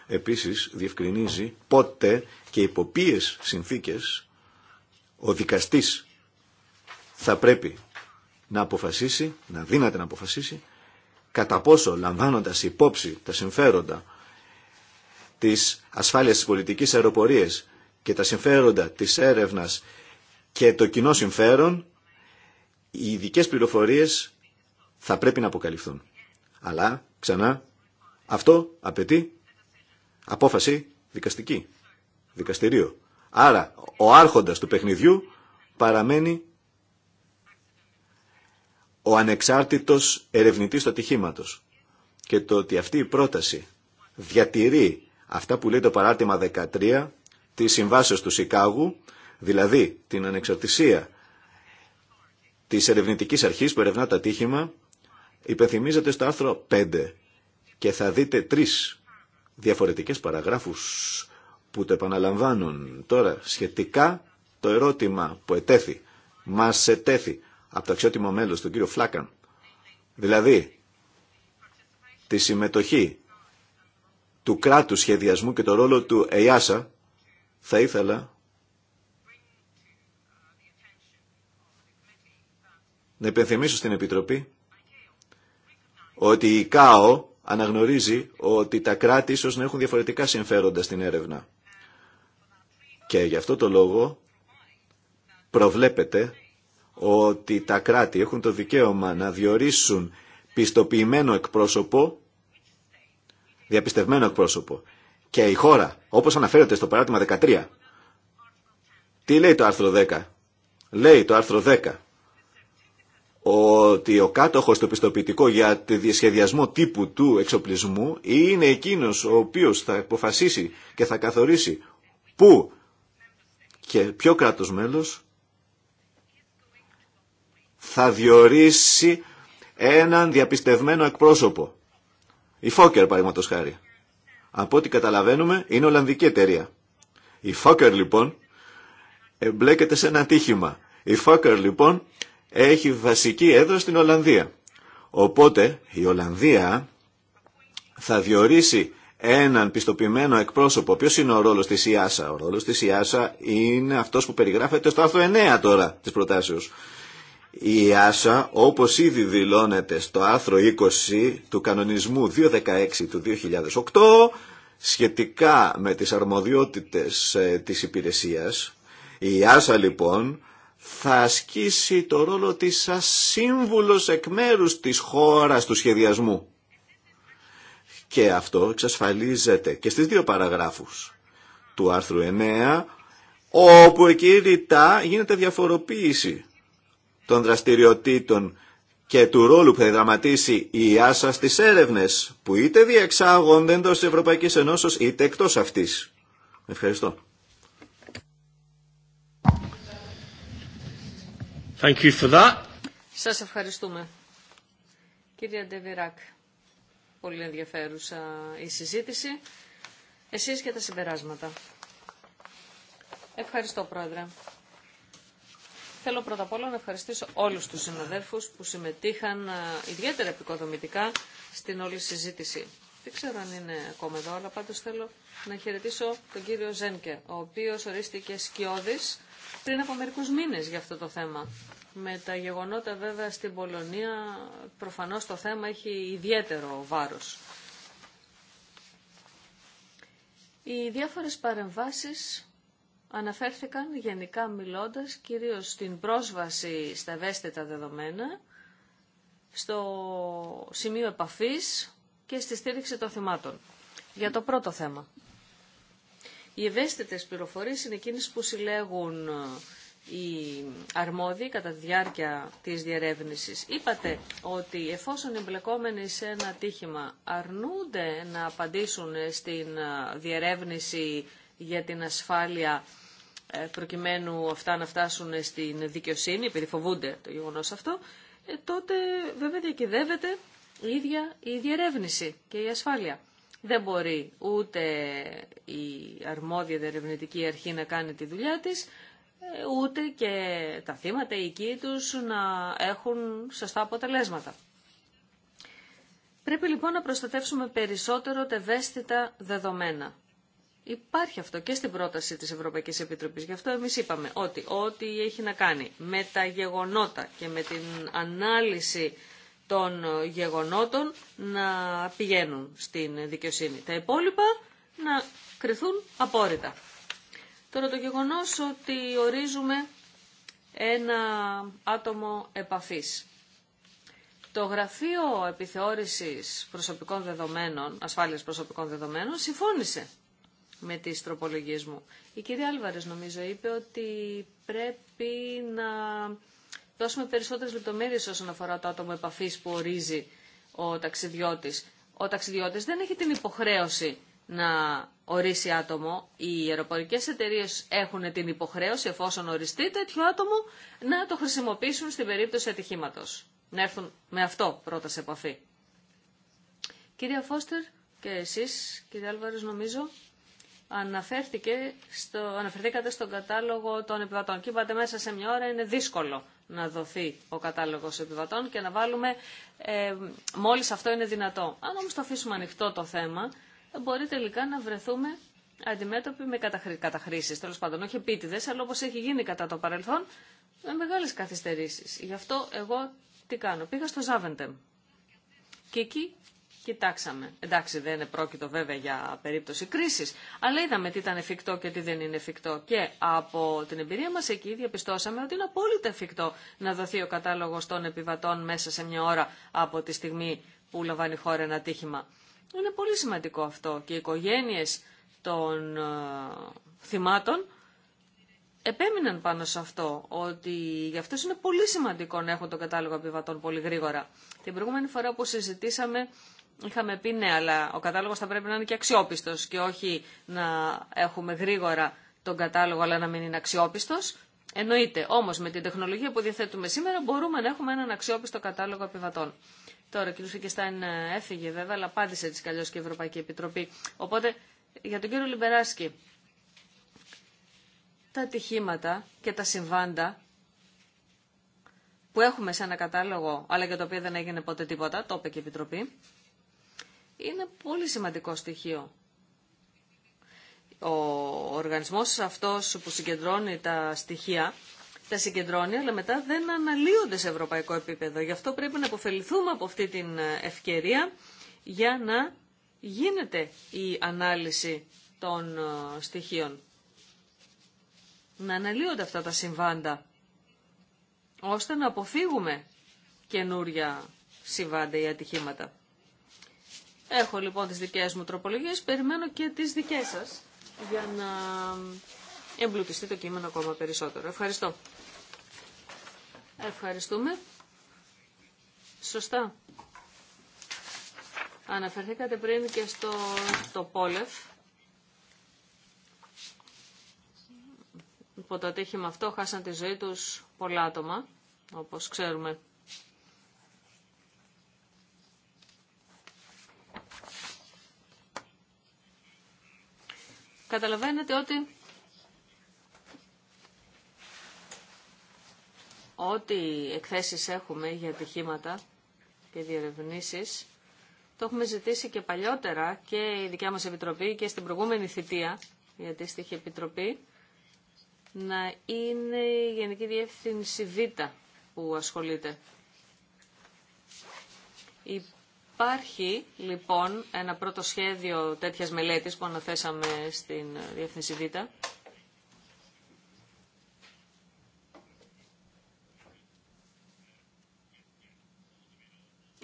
Επίσης διευκρινίζει πότε και υπό ποιες συνθήκες ο δικαστής θα πρέπει να αποφασίσει, να δύναται να αποφασίσει, κατά πόσο λαμβάνοντας υπόψη τα συμφέροντα της ασφάλειας της πολιτικής αεροπορίας και τα συμφέροντα της έρευνας και το κοινό συμφέρον, οι ειδικέ πληροφορίες θα πρέπει να αποκαλυφθούν. Αλλά, ξανά, αυτό απαιτεί απόφαση δικαστική, δικαστηρίο. Άρα, ο άρχοντας του παιχνιδιού παραμένει ο ανεξάρτητος ερευνητής του ατυχήματο. Και το ότι αυτή η πρόταση διατηρεί αυτά που λέει το παράρτημα 13 της συμβάσεως του Σικάγου, δηλαδή την ανεξαρτησία της ερευνητικής αρχής που ερευνά το ατύχημα, υπενθυμίζεται στο άρθρο 5 και θα δείτε τρεις διαφορετικές παραγράφους που το επαναλαμβάνουν τώρα σχετικά το ερώτημα που ετέθη, μας ετέθη από το αξιότιμο μέλο τον κύριο Φλάκαν. Δηλαδή, τη συμμετοχή του κράτου σχεδιασμού και το ρόλο του ΕΙΑΣΑ, θα ήθελα να υπενθυμίσω στην Επιτροπή ότι η ΚΑΟ αναγνωρίζει ότι τα κράτη ίσως να έχουν διαφορετικά συμφέροντα στην έρευνα. Και γι' αυτό το λόγο προβλέπεται ότι τα κράτη έχουν το δικαίωμα να διορίσουν πιστοποιημένο εκπρόσωπο, διαπιστευμένο εκπρόσωπο. Και η χώρα, όπως αναφέρεται στο παράδειγμα 13, τι λέει το άρθρο 10. Λέει το άρθρο 10 ότι ο κάτοχος του πιστοποιητικού για τη διασχεδιασμό τύπου του εξοπλισμού είναι εκείνος ο οποίος θα αποφασίσει και θα καθορίσει πού και ποιο κράτος μέλος θα διορίσει έναν διαπιστευμένο εκπρόσωπο. Η Φόκερ, παραδείγματο χάρη. Από ό,τι καταλαβαίνουμε, είναι Ολλανδική εταιρεία. Η Φόκερ, λοιπόν, εμπλέκεται σε ένα τύχημα. Η Φόκερ, λοιπόν, έχει βασική έδρα στην Ολλανδία. Οπότε, η Ολλανδία θα διορίσει έναν πιστοποιημένο εκπρόσωπο. Ποιος είναι ο ρόλος της ΙΑΣΑ. Ο ρόλος της ΙΑΣΑ είναι αυτός που περιγράφεται στο άρθρο 9 τώρα της προτάσεως. Η ΆΣΑ, όπως ήδη δηλώνεται στο άρθρο 20 του κανονισμού 216 του 2008, σχετικά με τις αρμοδιότητες ε, της υπηρεσίας, η ΆΣΑ λοιπόν θα ασκήσει το ρόλο της σαν σύμβουλος εκ μέρους της χώρας του σχεδιασμού. Και αυτό εξασφαλίζεται και στις δύο παραγράφους του άρθρου 9, όπου εκεί ρητά γίνεται διαφοροποίηση των δραστηριοτήτων και του ρόλου που θα δραματίσει η ΆΣΑ στις έρευνες που είτε διεξάγονται εντός της Ευρωπαϊκής Ενώσεως είτε εκτός αυτής. Ευχαριστώ. Thank Σας ευχαριστούμε. Κύριε Ντεβιράκ, πολύ ενδιαφέρουσα η συζήτηση. Εσείς και τα συμπεράσματα. Ευχαριστώ, Πρόεδρε. Θέλω πρώτα απ' όλα να ευχαριστήσω όλους τους συναδέρφους που συμμετείχαν ε, ιδιαίτερα επικοδομητικά στην όλη συζήτηση. Δεν ξέρω αν είναι ακόμα εδώ, αλλά πάντως θέλω να χαιρετήσω τον κύριο Ζένκε, ο οποίος ορίστηκε σκιώδης πριν από μερικούς μήνες για αυτό το θέμα. Με τα γεγονότα βέβαια στην Πολωνία, προφανώς το θέμα έχει ιδιαίτερο βάρος. Οι διάφορες παρεμβάσεις αναφέρθηκαν γενικά μιλώντας κυρίως στην πρόσβαση στα ευαίσθητα δεδομένα, στο σημείο επαφής και στη στήριξη των θυμάτων. Για το πρώτο θέμα. Οι ευαίσθητες πληροφορίες είναι εκείνες που συλλέγουν ε, οι αρμόδιοι κατά τη διάρκεια της διερεύνησης. Είπατε ότι εφόσον εμπλεκόμενοι σε ένα τύχημα αρνούνται να απαντήσουν στην ε, διερεύνηση για την ασφάλεια ε, προκειμένου αυτά να φτάσουν στην δικαιοσύνη, επειδή το γεγονός αυτό, ε, τότε βέβαια διακυδεύεται η ίδια η διερεύνηση και η ασφάλεια. Δεν μπορεί ούτε η αρμόδια διερευνητική αρχή να κάνει τη δουλειά της, ε, ούτε και τα θύματα, οι τους να έχουν σωστά αποτελέσματα. Πρέπει λοιπόν να προστατεύσουμε περισσότερο τα δεδομένα. Υπάρχει αυτό και στην πρόταση της Ευρωπαϊκής Επιτροπής. Γι' αυτό εμείς είπαμε ότι ό,τι έχει να κάνει με τα γεγονότα και με την ανάλυση των γεγονότων να πηγαίνουν στην δικαιοσύνη. Τα υπόλοιπα να κρυθούν απόρριτα. Τώρα το γεγονός ότι ορίζουμε ένα άτομο επαφής. Το Γραφείο Επιθεώρησης Προσωπικών Δεδομένων, Ασφάλειας Προσωπικών Δεδομένων συμφώνησε με τις τροπολογίες μου. Η κυρία Άλβαρες νομίζω είπε ότι πρέπει να δώσουμε περισσότερες λεπτομέρειες όσον αφορά το άτομο επαφής που ορίζει ο ταξιδιώτης. Ο ταξιδιώτης δεν έχει την υποχρέωση να ορίσει άτομο. Οι αεροπορικές εταιρείες έχουν την υποχρέωση, εφόσον οριστεί τέτοιο άτομο, να το χρησιμοποιήσουν στην περίπτωση ατυχήματο. Να έρθουν με αυτό πρώτα σε επαφή. Κυρία Φώστερ και εσείς, κύριε Άλβαρος, νομίζω, στο, αναφερθήκατε στον κατάλογο των επιβατών. Και είπατε μέσα σε μια ώρα είναι δύσκολο να δοθεί ο κατάλογος επιβατών και να βάλουμε ε, μόλις αυτό είναι δυνατό. Αν όμως το αφήσουμε ανοιχτό το θέμα, μπορεί τελικά να βρεθούμε αντιμέτωποι με καταχρή, καταχρήσεις, τέλος πάντων, όχι επίτηδες, αλλά όπως έχει γίνει κατά το παρελθόν, με μεγάλες καθυστερήσεις. Γι' αυτό εγώ τι κάνω. Πήγα στο Ζάβεντεμ και εκεί κοιτάξαμε. Εντάξει, δεν πρόκειτο βέβαια για περίπτωση κρίση, αλλά είδαμε τι ήταν εφικτό και τι δεν είναι εφικτό. Και από την εμπειρία μα εκεί διαπιστώσαμε ότι είναι απόλυτα εφικτό να δοθεί ο κατάλογο των επιβατών μέσα σε μια ώρα από τη στιγμή που λαμβάνει η χώρα ένα τύχημα. Είναι πολύ σημαντικό αυτό και οι οικογένειε των ε, θυμάτων επέμειναν πάνω σε αυτό, ότι γι' αυτό είναι πολύ σημαντικό να έχουν τον κατάλογο επιβατών πολύ γρήγορα. Την προηγούμενη φορά που συζητήσαμε είχαμε πει ναι, αλλά ο κατάλογος θα πρέπει να είναι και αξιόπιστος και όχι να έχουμε γρήγορα τον κατάλογο αλλά να μην είναι αξιόπιστος. Εννοείται, όμως με την τεχνολογία που διαθέτουμε σήμερα μπορούμε να έχουμε έναν αξιόπιστο κατάλογο επιβατών. Τώρα, ο κ. Φικεστάιν ε, έφυγε βέβαια, αλλά απάντησε έτσι καλώ και η Ευρωπαϊκή Επιτροπή. Οπότε, για τον κύριο Λιμπεράσκη, τα ατυχήματα και τα συμβάντα που έχουμε σε ένα κατάλογο, αλλά για το οποίο δεν έγινε ποτέ τίποτα, το είπε και η Επιτροπή, είναι πολύ σημαντικό στοιχείο. Ο οργανισμός αυτός που συγκεντρώνει τα στοιχεία, τα συγκεντρώνει, αλλά μετά δεν αναλύονται σε ευρωπαϊκό επίπεδο. Γι' αυτό πρέπει να αποφεληθούμε από αυτή την ευκαιρία για να γίνεται η ανάλυση των ε, στοιχείων. Να αναλύονται αυτά τα συμβάντα, ώστε να αποφύγουμε καινούρια συμβάντα ή ατυχήματα. Έχω λοιπόν τις δικές μου τροπολογίες, περιμένω και τις δικές σας για να εμπλουτιστεί το κείμενο ακόμα περισσότερο. Ευχαριστώ. Ευχαριστούμε. Σωστά. Αναφερθήκατε πριν και στο, το πόλευ. Υπό το ατύχημα αυτό χάσαν τη ζωή τους πολλά άτομα, όπως ξέρουμε. καταλαβαίνετε ότι ό,τι εκθέσεις έχουμε για ατυχήματα και διερευνήσεις, το έχουμε ζητήσει και παλιότερα και η δικιά μας Επιτροπή και στην προηγούμενη θητεία, η αντίστοιχη Επιτροπή, να είναι η Γενική Διεύθυνση Β που ασχολείται. Υπάρχει λοιπόν ένα πρώτο σχέδιο τέτοιας μελέτης που αναθέσαμε στην Διεύθυνση Β.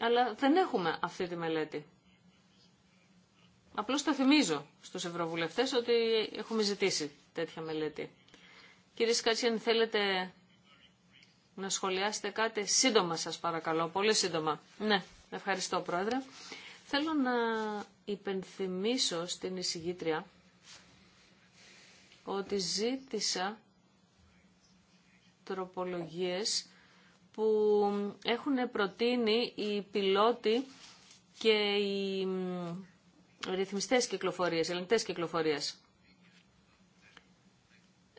Αλλά δεν έχουμε αυτή τη μελέτη. Απλώς το θυμίζω στους ευρωβουλευτές ότι έχουμε ζητήσει τέτοια μελέτη. Κύριε Σκάτσιαν, θέλετε να σχολιάσετε κάτι. Σύντομα σας παρακαλώ, πολύ σύντομα. Ναι, Ευχαριστώ, Πρόεδρε. Θέλω να υπενθυμίσω στην εισηγήτρια ότι ζήτησα τροπολογίες που έχουν προτείνει οι πιλότοι και οι ρυθμιστές κυκλοφορίες, ελεγκτές κυκλοφορίες.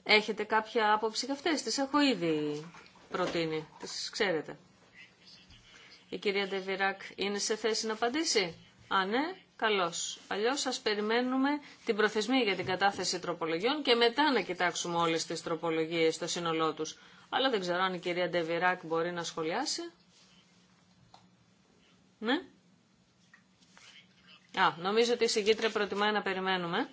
Έχετε κάποια άποψη για αυτές, τις έχω ήδη προτείνει, τις ξέρετε. Η κυρία Ντεβιράκ είναι σε θέση να απαντήσει. Α, ναι, καλώς. Αλλιώς σας περιμένουμε την προθεσμία για την κατάθεση τροπολογιών και μετά να κοιτάξουμε όλες τις τροπολογίες στο σύνολό τους. Αλλά δεν ξέρω αν η κυρία Ντεβιράκ μπορεί να σχολιάσει. Ναι. Α, νομίζω ότι η συγκήτρια προτιμάει να περιμένουμε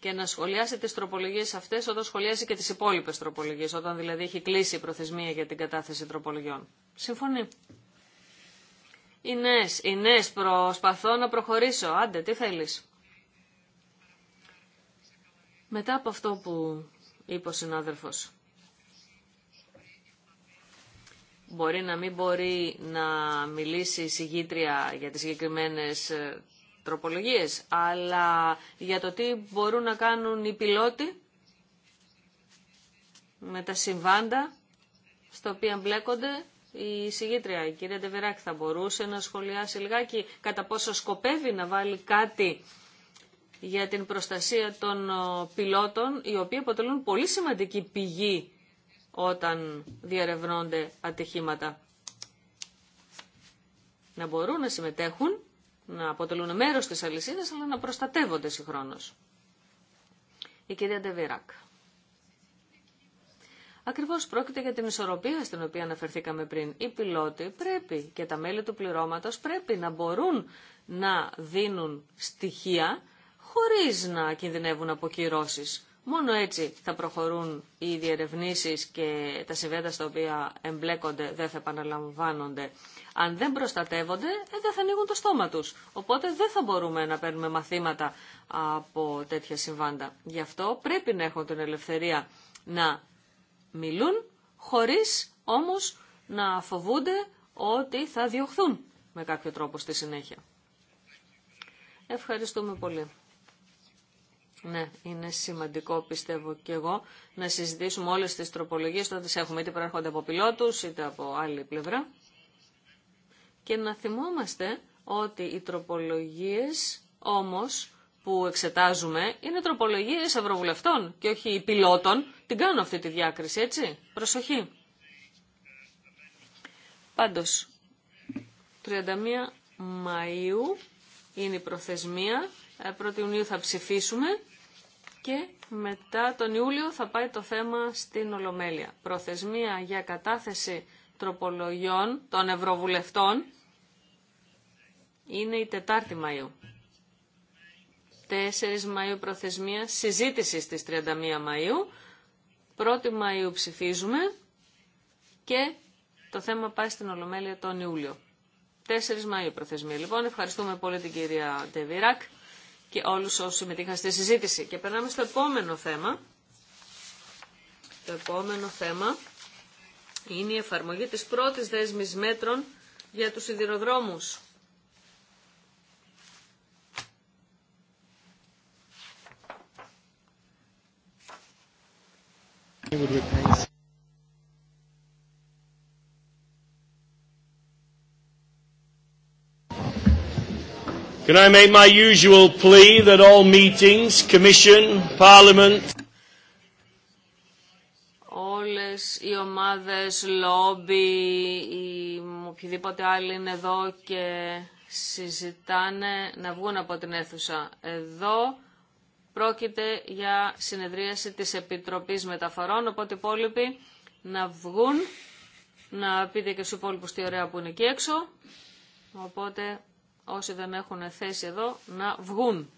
και να σχολιάσει τις τροπολογίες αυτές όταν σχολιάσει και τις υπόλοιπες τροπολογίες, όταν δηλαδή έχει κλείσει η προθεσμία για την κατάθεση τροπολογιών. Συμφωνεί. Ινές, Ινές, προσπαθώ να προχωρήσω. Άντε, τι θέλεις. Μετά από αυτό που είπε ο συνάδελφος, μπορεί να μην μπορεί να μιλήσει η συγγήτρια για τις συγκεκριμένες ε, τροπολογίες, αλλά για το τι μπορούν να κάνουν οι πιλότοι με τα συμβάντα στο οποία μπλέκονται η συγγήτρια, η κυρία Ντεβεράκ, θα μπορούσε να σχολιάσει λιγάκι κατά πόσο σκοπεύει να βάλει κάτι για την προστασία των ε, πιλότων, οι οποίοι αποτελούν πολύ σημαντική πηγή όταν διαρευνώνται ατυχήματα. Να μπορούν να συμμετέχουν να αποτελούν μέρος της αλυσίδας, αλλά να προστατεύονται συγχρόνως. Η κυρία Ντεβιράκ. Ακριβώς πρόκειται για την ισορροπία στην οποία αναφερθήκαμε πριν. Οι πιλότοι πρέπει και τα μέλη του πληρώματος πρέπει να μπορούν να δίνουν στοιχεία χωρίς να κινδυνεύουν από Μόνο έτσι θα προχωρούν οι διερευνήσεις και τα συμβέντα στα οποία εμπλέκονται δεν θα επαναλαμβάνονται. Αν δεν προστατεύονται, ε, δεν θα ανοίγουν το στόμα τους. Οπότε δεν θα μπορούμε να παίρνουμε μαθήματα από τέτοια συμβάντα. Γι' αυτό πρέπει να έχουν την ελευθερία να μιλούν, χωρίς όμως να φοβούνται ότι θα διωχθούν με κάποιο τρόπο στη συνέχεια. Ευχαριστούμε πολύ. Ναι, είναι σημαντικό πιστεύω και εγώ να συζητήσουμε όλες τις τροπολογίες όταν τις έχουμε είτε προέρχονται από πιλότους είτε από άλλη πλευρά και να θυμόμαστε ότι οι τροπολογίες όμως που εξετάζουμε είναι τροπολογίες ευρωβουλευτών και όχι πιλότων. Την κάνω αυτή τη διάκριση, έτσι. Προσοχή. Πάντως, 31 Μαΐου είναι η προθεσμία. Ε, Ιουνίου θα ψηφίσουμε και μετά τον Ιούλιο θα πάει το θέμα στην Ολομέλεια. Προθεσμία για κατάθεση τροπολογιών των Ευρωβουλευτών είναι η 4η Μαΐου. 4 Μαΐου προθεσμία συζήτηση στις 31 Μαΐου. 1η Μαΐου ψηφίζουμε και το θέμα πάει στην Ολομέλεια τον Ιούλιο. 4 Μαΐου προθεσμία. Λοιπόν, ευχαριστούμε πολύ την κυρία Ντεβιράκ και όλους όσοι συμμετείχαν στη συζήτηση. Και περνάμε στο επόμενο θέμα. Το επόμενο θέμα είναι η εφαρμογή της πρώτης δέσμης μέτρων για τους σιδηροδρόμους. Can I make my usual plea that all meetings, Commission, Parliament. Όλες οι ομάδες, λόμπι ή οποιοδήποτε άλλοι είναι εδώ και συζητάνε να βγουν από την αίθουσα. Εδώ πρόκειται για συνεδρίαση της Επιτροπής Μεταφορών, οπότε οι υπόλοιποι να βγουν, να πείτε και στους υπόλοιπους τι ωραία που είναι εκεί έξω. Οπότε όσοι δεν έχουν θέση εδώ να βγουν.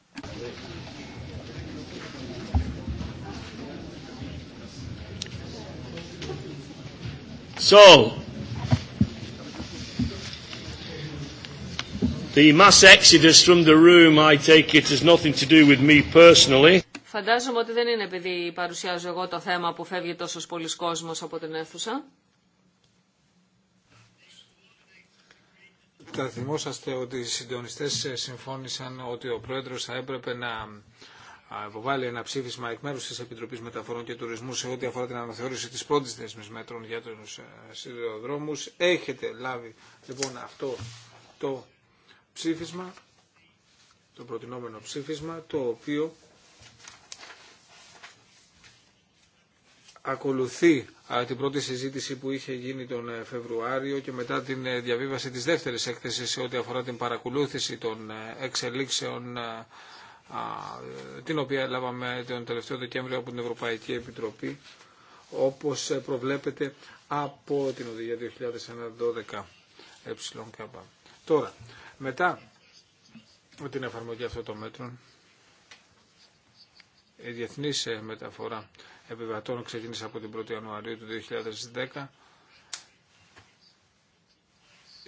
So, the mass exodus from the room, I take it, has nothing to do with me personally. Φαντάζομαι ότι δεν είναι επειδή παρουσιάζω εγώ το θέμα που φεύγει τόσος πολλής κόσμος από την αίθουσα. Θα θυμόσαστε ότι οι συντονιστές ε, συμφώνησαν ότι ο Πρόεδρος θα έπρεπε να υποβάλει ένα ψήφισμα εκ μέρου τη Επιτροπή Μεταφορών και Τουρισμού σε ό,τι αφορά την αναθεώρηση τη πρώτη δέσμη μέτρων για του ε, σιδηροδρόμου. Έχετε λάβει λοιπόν αυτό το ψήφισμα, το προτινόμενο ψήφισμα, το οποίο ακολουθεί την πρώτη συζήτηση που είχε γίνει τον ε, Φεβρουάριο και μετά την ε, διαβίβαση της δεύτερης έκθεσης σε ό,τι αφορά την παρακολούθηση των ε, εξελίξεων την οποία λάβαμε τον τελευταίο Δεκέμβριο από την Ευρωπαϊκή Επιτροπή όπως προβλέπεται από την Οδηγία 2012 εκαπα Τώρα, μετά την εφαρμογή αυτών των μέτρων η ε, ε, μεταφορά επιβατών ξεκίνησε από την 1η Ιανουαρίου του 2010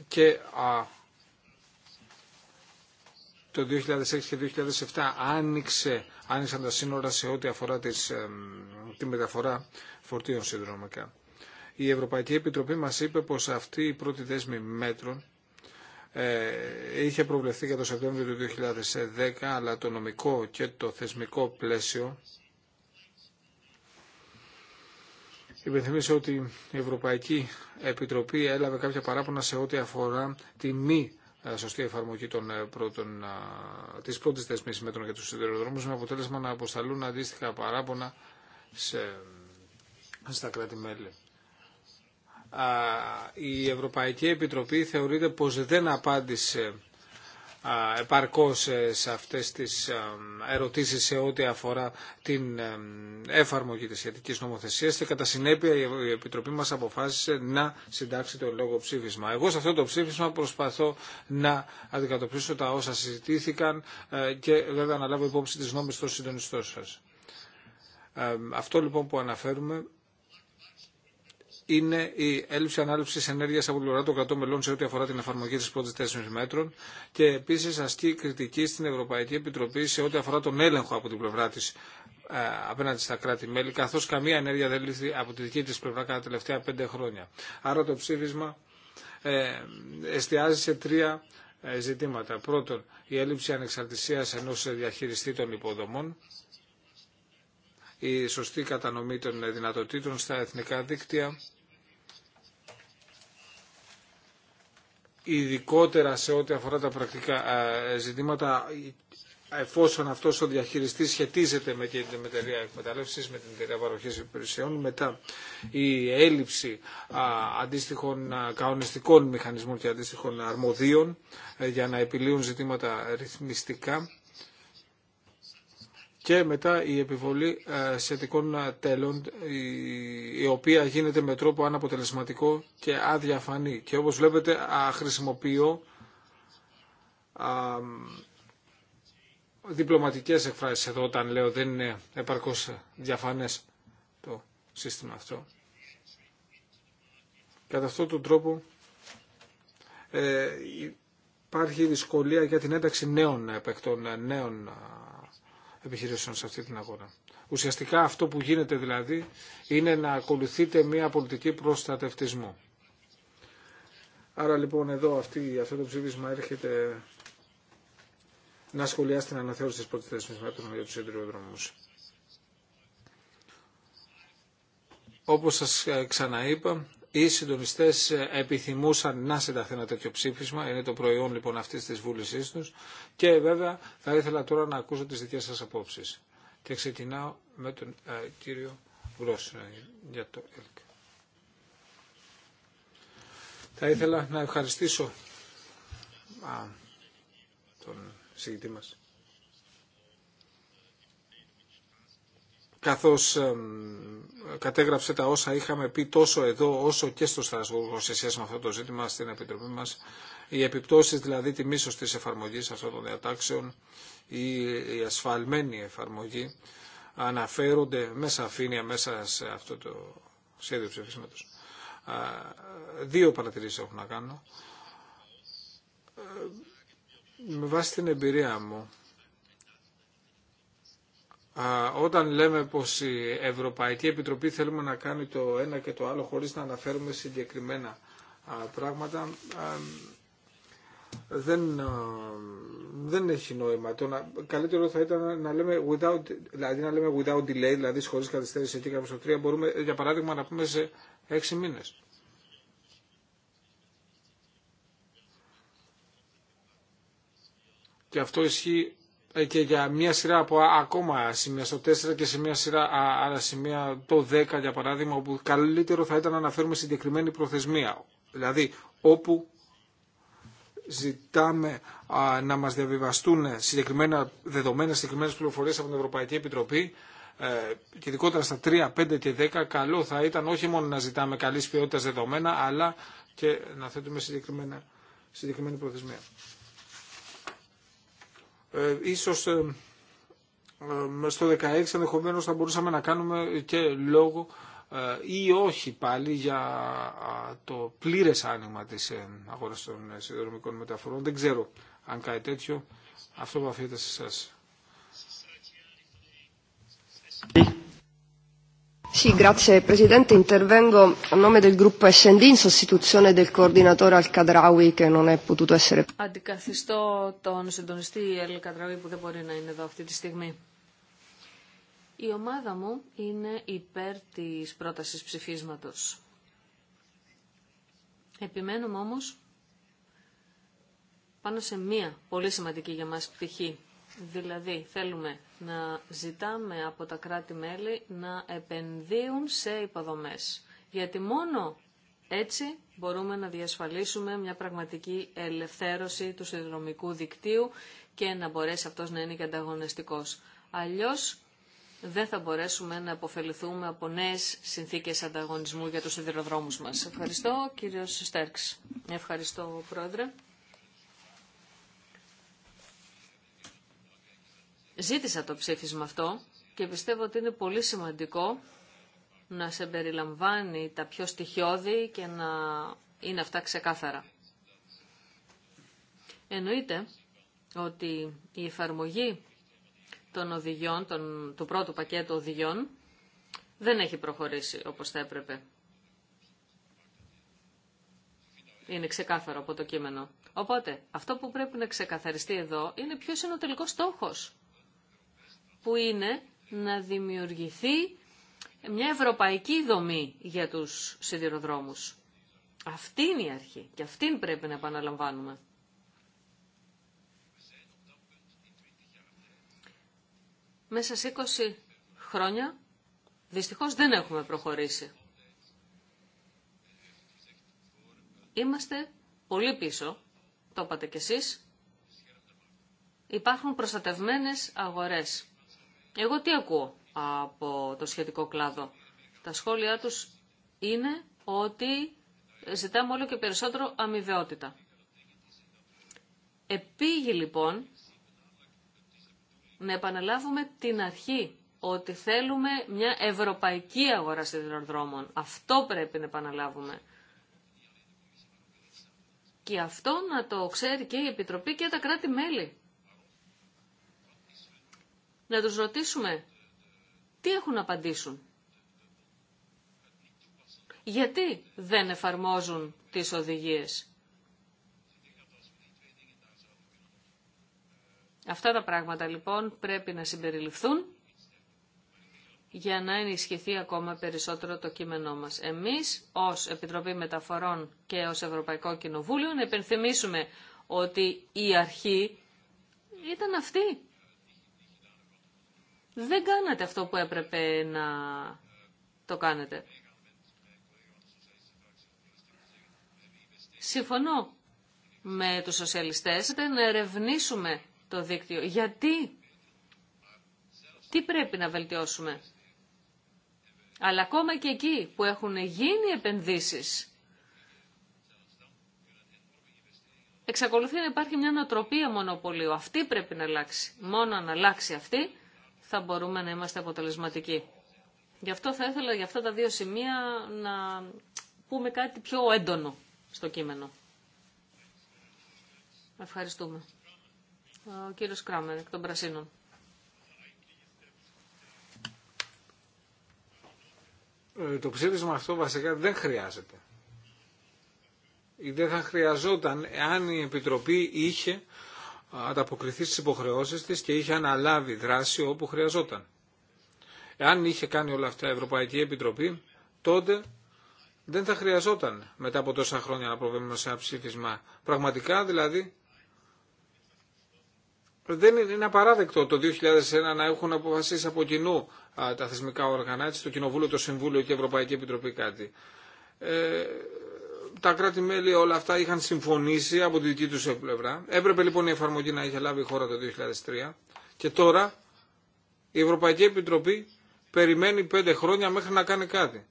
και το 2006 και 2007 άνοιξε, άνοιξαν τα σύνορα σε ό,τι αφορά τις, τη μεταφορά φορτίων συνδρομικά. Η Ευρωπαϊκή Επιτροπή μας είπε πως αυτή η πρώτη δέσμη μέτρων ε, είχε προβλεφθεί για το Σεπτέμβριο του 2010, αλλά το νομικό και το θεσμικό πλαίσιο Υπενθυμίσω ότι η Ευρωπαϊκή Επιτροπή έλαβε κάποια παράπονα σε ό,τι αφορά τη μη ε, σωστή εφαρμογή των ε, πρώτων, της πρώτης θεσμής μέτρων για τους σιδηροδρόμους με αποτέλεσμα να αποσταλούν αντίστοιχα παράπονα σε, στα κράτη-μέλη η Ευρωπαϊκή Επιτροπή θεωρείται πως δεν απάντησε επαρκώς ε, σε αυτές τις ε, ερωτήσεις σε ό,τι αφορά την ε, εφαρμογή της σχετικής νομοθεσίας και κατά συνέπεια η Επιτροπή μας αποφάσισε να συντάξει το λόγο ψήφισμα. Εγώ σε αυτό το ψήφισμα προσπαθώ να αντικατοπτρίσω τα όσα συζητήθηκαν και βέβαια να λάβω υπόψη της νόμης των συντονιστών σας. Αυτό λοιπόν που αναφέρουμε είναι η έλλειψη ανάληψη ενέργεια από πλευρά των κρατών μελών σε ό,τι αφορά την εφαρμογή τη πρώτη τέσσερι μέτρων και επίση ασκεί κριτική στην Ευρωπαϊκή Επιτροπή σε ό,τι αφορά τον έλεγχο από την πλευρά τη ε, απέναντι στα κράτη-μέλη, καθώ καμία ενέργεια δεν λύθη από τη δική τη πλευρά κατά τα τελευταία πέντε χρόνια. Άρα το ψήφισμα ε, εστιάζει σε τρία ε, ζητήματα. Πρώτον, η έλλειψη ανεξαρτησίας ενός διαχειριστή των υποδομών, η σωστή κατανομή των δυνατοτήτων στα εθνικά δίκτυα ειδικότερα σε ό,τι αφορά τα πρακτικά ε, ζητήματα εφόσον αυτός ο διαχειριστής σχετίζεται με την εταιρεία εκμετάλλευσης, με την εταιρεία παροχή υπηρεσιών, μετά η έλλειψη αντίστοιχων καονιστικών μηχανισμών και αντίστοιχων αρμοδίων ε, για να επιλύουν ζητήματα ρυθμιστικά και μετά η επιβολή ε, σχετικών ε, τέλων η οποία γίνεται με τρόπο αναποτελεσματικό και αδιαφανή. Και όπως βλέπετε χρησιμοποιώ διπλωματικές εκφράσεις εδώ όταν λέω δεν είναι επαρκώς διαφανές το σύστημα αυτό. Κατά αυτόν τον τρόπο ε, υπάρχει δυσκολία για την ένταξη νέων επεκτών, νέων επιχειρήσεων σε αυτή την αγορά. Ουσιαστικά αυτό που γίνεται δηλαδή είναι να ακολουθείτε μια πολιτική προστατευτισμού. Άρα λοιπόν εδώ αυτή, αυτό το ψήφισμα έρχεται να σχολιάσει την αναθεώρηση της πρώτης θέσης για του συντριοδρόμους. Όπως σας ξαναείπα, οι συντονιστέ επιθυμούσαν να συνταχθεί ένα τέτοιο ψήφισμα. Είναι το προϊόν λοιπόν αυτή τη βούλησή του. Και βέβαια θα ήθελα τώρα να ακούσω τι δικέ σα απόψει. Και ξεκινάω με τον ε, κύριο Γκρόσιο για το ΕΛΚ. Θα ήθελα να ευχαριστήσω α, τον συγκητή μας καθώς κατέγραψε τα όσα είχαμε πει τόσο εδώ όσο και στο Στρασβούργο σε σχέση με αυτό το ζήτημα στην Επιτροπή μας, οι επιπτώσεις δηλαδή τη μίσος της εφαρμογής αυτών των διατάξεων ή η ασφαλμένη εφαρμογή αναφέρονται μέσα σαφήνεια μέσα σε αυτό το σχέδιο ψηφίσματος. Δύο παρατηρήσεις έχω να κάνω. Ε, με βάση την εμπειρία μου, όταν λέμε πως η Ευρωπαϊκή Επιτροπή θέλουμε να κάνει το ένα και το άλλο χωρίς να αναφέρουμε συγκεκριμένα πράγματα δεν, δεν έχει νόημα. Το να, καλύτερο θα ήταν να λέμε without, δηλαδή να λέμε without delay, δηλαδή χωρίς καθυστέρηση εκεί κάπου στο 3 μπορούμε για παράδειγμα να πούμε σε 6 μήνες. Και αυτό ισχύει ε, και για μια σειρά από ακόμα σημεία στο 4 και σε μια σειρά άλλα σημεία το 10 για παράδειγμα όπου καλύτερο θα ήταν να αναφέρουμε συγκεκριμένη προθεσμία. Δηλαδή όπου ζητάμε να μας διαβιβαστούν συγκεκριμένα δεδομένα, συγκεκριμένες πληροφορίες από την Ευρωπαϊκή Επιτροπή ε, και ειδικότερα στα 3, 5 και 10 καλό θα ήταν όχι μόνο να ζητάμε καλής ποιότητας δεδομένα αλλά και να θέτουμε συγκεκριμένα, συγκεκριμένη προθεσμία. Ε, ίσως ε, ε, στο 2016 ενδεχομένω θα μπορούσαμε να κάνουμε και λόγο ή όχι πάλι για το πλήρες άνοιγμα της αγοράς των συνδρομικών μεταφορών. Δεν ξέρω αν κάτι τέτοιο. Αυτό που αφήνεται σε εσάς. Presidente, intervengo a Αντικαθιστώ τον συντονιστη Ελ Κατράουι που δεν μπορεί να είναι εδώ αυτή τη στιγμή. Η ομάδα μου είναι υπέρ της πρότασης ψηφίσματος. Επιμένουμε όμως πάνω σε μία πολύ σημαντική για μας πτυχή Δηλαδή θέλουμε να ζητάμε από τα κράτη-μέλη να επενδύουν σε υποδομές. Γιατί μόνο έτσι μπορούμε να διασφαλίσουμε μια πραγματική ελευθέρωση του συνδρομικού δικτύου και να μπορέσει αυτός να είναι και ανταγωνιστικός. Αλλιώς δεν θα μπορέσουμε να αποφεληθούμε από νέες συνθήκες ανταγωνισμού για τους σιδηροδρόμους μας. Ευχαριστώ κύριος Στέρξ. Ευχαριστώ πρόεδρε. Ζήτησα το ψήφισμα αυτό και πιστεύω ότι είναι πολύ σημαντικό να σε περιλαμβάνει τα πιο στοιχειώδη και να είναι αυτά ξεκάθαρα. Εννοείται ότι η εφαρμογή των οδηγιών, των, του πρώτου πακέτου οδηγιών, δεν έχει προχωρήσει όπως θα έπρεπε. Είναι ξεκάθαρο από το κείμενο. Οπότε, αυτό που πρέπει να ξεκαθαριστεί εδώ είναι ποιος είναι ο τελικός στόχος που είναι να δημιουργηθεί μια ευρωπαϊκή δομή για τους σιδηροδρόμους. Αυτή είναι η αρχή και αυτήν πρέπει να επαναλαμβάνουμε. Μέσα σε 20 χρόνια δυστυχώς δεν έχουμε προχωρήσει. Είμαστε πολύ πίσω, το είπατε κι εσείς. Υπάρχουν προστατευμένες αγορές. Εγώ τι ακούω από το σχετικό κλάδο. Τα σχόλιά τους είναι ότι ζητάμε όλο και περισσότερο αμοιβαιότητα. Επίγει λοιπόν να επαναλάβουμε την αρχή ότι θέλουμε μια ευρωπαϊκή αγορά σιδηροδρόμων. Αυτό πρέπει να επαναλάβουμε. Και αυτό να το ξέρει και η Επιτροπή και τα κράτη-μέλη να τους ρωτήσουμε τι έχουν να απαντήσουν. Γιατί δεν εφαρμόζουν τις οδηγίες. Αυτά τα πράγματα λοιπόν πρέπει να συμπεριληφθούν για να ενισχυθεί ακόμα περισσότερο το κείμενό μας. Εμείς ως Επιτροπή Μεταφορών και ως Ευρωπαϊκό Κοινοβούλιο να υπενθυμίσουμε ότι η αρχή ήταν αυτή δεν κάνατε αυτό που έπρεπε να το κάνετε. Συμφωνώ με τους σοσιαλιστές να ερευνήσουμε το δίκτυο. Γιατί, τι πρέπει να βελτιώσουμε. Αλλά ακόμα και εκεί που έχουν γίνει επενδύσεις, εξακολουθεί να υπάρχει μια ανατροπή μονοπωλίου. Αυτή πρέπει να αλλάξει. Μόνο να αλλάξει αυτή, θα μπορούμε να είμαστε αποτελεσματικοί. Γι' αυτό θα ήθελα για αυτά τα δύο σημεία να πούμε κάτι πιο έντονο στο κείμενο. Ευχαριστούμε. Ο κύριος Κράμερ, εκ των Πρασίνων. Ε, το ψήφισμα αυτό βασικά δεν χρειάζεται. Ή δεν θα χρειαζόταν εάν η Επιτροπή είχε ανταποκριθεί στις υποχρεώσεις της και είχε αναλάβει δράση όπου χρειαζόταν. Εάν είχε κάνει όλα αυτά η Ευρωπαϊκή Επιτροπή, τότε δεν θα χρειαζόταν μετά από τόσα χρόνια να προβαίνουμε σε ένα ψήφισμα. Πραγματικά δηλαδή δεν είναι απαράδεκτο το 2001 να έχουν αποφασίσει από κοινού τα θεσμικά όργανα, έτσι, το Κοινοβούλιο, το Συμβούλιο και η Ευρωπαϊκή Επιτροπή κάτι. Ε, τα κράτη-μέλη όλα αυτά είχαν συμφωνήσει από τη δική τους πλευρά. Έπρεπε λοιπόν η εφαρμογή να είχε λάβει η χώρα το 2003 και τώρα η Ευρωπαϊκή Επιτροπή περιμένει πέντε χρόνια μέχρι να κάνει κάτι.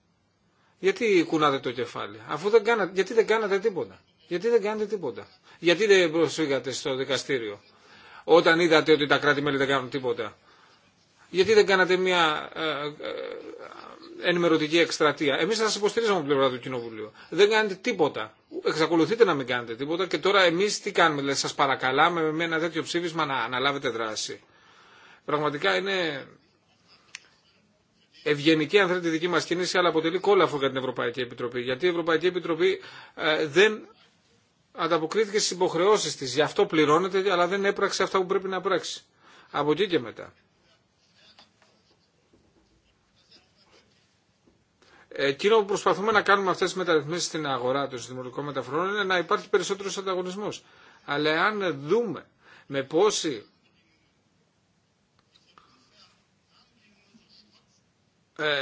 Γιατί κουνάτε το κεφάλι, αφού δεν κάνατε, γιατί δεν κάνατε τίποτα. Γιατί δεν κάνετε τίποτα. Γιατί δεν προσφύγατε στο δικαστήριο όταν είδατε ότι τα κράτη-μέλη δεν κάνουν τίποτα. Γιατί δεν κάνατε μια ε, ε, ενημερωτική εκστρατεία. Εμεί θα σα υποστηρίζουμε από την πλευρά του Κοινοβουλίου. Δεν κάνετε τίποτα. Εξακολουθείτε να μην κάνετε τίποτα και τώρα εμεί τι κάνουμε. Δηλαδή, σα παρακαλάμε με ένα τέτοιο ψήφισμα να αναλάβετε δράση. Πραγματικά είναι ευγενική αν θέλετε δική μα κίνηση, αλλά αποτελεί κόλαφο για την Ευρωπαϊκή Επιτροπή. Γιατί η Ευρωπαϊκή Επιτροπή ε, δεν ανταποκρίθηκε στι υποχρεώσει τη. Γι' αυτό πληρώνεται, αλλά δεν έπραξε αυτά που πρέπει να πράξει. Από εκεί και μετά. Ε, εκείνο που προσπαθούμε να κάνουμε αυτέ τι μεταρρυθμίσει στην αγορά των συνδημοτικών μεταφορών είναι να υπάρχει περισσότερο ανταγωνισμό. Αλλά αν δούμε με πόση ε,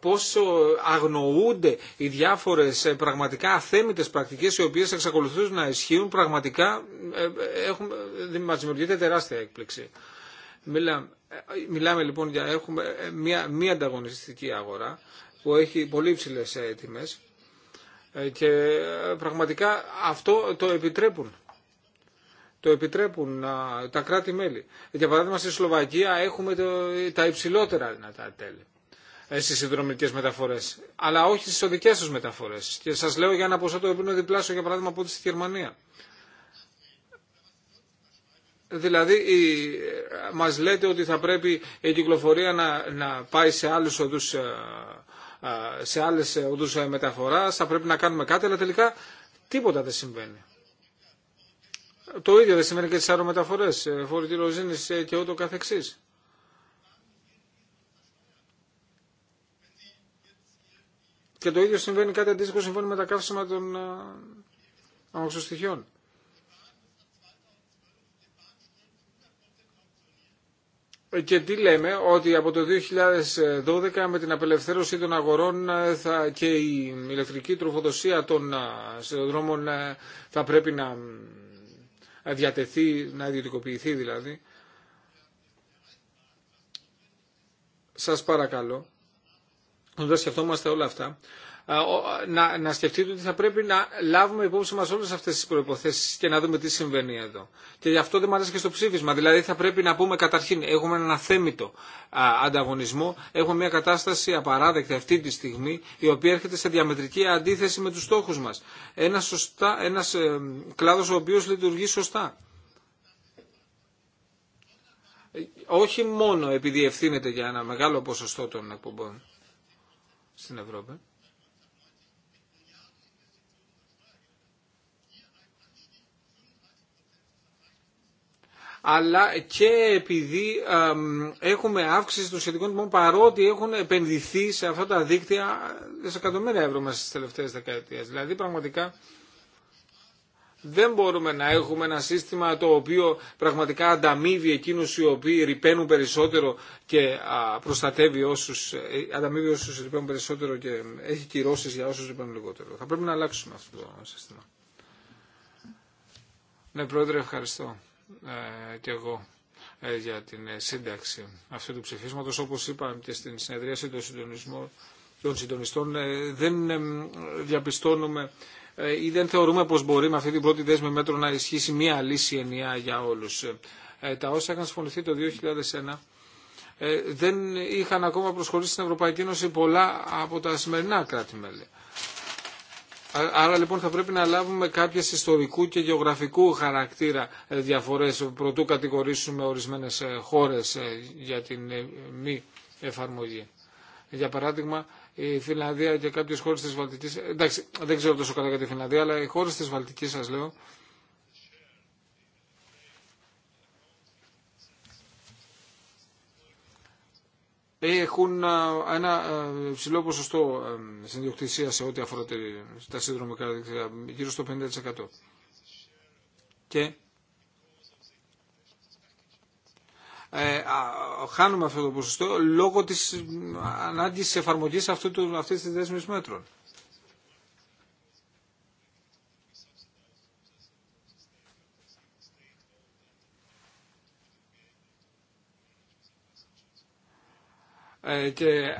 πόσο αγνοούνται οι διάφορες ε, πραγματικά αθέμητες πρακτικές οι οποίες εξακολουθούν να ισχύουν πραγματικά έχουμε, μας δημιουργείται τεράστια έκπληξη. Μιλάμε, μιλάμε λοιπόν για έχουμε μια, μια ανταγωνιστική αγορά που έχει πολύ ψηλέ ε, τιμέ. Ε, και ε, πραγματικά αυτό το επιτρέπουν. Το επιτρέπουν τα κράτη-μέλη. Για παράδειγμα, στη Σλοβακία έχουμε τα υψηλότερα δυνατά τέλη στι συνδρομητικέ μεταφορέ. Αλλά όχι στι οδικέ του μεταφορέ. Και σα λέω για ένα ποσό το οποίο διπλάσιο, για παράδειγμα, από ό,τι στη Γερμανία. Δηλαδή, μα λέτε ότι θα πρέπει η κυκλοφορία να, να πάει σε άλλου οδούς σε άλλε οδού μεταφοράς, θα πρέπει να κάνουμε κάτι, αλλά τελικά τίποτα δεν συμβαίνει. Το ίδιο δεν συμβαίνει και στις αερομεταφορές, ε, φορητή ροζίνη ε, και ούτω καθεξής. Και το ίδιο συμβαίνει κάτι αντίστοιχο συμβαίνει με τα καύσιμα των ε, αμαξοστοιχειών. Και τι λέμε, ότι από το 2012 με την απελευθέρωση των αγορών ε, θα, και η ηλεκτρική τροφοδοσία των ε, σιδηροδρόμων ε, θα πρέπει να διατεθεί, να ιδιωτικοποιηθεί δηλαδή. Σας παρακαλώ, όταν σκεφτόμαστε όλα αυτά, να, σκεφτείτε ότι θα πρέπει να λάβουμε υπόψη μα όλε αυτέ τις προποθέσει και να δούμε τι συμβαίνει εδώ. Και γι' αυτό δεν μ' αρέσει και στο ψήφισμα. Δηλαδή θα πρέπει να πούμε καταρχήν έχουμε έναν αθέμητο ανταγωνισμό, έχουμε μια κατάσταση απαράδεκτη αυτή τη στιγμή η οποία έρχεται σε διαμετρική αντίθεση με του στόχου μα. Ένα ε, κλάδος ο οποίο λειτουργεί σωστά όχι μόνο επειδή ευθύνεται για ένα μεγάλο ποσοστό των εκπομπών στην Ευρώπη, αλλά και επειδή έχουμε αύξηση των σχετικών τιμών παρότι έχουν επενδυθεί σε αυτά τα δίκτυα δισεκατομμύρια ευρώ μέσα στις τελευταίες δεκαετίες. Δηλαδή πραγματικά δεν μπορούμε να έχουμε ένα σύστημα το οποίο πραγματικά ανταμείβει εκείνους οι οποίοι ρηπαίνουν περισσότερο και προστατεύει όσους, ε, ανταμείβει όσους ρηπαίνουν περισσότερο και έχει κυρώσεις για όσους ρηπαίνουν λιγότερο. Θα πρέπει να αλλάξουμε αυτό το σύστημα. Ναι, Πρόεδρε, ευχαριστώ. Ε, και εγώ ε, για την ε, σύνταξη αυτού του ψηφίσματος. Όπως είπαμε και στην συνεδρίαση των συντονιστών, δεν διαπιστώνουμε ή δεν θεωρούμε πως μπορεί με αυτή την πρώτη δέσμη μέτρο να ισχύσει μία λύση ενιαία για όλους. Τα όσα είχαν συμφωνηθεί το 2001 δεν είχαν ακόμα προσχωρήσει στην Ευρωπαϊκή Ένωση πολλά από τα σημερινά κράτη-μέλη. Άρα λοιπόν θα πρέπει να λάβουμε κάποιες ιστορικού και γεωγραφικού χαρακτήρα ε, διαφορές προτού κατηγορήσουμε ορισμένες ε, χώρες ε, για την μη εφαρμογή. Για παράδειγμα, η Φιλανδία και κάποιε χώρε τη Βαλτική. Εντάξει, δεν ξέρω τόσο καλά για τη Φιλανδία, αλλά οι χώρε τη Βαλτική, σα λέω, έχουν ε, ένα ε, ψηλό ποσοστό ε, συνδιοκτησία σε ό,τι αφορά τα συνδρομικά δίκτυα, γύρω στο 50%. Και χάνουμε αυτό το ποσοστό λόγω της ανάγκης εφαρμογής αυτού του, αυτής της δέσμης μέτρων. Ε, και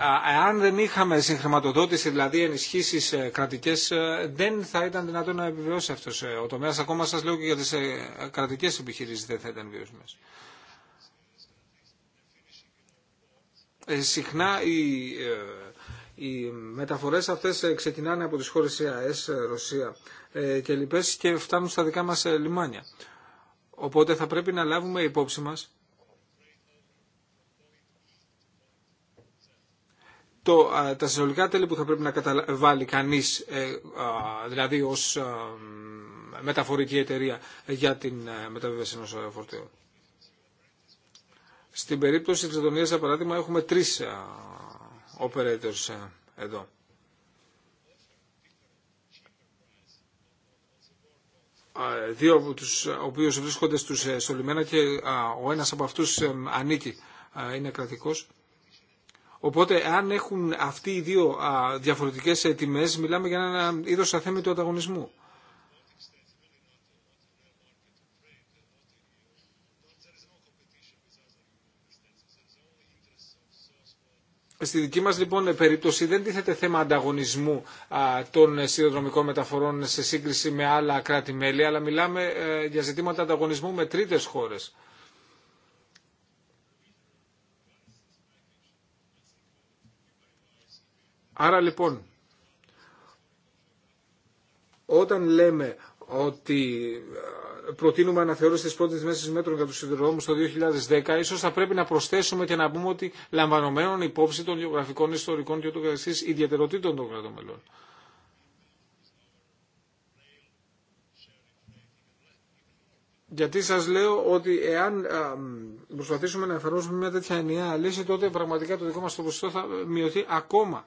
αν δεν είχαμε συγχρηματοδότηση, δηλαδή ενισχύσει ε, κρατικές, ε, δεν θα ήταν δυνατόν να επιβιώσει αυτός ο τομέας. Ακόμα σας λέω και για τι κρατικές επιχειρήσεις δεν θα ήταν βιώσιμες. Συχνά οι, οι μεταφορές αυτές ξεκινάνε από τις χώρες ΕΑΕΣ, Ρωσία και λοιπές και φτάνουν στα δικά μας λιμάνια. Οπότε θα πρέπει να λάβουμε υπόψη μας τα συνολικά τέλη που θα πρέπει να καταβάλει κανείς, ε, δηλαδή ως μεταφορική εταιρεία για την ε, μεταβίβαση ενός ε, φορτίου. Στην περίπτωση της Λετωνίας, για παράδειγμα, έχουμε τρεις operators εδώ. Δύο από τους οποίους βρίσκονται στους Σολυμένα και ο ένας από αυτούς ανήκει, είναι κρατικός. Οπότε, αν έχουν αυτοί οι δύο διαφορετικές ε, τιμές, μιλάμε για ένα είδος αθέμη του ανταγωνισμού. Στη δική μας λοιπόν ε, περίπτωση δεν τίθεται θέμα ανταγωνισμού των ε, σιδηροδρομικών μεταφορών σε σύγκριση με άλλα κράτη-μέλη, αλλά μιλάμε για ζητήματα ανταγωνισμού με τρίτες χώρες. Άρα λοιπόν, όταν λέμε ότι ε, προτείνουμε αναθεώρηση τη πρώτη μέση μέτρων για του σιδηροδρόμου το 2010, ίσω θα πρέπει να προσθέσουμε και να πούμε ότι λαμβανομένων υπόψη των γεωγραφικών, ιστορικών και ούτω καθεξή ιδιαιτεροτήτων των κρατών Γιατί σας λέω ότι εάν προσπαθήσουμε να εφαρμόσουμε μια τέτοια ενιαία λύση, τότε πραγματικά το δικό μας το ποσοστό θα μειωθεί ακόμα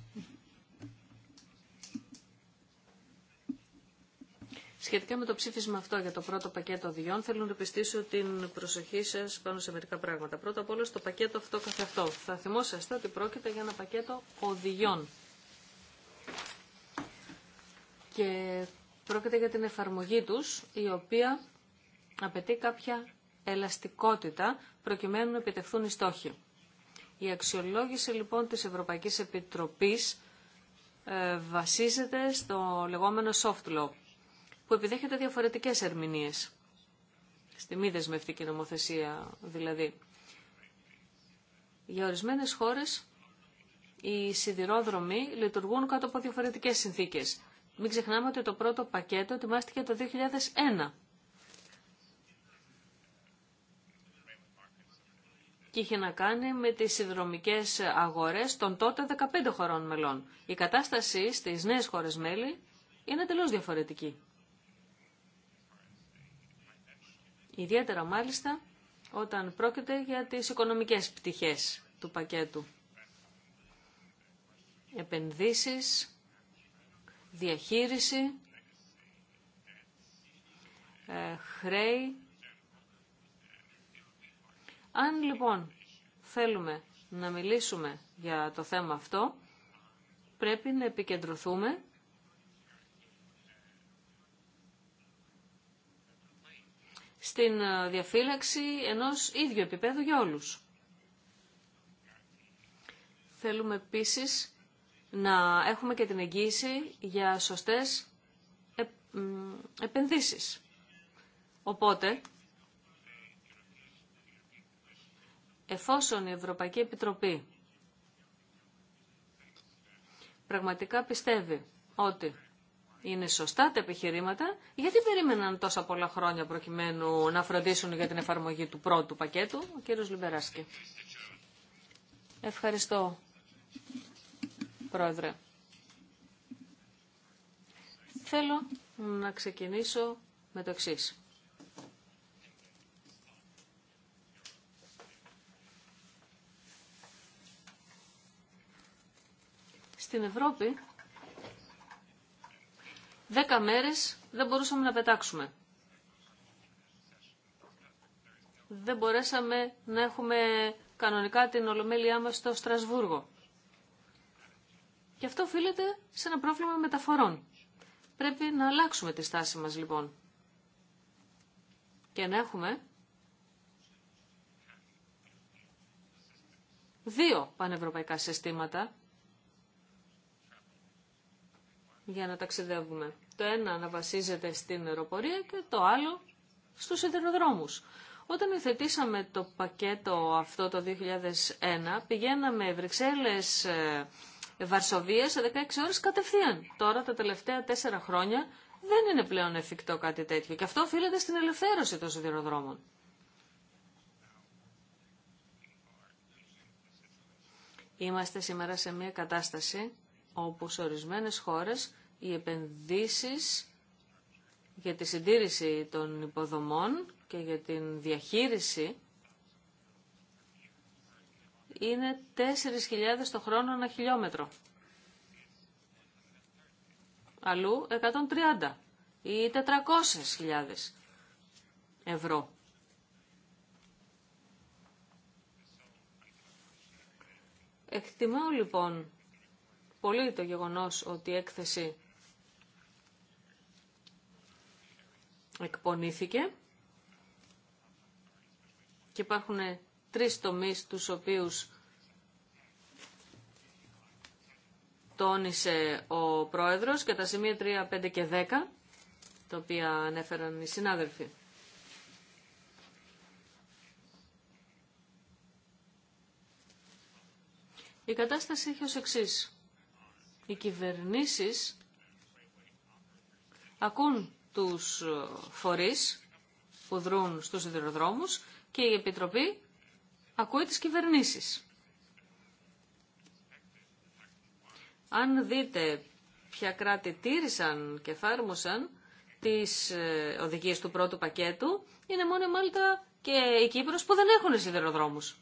Σχετικά με το ψήφισμα αυτό για το πρώτο πακέτο οδηγιών, θέλω να επιστήσω την προσοχή σα πάνω σε μερικά πράγματα. Πρώτα απ' όλα στο πακέτο αυτό καθ' αυτό. Θα θυμόσαστε ότι πρόκειται για ένα πακέτο οδηγιών. Και πρόκειται για την εφαρμογή τους, η οποία απαιτεί κάποια ελαστικότητα προκειμένου να επιτευχθούν οι στόχοι. Η αξιολόγηση λοιπόν της Ευρωπαϊκής Επιτροπής ε, βασίζεται στο λεγόμενο soft law που επιδέχεται διαφορετικές ερμηνείες. Στη μη δεσμευτική νομοθεσία δηλαδή. Για ορισμένες χώρες οι σιδηρόδρομοι λειτουργούν κάτω από διαφορετικές συνθήκες. Μην ξεχνάμε ότι το πρώτο πακέτο ετοιμάστηκε το 2001. και είχε να κάνει με τις συνδρομικές αγορές των τότε 15 χωρών μελών. Η κατάσταση στις νέες χώρες μέλη είναι τελώς διαφορετική. Ιδιαίτερα μάλιστα όταν πρόκειται για τις οικονομικές πτυχές του πακέτου. Επενδύσεις, διαχείριση, ε, χρέη. Αν λοιπόν θέλουμε να μιλήσουμε για το θέμα αυτό, πρέπει να επικεντρωθούμε στην ε, διαφύλαξη ενός ίδιου επίπεδου για όλους. Θέλουμε επίσης να έχουμε και την εγγύηση για σωστές ε, επενδύσεις. Οπότε, εφόσον η Ευρωπαϊκή Επιτροπή πραγματικά πιστεύει ότι είναι σωστά τα επιχειρήματα, γιατί περίμεναν τόσα πολλά χρόνια προκειμένου να φροντίσουν για την εφαρμογή του πρώτου πακέτου, ο κύριος Λιμπεράσκη. Ευχαριστώ, Πρόεδρε. Θέλω να ξεκινήσω με το εξής. Στην Ευρώπη Δέκα μέρες δεν μπορούσαμε να πετάξουμε. Δεν μπορέσαμε να έχουμε κανονικά την ολομέλειά μας στο Στρασβούργο. Και αυτό οφείλεται σε ένα πρόβλημα μεταφορών. Πρέπει να αλλάξουμε τη στάση μας λοιπόν. Και να έχουμε δύο πανευρωπαϊκά συστήματα για να ταξιδεύουμε. Το ένα να βασίζεται στην αεροπορία και το άλλο στους σιδηροδρόμους. Όταν υθετήσαμε το πακέτο αυτό το 2001, πηγαίναμε Βρυξέλλες, ε, Βαρσοβία σε 16 ώρες κατευθείαν. Τώρα τα τελευταία 4 χρόνια δεν είναι πλέον εφικτό κάτι τέτοιο. Και αυτό οφείλεται στην ελευθέρωση των σιδηροδρόμων. Είμαστε σήμερα σε μια κατάσταση όπου σε ορισμένες χώρες οι επενδύσεις για τη συντήρηση των υποδομών και για την διαχείριση είναι 4.000 το χρόνο ένα χιλιόμετρο. Αλλού 130 ή 400.000 ευρώ. Εκτιμώ λοιπόν πολύ το γεγονός ότι η έκθεση εκπονήθηκε και υπάρχουν τρεις τομείς τους οποίους τόνισε ο πρόεδρος και τα σημεία 3, 5 και 10 τα οποία ανέφεραν οι συνάδελφοι. Η κατάσταση έχει ως εξής. Οι κυβερνήσεις ακούν τους φορείς που δρούν στους σιδηροδρόμους και η Επιτροπή ακούει τις κυβερνήσεις. Αν δείτε ποια κράτη τήρησαν και φάρμοσαν τις ε, οδηγίες του πρώτου πακέτου, είναι μόνο η Μάλτα και η Κύπρος που δεν έχουν σιδηροδρόμους.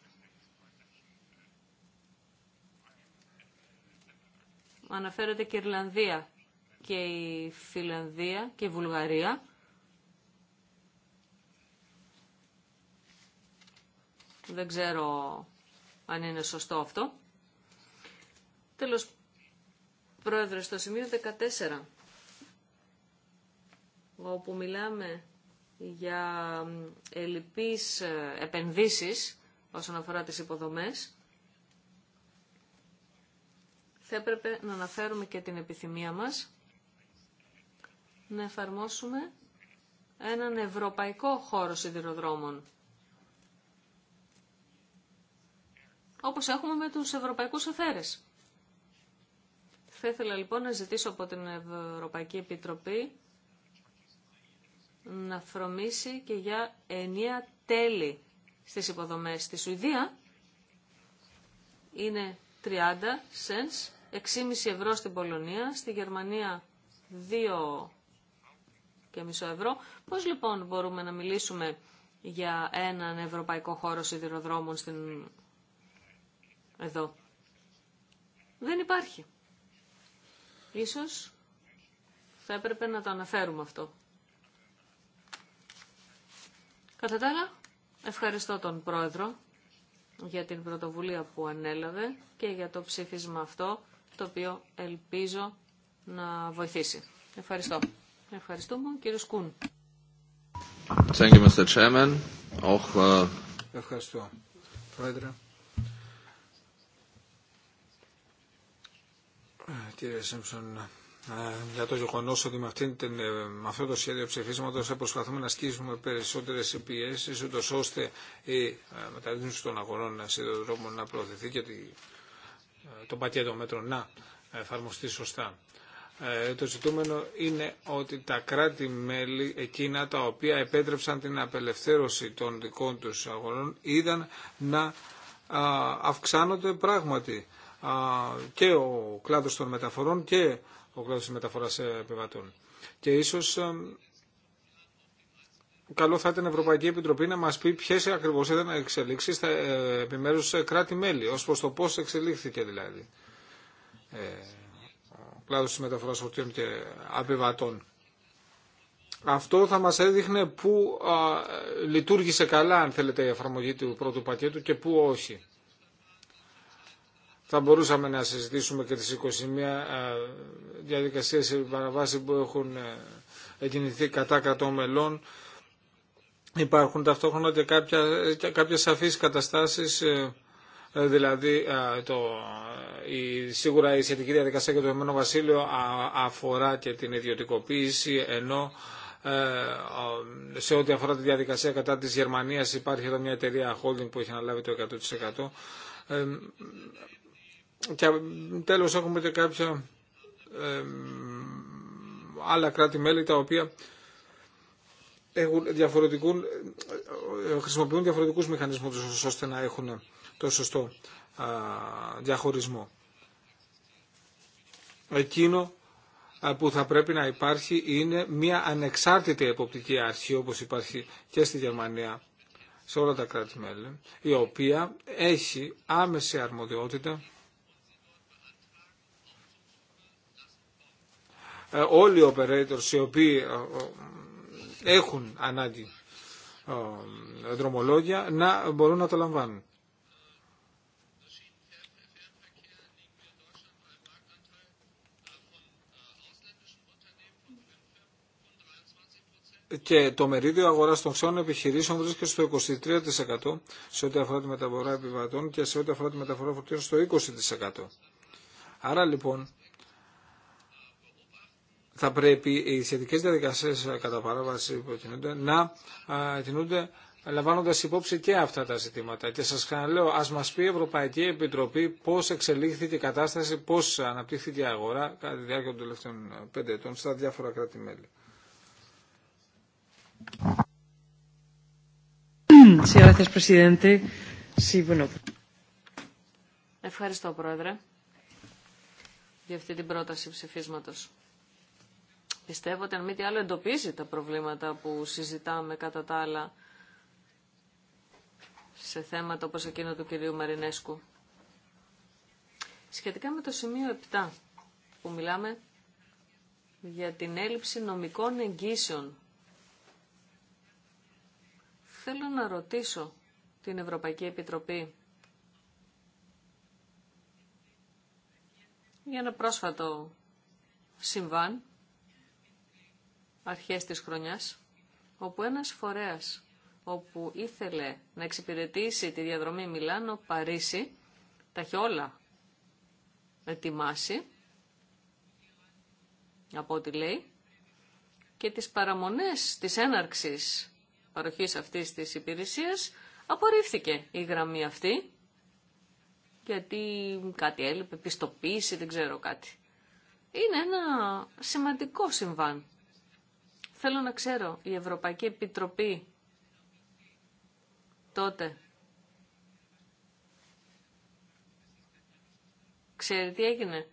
Αναφέρεται και η Ιρλανδία και η Φιλανδία και η Βουλγαρία. Δεν ξέρω αν είναι σωστό αυτό. Τέλος, πρόεδρε, στο σημείο 14, όπου μιλάμε για ελλειπείς ε, επενδύσεις όσον αφορά τις υποδομές, θα έπρεπε να αναφέρουμε και την επιθυμία μας να εφαρμόσουμε έναν ευρωπαϊκό χώρο σιδηροδρόμων. Όπως έχουμε με τους ευρωπαϊκούς εφαίρες. Θα ήθελα λοιπόν να ζητήσω από την Ευρωπαϊκή Επιτροπή να φρομήσει και για ενία τέλη στις υποδομές στη Σουηδία. Είναι 30 cents, 6,5 ευρώ στην Πολωνία, στη Γερμανία 2 και μισό ευρώ. Πώς λοιπόν μπορούμε να μιλήσουμε για έναν ευρωπαϊκό χώρο σιδηροδρόμων στην... εδώ. Δεν υπάρχει. Ίσως θα έπρεπε να το αναφέρουμε αυτό. Κατά τα άλλα, ευχαριστώ τον Πρόεδρο για την πρωτοβουλία που ανέλαβε και για το ψήφισμα αυτό, το οποίο ελπίζω να βοηθήσει. Ευχαριστώ. Ευχαριστούμε. Κύριος Κούν. Thank you, Mr. Chairman. Auch, uh, Ευχαριστώ, Πρόεδρε. Ε, κύριε Σίμψον, ε, για το γεγονό ότι με, ε, με αυτό το σχέδιο ψηφίσματο θα προσπαθούμε να ασκήσουμε περισσότερε πιέσει, ούτω ώστε η μεταρρύθμιση των αγορών σε να προωθηθεί και το πακέτο μέτρων να εφαρμοστεί σωστά. Ε, το ζητούμενο είναι ότι τα κράτη-μέλη εκείνα τα οποία επέτρεψαν την απελευθέρωση των δικών τους αγορών είδαν να αυξάνονται πράγματι και ο κλάδος των μεταφορών και ο κλάδος της μεταφοράς επιβατών. Και ίσως καλό θα ήταν η Ευρωπαϊκή Επιτροπή να μας πει ποιες ακριβώς ήταν εξελίξεις στα ε, επιμέρους κράτη-μέλη, ως προς το πώς εξελίχθηκε δηλαδή ε, κλάδος της μεταφοράς φορτίων και απεβατών. Αυτό θα μας έδειχνε πού λειτουργήσε καλά, αν θέλετε, η εφαρμογή του πρώτου πακέτου και πού όχι. Θα μπορούσαμε να συζητήσουμε και τις 21 διαδικασίες παραβάση που έχουν ε, εγκινηθεί κατά κρατών μελών. Υπάρχουν ταυτόχρονα και, κάποια, και κάποιες σαφείς καταστάσεις, ε, ε, δηλαδή το σίγουρα η σχετική διαδικασία για το Ηνωμένο Βασίλειο αφορά και την ιδιωτικοποίηση, ενώ ε, σε ό,τι αφορά τη διαδικασία κατά της Γερμανίας υπάρχει εδώ μια εταιρεία holding που έχει αναλάβει το 100%. Και τέλος έχουμε και κάποια άλλα κράτη-μέλη τα οποία έχουν ε, χρησιμοποιούν διαφορετικούς μηχανισμούς ώστε να έχουν το σωστό διαχωρισμό εκείνο ε, που θα πρέπει να υπάρχει είναι μια ανεξάρτητη εποπτική αρχή όπως υπάρχει και στη Γερμανία σε όλα τα κράτη-μέλη, η οποία έχει άμεση αρμοδιότητα ε, όλοι οι operators οι οποίοι ε, έχουν ανάγκη δρομολόγια να μπορούν να το λαμβάνουν. και το μερίδιο αγορά των ξένων επιχειρήσεων βρίσκεται στο 23% σε ό,τι αφορά τη μεταφορά επιβατών και σε ό,τι αφορά τη μεταφορά φορτίων στο 20%. Άρα λοιπόν θα πρέπει οι σχετικέ διαδικασίε ε, κατά παράβαση που κινούνται να κινούνται λαμβάνοντα υπόψη και αυτά τα ζητήματα. Και σα ξαναλέω, α μα πει η Ευρωπαϊκή Επιτροπή πώ εξελίχθηκε η κατάσταση, πώ αναπτύχθηκε η αγορά κατά τη διάρκεια των τελευταίων ε, πέντε ετών στα διάφορα κράτη-μέλη. Ευχαριστώ, Πρόεδρε, για αυτή την πρόταση ψηφίσματος. Πιστεύω ότι αν μη τι άλλο εντοπίζει τα προβλήματα που συζητάμε κατά τα άλλα σε θέματα όπως εκείνο του κυρίου Μαρινέσκου. Σχετικά με το σημείο 7 που μιλάμε για την έλλειψη νομικών εγγύσεων θέλω να ρωτήσω την Ευρωπαϊκή Επιτροπή για ένα πρόσφατο συμβάν αρχές της χρονιάς όπου ένας φορέας όπου ήθελε να εξυπηρετήσει τη διαδρομή Μιλάνο-Παρίσι τα έχει όλα ετοιμάσει από ό,τι λέει και τις παραμονές της έναρξης παροχής αυτής της υπηρεσίας, απορρίφθηκε η γραμμή αυτή, γιατί κάτι έλειπε, πιστοποίηση, δεν ξέρω κάτι. Είναι ένα σημαντικό συμβάν. Θέλω να ξέρω, η Ευρωπαϊκή Επιτροπή τότε ξέρει τι έγινε.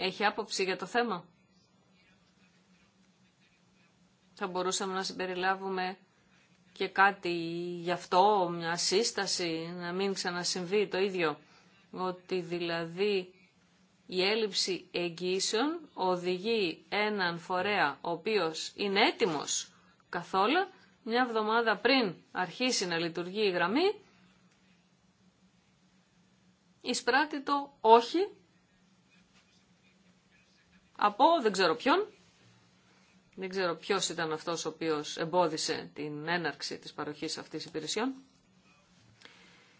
Έχει άποψη για το θέμα. Θα μπορούσαμε να συμπεριλάβουμε και κάτι γι' αυτό, μια σύσταση, να μην ξανασυμβεί το ίδιο. Ότι δηλαδή η έλλειψη εγγύσεων οδηγεί έναν φορέα ο οποίος είναι έτοιμος καθόλου μια εβδομάδα πριν αρχίσει να λειτουργεί η γραμμή εισπράττει το όχι από δεν ξέρω ποιον. Δεν ξέρω ποιος ήταν αυτός ο οποίος εμπόδισε την έναρξη της παροχής αυτής υπηρεσιών.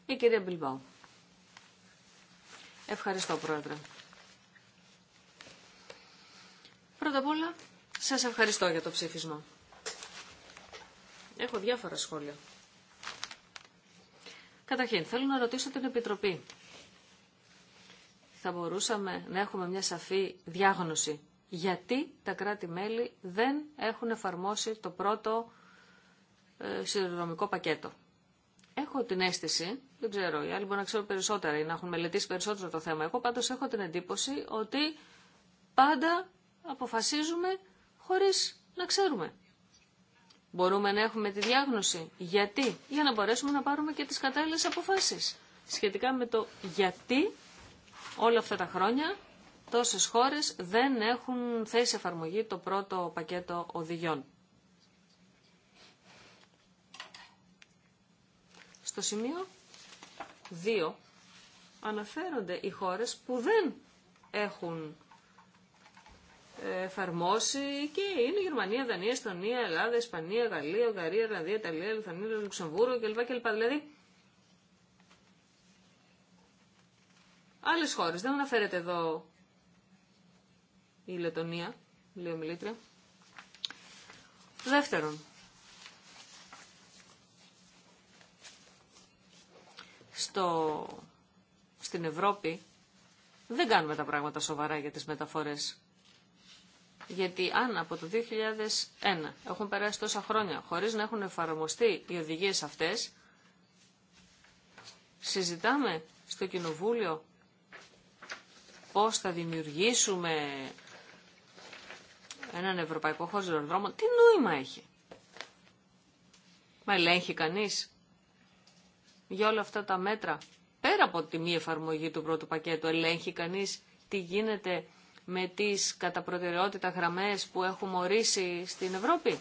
Η κυρία Μπιλμπάου. Ευχαριστώ, Πρόεδρε. Πρώτα απ' όλα, σας ευχαριστώ για το ψήφισμα. Έχω διάφορα σχόλια. Καταρχήν, θέλω να ρωτήσω την Επιτροπή θα μπορούσαμε να έχουμε μια σαφή διάγνωση γιατί τα κράτη-μέλη δεν έχουν εφαρμόσει το πρώτο ε, συνδρομικό πακέτο. Έχω την αίσθηση, δεν ξέρω, οι άλλοι μπορεί να ξέρουν περισσότερα ή να έχουν μελετήσει περισσότερο το θέμα. Εγώ πάντως έχω την εντύπωση ότι πάντα αποφασίζουμε χωρίς να ξέρουμε. Μπορούμε να έχουμε τη διάγνωση. Γιατί? Για να μπορέσουμε να πάρουμε και τις κατάλληλες αποφάσεις. Σχετικά με το γιατί Όλα αυτά τα χρόνια τόσες χώρες δεν έχουν θέσει εφαρμογή το πρώτο πακέτο οδηγιών. Στο σημείο 2 αναφέρονται οι χώρες που δεν έχουν ε, εφαρμόσει και είναι η Γερμανία, Δανία, Εστονία, Ελλάδα, Ισπανία, Γαλλία, Ουγγαρία, Ιρλανδία, Ιταλία, Λιθανία, Λουξεμβούργο κλπ. κλπ. Δηλαδή Άλλε χώρε. Δεν αναφέρεται εδώ η Λετωνία, λέει ο Μιλήτρια. Δεύτερον, στο, στην Ευρώπη δεν κάνουμε τα πράγματα σοβαρά για τις μεταφορές. Γιατί αν από το 2001 έχουν περάσει τόσα χρόνια χωρίς να έχουν εφαρμοστεί οι οδηγίες αυτές, συζητάμε στο Κοινοβούλιο πώς θα δημιουργήσουμε έναν ευρωπαϊκό χώρο δρόμων. τι νόημα έχει. Μα ελέγχει κανείς για όλα αυτά τα μέτρα, πέρα από τη μη εφαρμογή του πρώτου πακέτου, ελέγχει κανείς τι γίνεται με τις κατά προτεραιότητα γραμμές που έχουμε ορίσει στην Ευρώπη.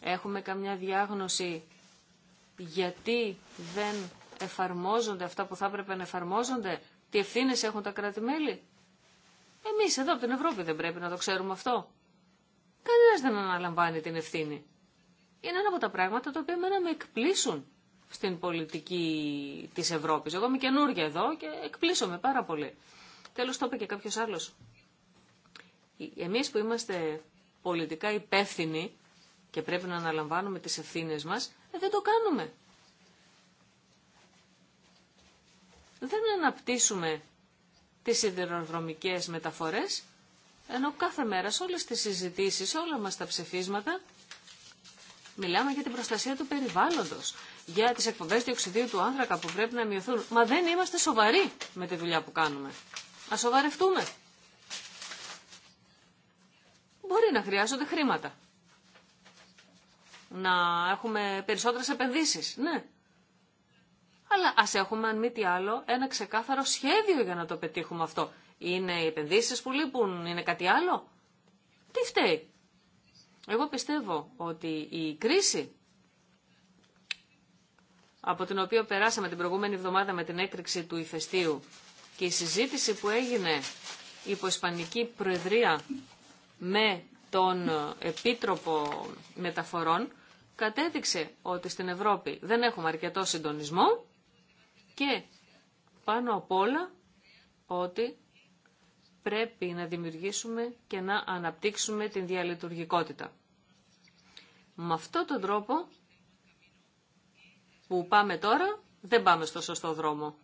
Έχουμε καμιά διάγνωση γιατί δεν εφαρμόζονται αυτά που θα έπρεπε να εφαρμόζονται, τι ευθύνε έχουν τα κράτη-μέλη. Εμείς εδώ από την Ευρώπη δεν πρέπει να το ξέρουμε αυτό. Κανένας δεν αναλαμβάνει την ευθύνη. Είναι ένα από τα πράγματα τα οποία εμένα με εκπλήσουν στην πολιτική της Ευρώπης. Εγώ είμαι καινούργια εδώ και εκπλήσωμαι πάρα πολύ. Τέλος το είπε και κάποιος άλλος. Ε, εμείς που είμαστε πολιτικά υπεύθυνοι και πρέπει να αναλαμβάνουμε τις ευθύνε μας, ε, δεν το κάνουμε. Δεν αναπτύσσουμε τις σιδηροδρομικές μεταφορές, ενώ κάθε μέρα σε όλες τις συζητήσεις, σε όλα μας τα ψηφίσματα, μιλάμε για την προστασία του περιβάλλοντος, για τις εκπομπές διοξιδίου του άνθρακα που πρέπει να μειωθούν. Μα δεν είμαστε σοβαροί με τη δουλειά που κάνουμε. Ας σοβαρευτούμε. Μπορεί να χρειάζονται χρήματα. Να έχουμε περισσότερες επενδύσεις. Ναι, αλλά α έχουμε αν μη τι άλλο ένα ξεκάθαρο σχέδιο για να το πετύχουμε αυτό. Είναι οι επενδύσει που λείπουν, είναι κάτι άλλο. Τι φταίει. Εγώ πιστεύω ότι η κρίση από την οποία περάσαμε την προηγούμενη εβδομάδα με την έκρηξη του ηφαιστείου και η συζήτηση που έγινε υπό Ισπανική Προεδρία με τον Επίτροπο Μεταφορών κατέδειξε ότι στην Ευρώπη δεν έχουμε αρκετό συντονισμό και πάνω απ' όλα ότι πρέπει να δημιουργήσουμε και να αναπτύξουμε την διαλειτουργικότητα. Με αυτό τον τρόπο που πάμε τώρα δεν πάμε στο σωστό δρόμο.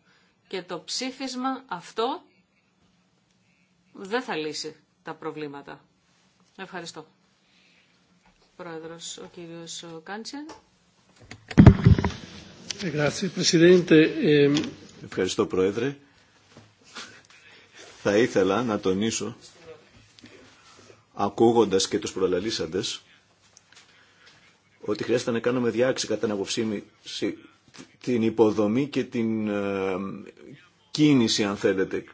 Και το ψήφισμα αυτό δεν θα λύσει τα προβλήματα. Ευχαριστώ. Πρόεδρος ο κύριος Κάντσεν. Ehm, Ευχαριστώ Πρόεδρε. Θα ήθελα να τονίσω, ακούγοντας και τους προλαλήσαντες, ότι χρειάζεται να κάνουμε διάξη κατά την την υποδομή και την κίνηση, αν θέλετε.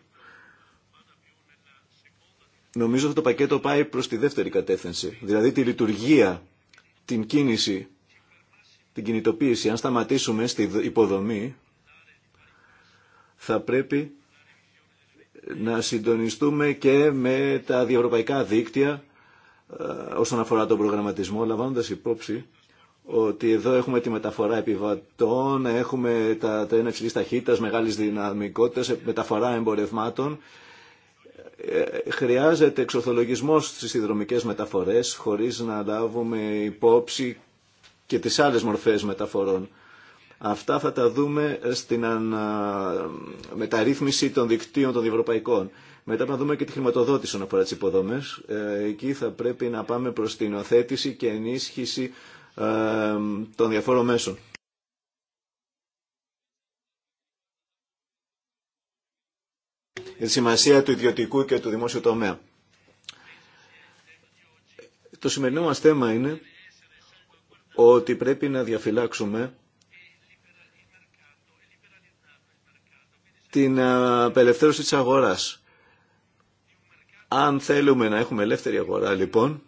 Νομίζω ότι το πακέτο πάει προς τη δεύτερη κατεύθυνση, δηλαδή τη λειτουργία, την κίνηση την κινητοποίηση. Αν σταματήσουμε στη υποδομή, θα πρέπει να συντονιστούμε και με τα διευρωπαϊκά δίκτυα ε, όσον αφορά τον προγραμματισμό, λαμβάνοντας υπόψη ότι εδώ έχουμε τη μεταφορά επιβατών, έχουμε τα τρένα υψηλή ταχύτητα, μεγάλη δυναμικότητα, ε, μεταφορά εμπορευμάτων. Ε, χρειάζεται εξορθολογισμό στι συνδρομικέ μεταφορέ, χωρί να λάβουμε υπόψη και τις άλλες μορφές μεταφορών. Αυτά θα τα δούμε στην ανα... μεταρρύθμιση των δικτύων των διευρωπαϊκών. Μετά θα δούμε και τη χρηματοδότηση όσον αφορά τι υποδομέ. Ε, εκεί θα πρέπει να πάμε προς την οθέτηση και ενίσχυση ε, των διαφόρων μέσων. Η σημασία του ιδιωτικού και του δημόσιου τομέα. Το σημερινό μας θέμα είναι ότι πρέπει να διαφυλάξουμε την απελευθέρωση της αγοράς. Αν θέλουμε να έχουμε ελεύθερη αγορά, λοιπόν,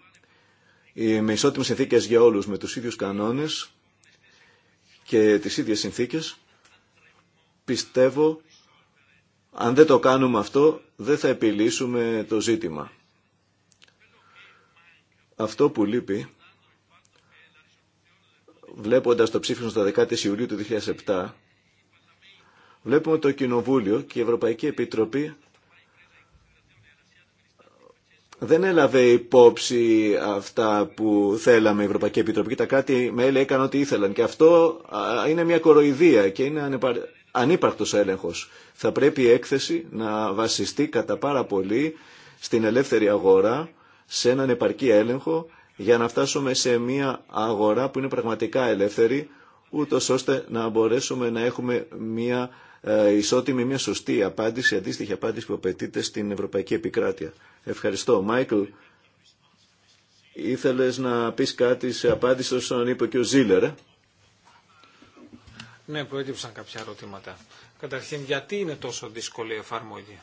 με ισότιμες συνθήκες για όλους, με τους ίδιους κανόνες και τις ίδιες συνθήκες, πιστεύω, αν δεν το κάνουμε αυτό, δεν θα επιλύσουμε το ζήτημα. Αυτό που λείπει βλέποντας το ψήφισμα στα 10 Ιουλίου του 2007, βλέπουμε το Κοινοβούλιο και η Ευρωπαϊκή Επιτροπή δεν έλαβε υπόψη αυτά που θέλαμε η Ευρωπαϊκή Επιτροπή και τα κράτη μέλη έκαναν ό,τι ήθελαν. Και αυτό είναι μια κοροϊδία και είναι ανύπαρκτος έλεγχος. Θα πρέπει η έκθεση να βασιστεί κατά πάρα πολύ στην ελεύθερη αγορά, σε έναν επαρκή έλεγχο για να φτάσουμε σε μια αγορά που είναι πραγματικά ελεύθερη, ούτω ώστε να μπορέσουμε να έχουμε μια ε, ισότιμη, μια σωστή απάντηση, αντίστοιχη απάντηση που απαιτείται στην Ευρωπαϊκή Επικράτεια. Ευχαριστώ. Μάικλ, ήθελες να πεις κάτι σε απάντηση όσον είπε και ο Ζήλερ. Ε? Ναι, προέκυψαν κάποια ερωτήματα. Καταρχήν, γιατί είναι τόσο δύσκολη η εφαρμογή.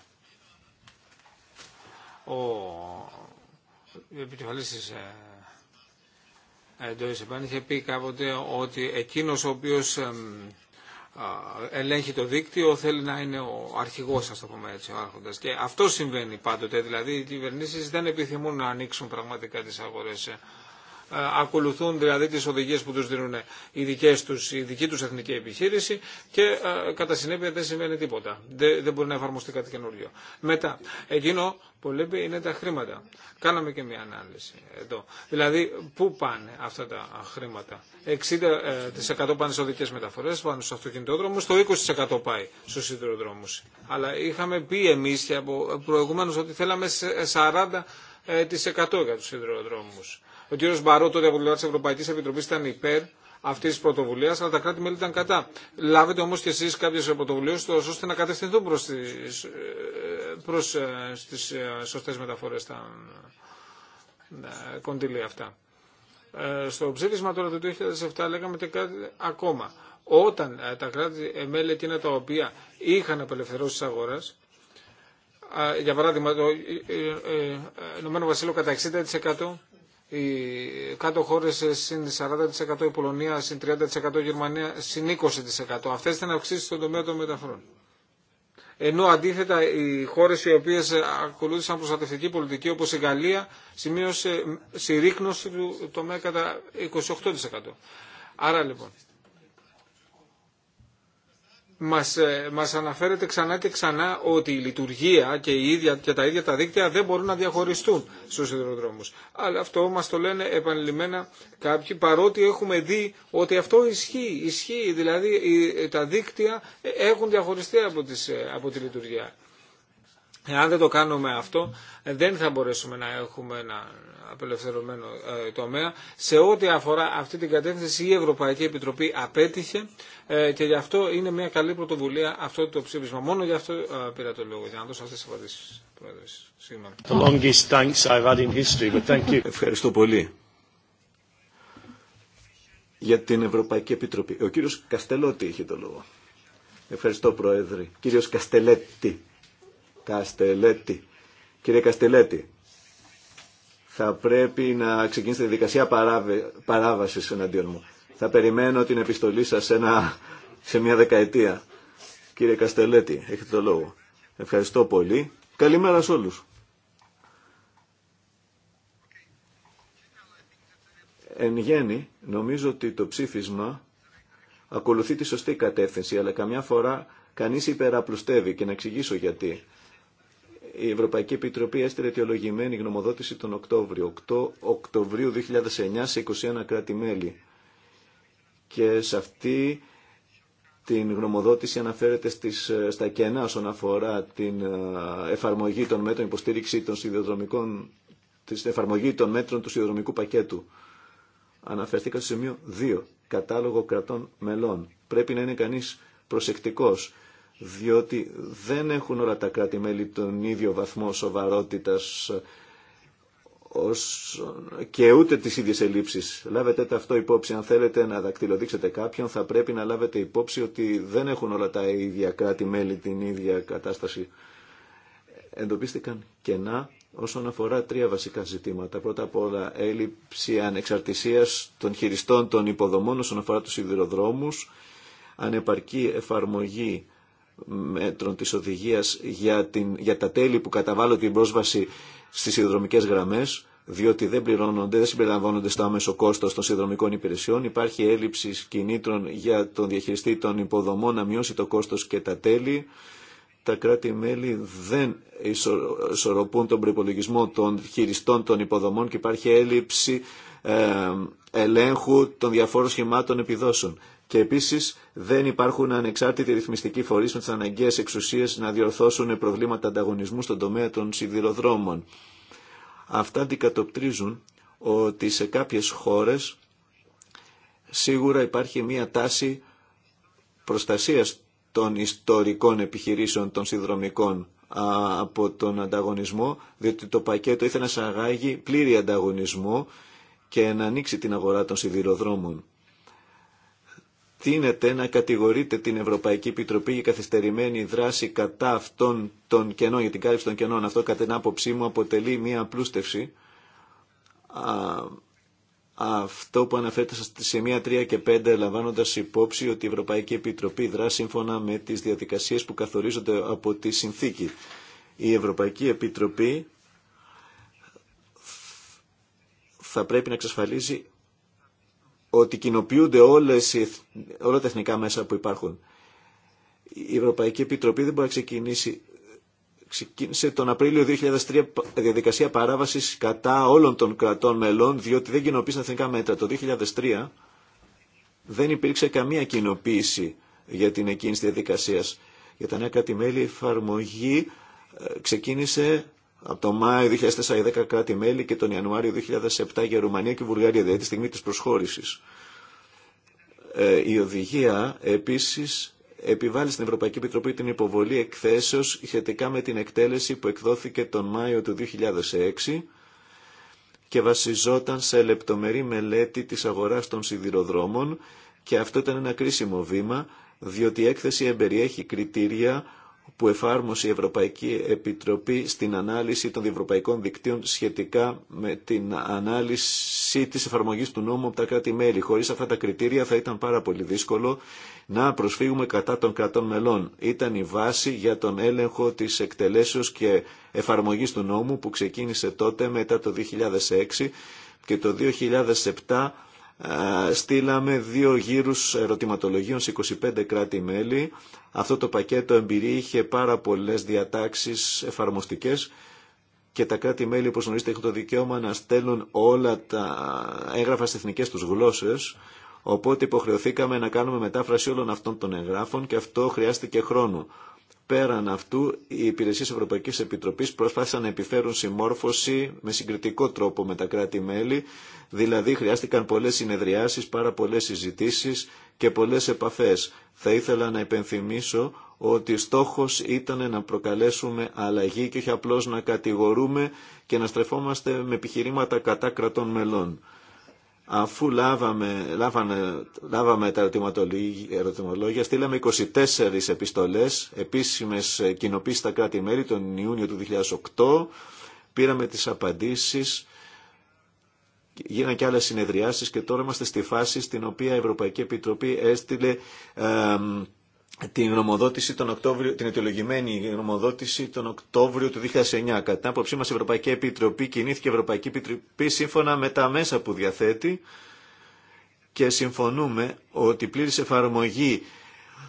Ο της ε, Ντόι Σεπάν είχε πει κάποτε ότι εκείνος ο οποίος ελέγχει το δίκτυο θέλει να είναι ο αρχηγός, ας το πούμε έτσι, ο άρχοντας. Και αυτό συμβαίνει πάντοτε, δηλαδή οι κυβερνήσεις δεν επιθυμούν να ανοίξουν πραγματικά τις αγορές ε, ε, ακολουθούν δηλαδή τις οδηγίες που τους δίνουν οι δικές τους, η δική τους εθνική επιχείρηση και ε, κατά συνέπεια δεν σημαίνει τίποτα. Δεν, δεν μπορεί να εφαρμοστεί κάτι καινούριο. Μετά, εκείνο που λέμε είναι τα χρήματα. Κάναμε και μια ανάλυση εδώ. Δηλαδή, πού πάνε αυτά τα χρήματα. 60% ε, πάνε στις οδικές μεταφορές, πάνε στους αυτοκινητόδρομους, το 20% πάει στους σιδηροδρόμους. Αλλά είχαμε πει εμείς και προηγουμένως ότι θέλαμε 40% για τους σιδηροδρόμους. Ο κύριος Μπαρό τότε από τη Ευρωπαϊκή Επιτροπή ήταν υπέρ αυτή τη πρωτοβουλία, αλλά τα κράτη-μέλη ήταν κατά. Λάβετε όμω και εσεί κάποιε πρωτοβουλίε ώστε να κατευθυνθούν προ τι ε, ε, σωστέ μεταφορέ σωστές τα ε, κονδύλια αυτά. Στο ψήφισμα τώρα του 2007 λέγαμε και κάτι ακόμα. Όταν τα κράτη-μέλη εκείνα τα οποία είχαν απελευθερώσει τι αγορέ, για παράδειγμα το Ηνωμένο Βασίλειο κατά 60%, οι κάτω χώρε συν 40%, η Πολωνία συν 30%, η Γερμανία συν 20%. Αυτέ ήταν αυξήσει στον τομέα των μεταφορών. Ενώ αντίθετα οι χώρε οι οποίε ακολούθησαν προστατευτική πολιτική όπω η Γαλλία σημείωσε συρρήκνωση του τομέα κατά 28%. Άρα λοιπόν μας, ε, μας αναφέρεται ξανά και ξανά ότι η λειτουργία και, η ίδια, και τα ίδια τα δίκτυα δεν μπορούν να διαχωριστούν στους σιδηροδρόμους. Αλλά αυτό μας το λένε επανειλημμένα κάποιοι παρότι έχουμε δει ότι αυτό ισχύει. Ισχύει δηλαδή τα δίκτυα έχουν διαχωριστεί από, τις, ε, από τη λειτουργία. Εάν δεν το κάνουμε αυτό, δεν θα μπορέσουμε να έχουμε ένα απελευθερωμένο ε, τομέα. Σε ό,τι αφορά αυτή την κατεύθυνση η Ευρωπαϊκή Επιτροπή απέτυχε ε, και γι' αυτό είναι μια καλή πρωτοβουλία αυτό το ψήφισμα. Μόνο γι' αυτό ε, πήρα το λόγο, για να δώσω αυτέ τι απαντήσει, Πρόεδρε, Ευχαριστώ πολύ για την Ευρωπαϊκή Επιτροπή. Ο κύριο Καστελότη έχει το λόγο. Ευχαριστώ Πρόεδρε. Κύριο Καστελέτη. Καστελέτη. Κύριε Καστελέτη, θα πρέπει να ξεκινήσετε τη δικασία παράβαση παράβασης εναντίον μου. Θα περιμένω την επιστολή σας σε, σε μια δεκαετία. Κύριε Καστελέτη, έχετε το λόγο. Ευχαριστώ πολύ. Καλημέρα σε όλους. Εν γέννη, νομίζω ότι το ψήφισμα ακολουθεί τη σωστή κατεύθυνση, αλλά καμιά φορά κανείς υπεραπλουστεύει και να εξηγήσω γιατί η Ευρωπαϊκή Επιτροπή έστειλε αιτιολογημένη γνωμοδότηση τον Οκτώβριο, 8 Οκτωβρίου 2009 σε 21 κράτη-μέλη. Και σε αυτή την γνωμοδότηση αναφέρεται στις, στα κενά όσον αφορά την εφαρμογή των μέτρων υποστήριξη των σιδηροδρομικών, της εφαρμογή των μέτρων του σιδηροδρομικού πακέτου. Αναφερθήκα στο σημείο 2, κατάλογο κρατών μελών. Πρέπει να είναι κανείς προσεκτικός διότι δεν έχουν όλα τα κράτη-μέλη τον ίδιο βαθμό σοβαρότητας ως... και ούτε τις ίδιες ελλείψεις. Λάβετε τα αυτό υπόψη. Αν θέλετε να δακτυλοδείξετε κάποιον θα πρέπει να λάβετε υπόψη ότι δεν έχουν όλα τα ίδια κράτη-μέλη την ίδια κατάσταση. Εντοπίστηκαν κενά όσον αφορά τρία βασικά ζητήματα. Πρώτα απ' όλα έλλειψη ανεξαρτησίας των χειριστών των υποδομών όσον αφορά τους σιδηροδρόμους, ανεπαρκή εφαρμογή μέτρων της οδηγίας για, την, για τα τέλη που καταβάλλω την πρόσβαση στις ιδρομικές γραμμές, διότι δεν πληρώνονται, δεν συμπεριλαμβάνονται στο άμεσο κόστο των συνδρομικών υπηρεσιών. Υπάρχει έλλειψη κινήτρων για τον διαχειριστή των υποδομών να μειώσει το κόστο και τα τέλη. Τα κράτη-μέλη δεν ισορροπούν τον προπολογισμό των χειριστών των υποδομών και υπάρχει έλλειψη ε, ελέγχου των διαφόρων σχημάτων επιδόσεων και επίσης δεν υπάρχουν ανεξάρτητοι ρυθμιστικοί φορείς με τι αναγκαίε εξουσίες να διορθώσουν προβλήματα ανταγωνισμού στον τομέα των σιδηροδρόμων. Αυτά αντικατοπτρίζουν ότι σε κάποιες χώρες σίγουρα υπάρχει μια τάση προστασίας των ιστορικών επιχειρήσεων των συνδρομικών από τον ανταγωνισμό, διότι το πακέτο ήθελε να σαγάγει πλήρη ανταγωνισμό και να ανοίξει την αγορά των σιδηροδρόμων τίνεται να κατηγορείται την Ευρωπαϊκή Επιτροπή για καθυστερημένη δράση κατά αυτών των κενών, για την κάλυψη των κενών. Αυτό κατά την άποψή μου αποτελεί μία απλούστευση. Α, αυτό που αναφέρεται στη σημεία 3 και 5 λαμβάνοντας υπόψη ότι η Ευρωπαϊκή Επιτροπή δρά σύμφωνα με τις διαδικασίες που καθορίζονται από τη συνθήκη. Η Ευρωπαϊκή Επιτροπή θα πρέπει να εξασφαλίζει ότι κοινοποιούνται όλες οι, όλα τα εθνικά μέσα που υπάρχουν. Η Ευρωπαϊκή Επιτροπή δεν μπορεί να ξεκινήσει ξεκίνησε τον Απρίλιο 2003 διαδικασία παράβασης κατά όλων των κρατών μελών, διότι δεν κοινοποίησαν εθνικά μέτρα. Το 2003 δεν υπήρξε καμία κοινοποίηση για την εκείνη τη διαδικασία. Για τα νέα η εφαρμογή ε, ξεκίνησε από το Μάιο 2004 οι 10 κράτη-μέλη και τον Ιανουάριο 2007 για Ρουμανία και Βουλγαρία, δηλαδή τη στιγμή της προσχώρησης. Ε, η οδηγία επίσης επιβάλλει στην Ευρωπαϊκή Επιτροπή την υποβολή εκθέσεω σχετικά με την εκτέλεση που εκδόθηκε τον Μάιο του 2006 και βασιζόταν σε λεπτομερή μελέτη της αγοράς των σιδηροδρόμων και αυτό ήταν ένα κρίσιμο βήμα διότι η έκθεση εμπεριέχει κριτήρια που εφάρμοσε η Ευρωπαϊκή Επιτροπή στην ανάλυση των διευρωπαϊκών δικτύων σχετικά με την ανάλυση της εφαρμογής του νόμου από τα κράτη-μέλη. Χωρίς αυτά τα κριτήρια θα ήταν πάρα πολύ δύσκολο να προσφύγουμε κατά των κρατών μελών. Ήταν η βάση για τον έλεγχο της εκτελέσεως και εφαρμογής του νόμου που ξεκίνησε τότε μετά το 2006 και το 2007 στείλαμε δύο γύρους ερωτηματολογίων σε 25 κράτη-μέλη. Αυτό το πακέτο εμπειρία είχε πάρα πολλές διατάξεις εφαρμοστικές και τα κράτη-μέλη, όπως γνωρίζετε, έχουν το δικαίωμα να στέλνουν όλα τα έγγραφα στις εθνικές τους γλώσσες. Οπότε υποχρεωθήκαμε να κάνουμε μετάφραση όλων αυτών των εγγράφων και αυτό χρειάστηκε χρόνο. Πέραν αυτού, οι υπηρεσίες Ευρωπαϊκής Επιτροπής προσπάθησαν να επιφέρουν συμμόρφωση με συγκριτικό τρόπο με τα κράτη-μέλη, δηλαδή χρειάστηκαν πολλές συνεδριάσεις, πάρα πολλές συζητήσεις και πολλές επαφές. Θα ήθελα να υπενθυμίσω ότι στόχος ήταν να προκαλέσουμε αλλαγή και όχι απλώ να κατηγορούμε και να στρεφόμαστε με επιχειρήματα κατά κρατών μελών. Αφού λάβαμε, λάβανε, λάβαμε τα ερωτηματολόγια, στείλαμε 24 επιστολές, επίσημες κοινοποίησεις στα κράτη-μέρη τον Ιούνιο του 2008, πήραμε τις απαντήσεις, γίνανε και άλλες συνεδριάσεις και τώρα είμαστε στη φάση στην οποία η Ευρωπαϊκή Επιτροπή έστειλε την, γνωμοδότηση τον Οκτώβριο, την αιτιολογημένη γνωμοδότηση τον Οκτώβριο του 2009. Κατά την άποψή μα, η Ευρωπαϊκή Επιτροπή κινήθηκε η Ευρωπαϊκή Επιτροπή σύμφωνα με τα μέσα που διαθέτει και συμφωνούμε ότι η πλήρης εφαρμογή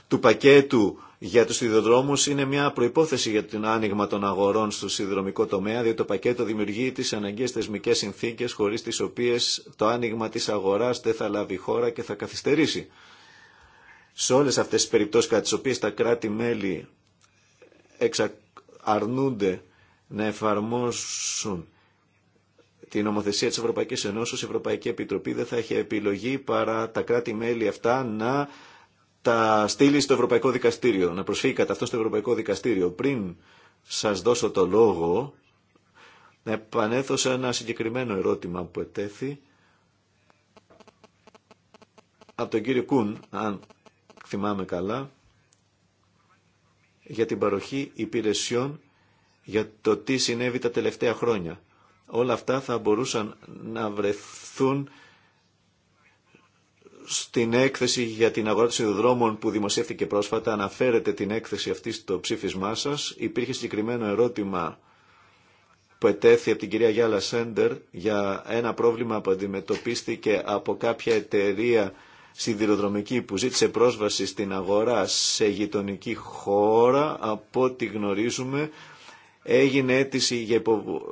του πακέτου για τους σιδηροδρόμους είναι μια προϋπόθεση για την άνοιγμα των αγορών στο σιδηροδρομικό τομέα, διότι το πακέτο δημιουργεί τις αναγκαίες θεσμικές συνθήκες χωρίς τις οποίες το άνοιγμα της αγοράς δεν θα λάβει χώρα και θα καθυστερήσει σε όλες αυτές τις περιπτώσεις κατά τις οποίες τα κράτη-μέλη αρνούνται να εφαρμόσουν την νομοθεσία της Ευρωπαϊκής Ενώσης, η Ευρωπαϊκή Επιτροπή δεν θα έχει επιλογή παρά τα κράτη-μέλη αυτά να τα στείλει στο Ευρωπαϊκό Δικαστήριο, να προσφύγει κατά αυτό στο Ευρωπαϊκό Δικαστήριο. Πριν σας δώσω το λόγο, να επανέθω σε ένα συγκεκριμένο ερώτημα που ετέθη από τον κύριο Κούν, θυμάμαι καλά, για την παροχή υπηρεσιών για το τι συνέβη τα τελευταία χρόνια. Όλα αυτά θα μπορούσαν να βρεθούν στην έκθεση για την αγορά των σιδηροδρόμων που δημοσιεύτηκε πρόσφατα. Αναφέρετε την έκθεση αυτή στο ψήφισμά σας. Υπήρχε συγκεκριμένο ερώτημα που ετέθη από την κυρία Γιάλα Σέντερ για ένα πρόβλημα που αντιμετωπίστηκε από κάποια εταιρεία σιδηροδρομική που ζήτησε πρόσβαση στην αγορά σε γειτονική χώρα, από ό,τι γνωρίζουμε, έγινε αίτηση για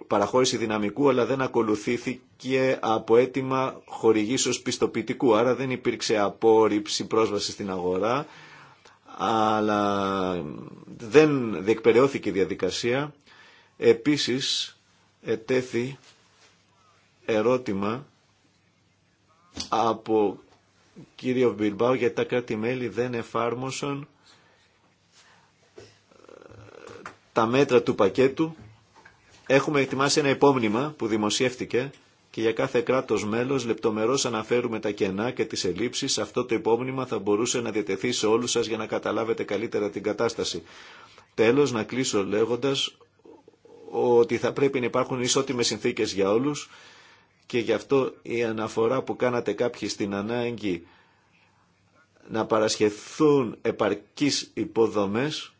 παραχώρηση δυναμικού, αλλά δεν ακολουθήθηκε από αίτημα χορηγήσεως πιστοποιητικού, άρα δεν υπήρξε απόρριψη πρόσβαση στην αγορά, αλλά δεν διεκπαιρεώθηκε η διαδικασία. Επίσης, ετέθη ερώτημα από κύριο Μπιλμπάου γιατί τα κράτη-μέλη δεν εφάρμοσαν ε, τα μέτρα του πακέτου. Έχουμε ετοιμάσει ένα υπόμνημα που δημοσιεύτηκε και για κάθε κράτος μέλος λεπτομερώς αναφέρουμε τα κενά και τις ελλείψεις. Αυτό το υπόμνημα θα μπορούσε να διατεθεί σε όλους σας για να καταλάβετε καλύτερα την κατάσταση. Τέλος, να κλείσω λέγοντας ότι θα πρέπει να υπάρχουν ισότιμες συνθήκες για όλους και γι' αυτό η αναφορά που κάνατε κάποιοι στην ανάγκη να παρασχεθούν επαρκείς υποδομές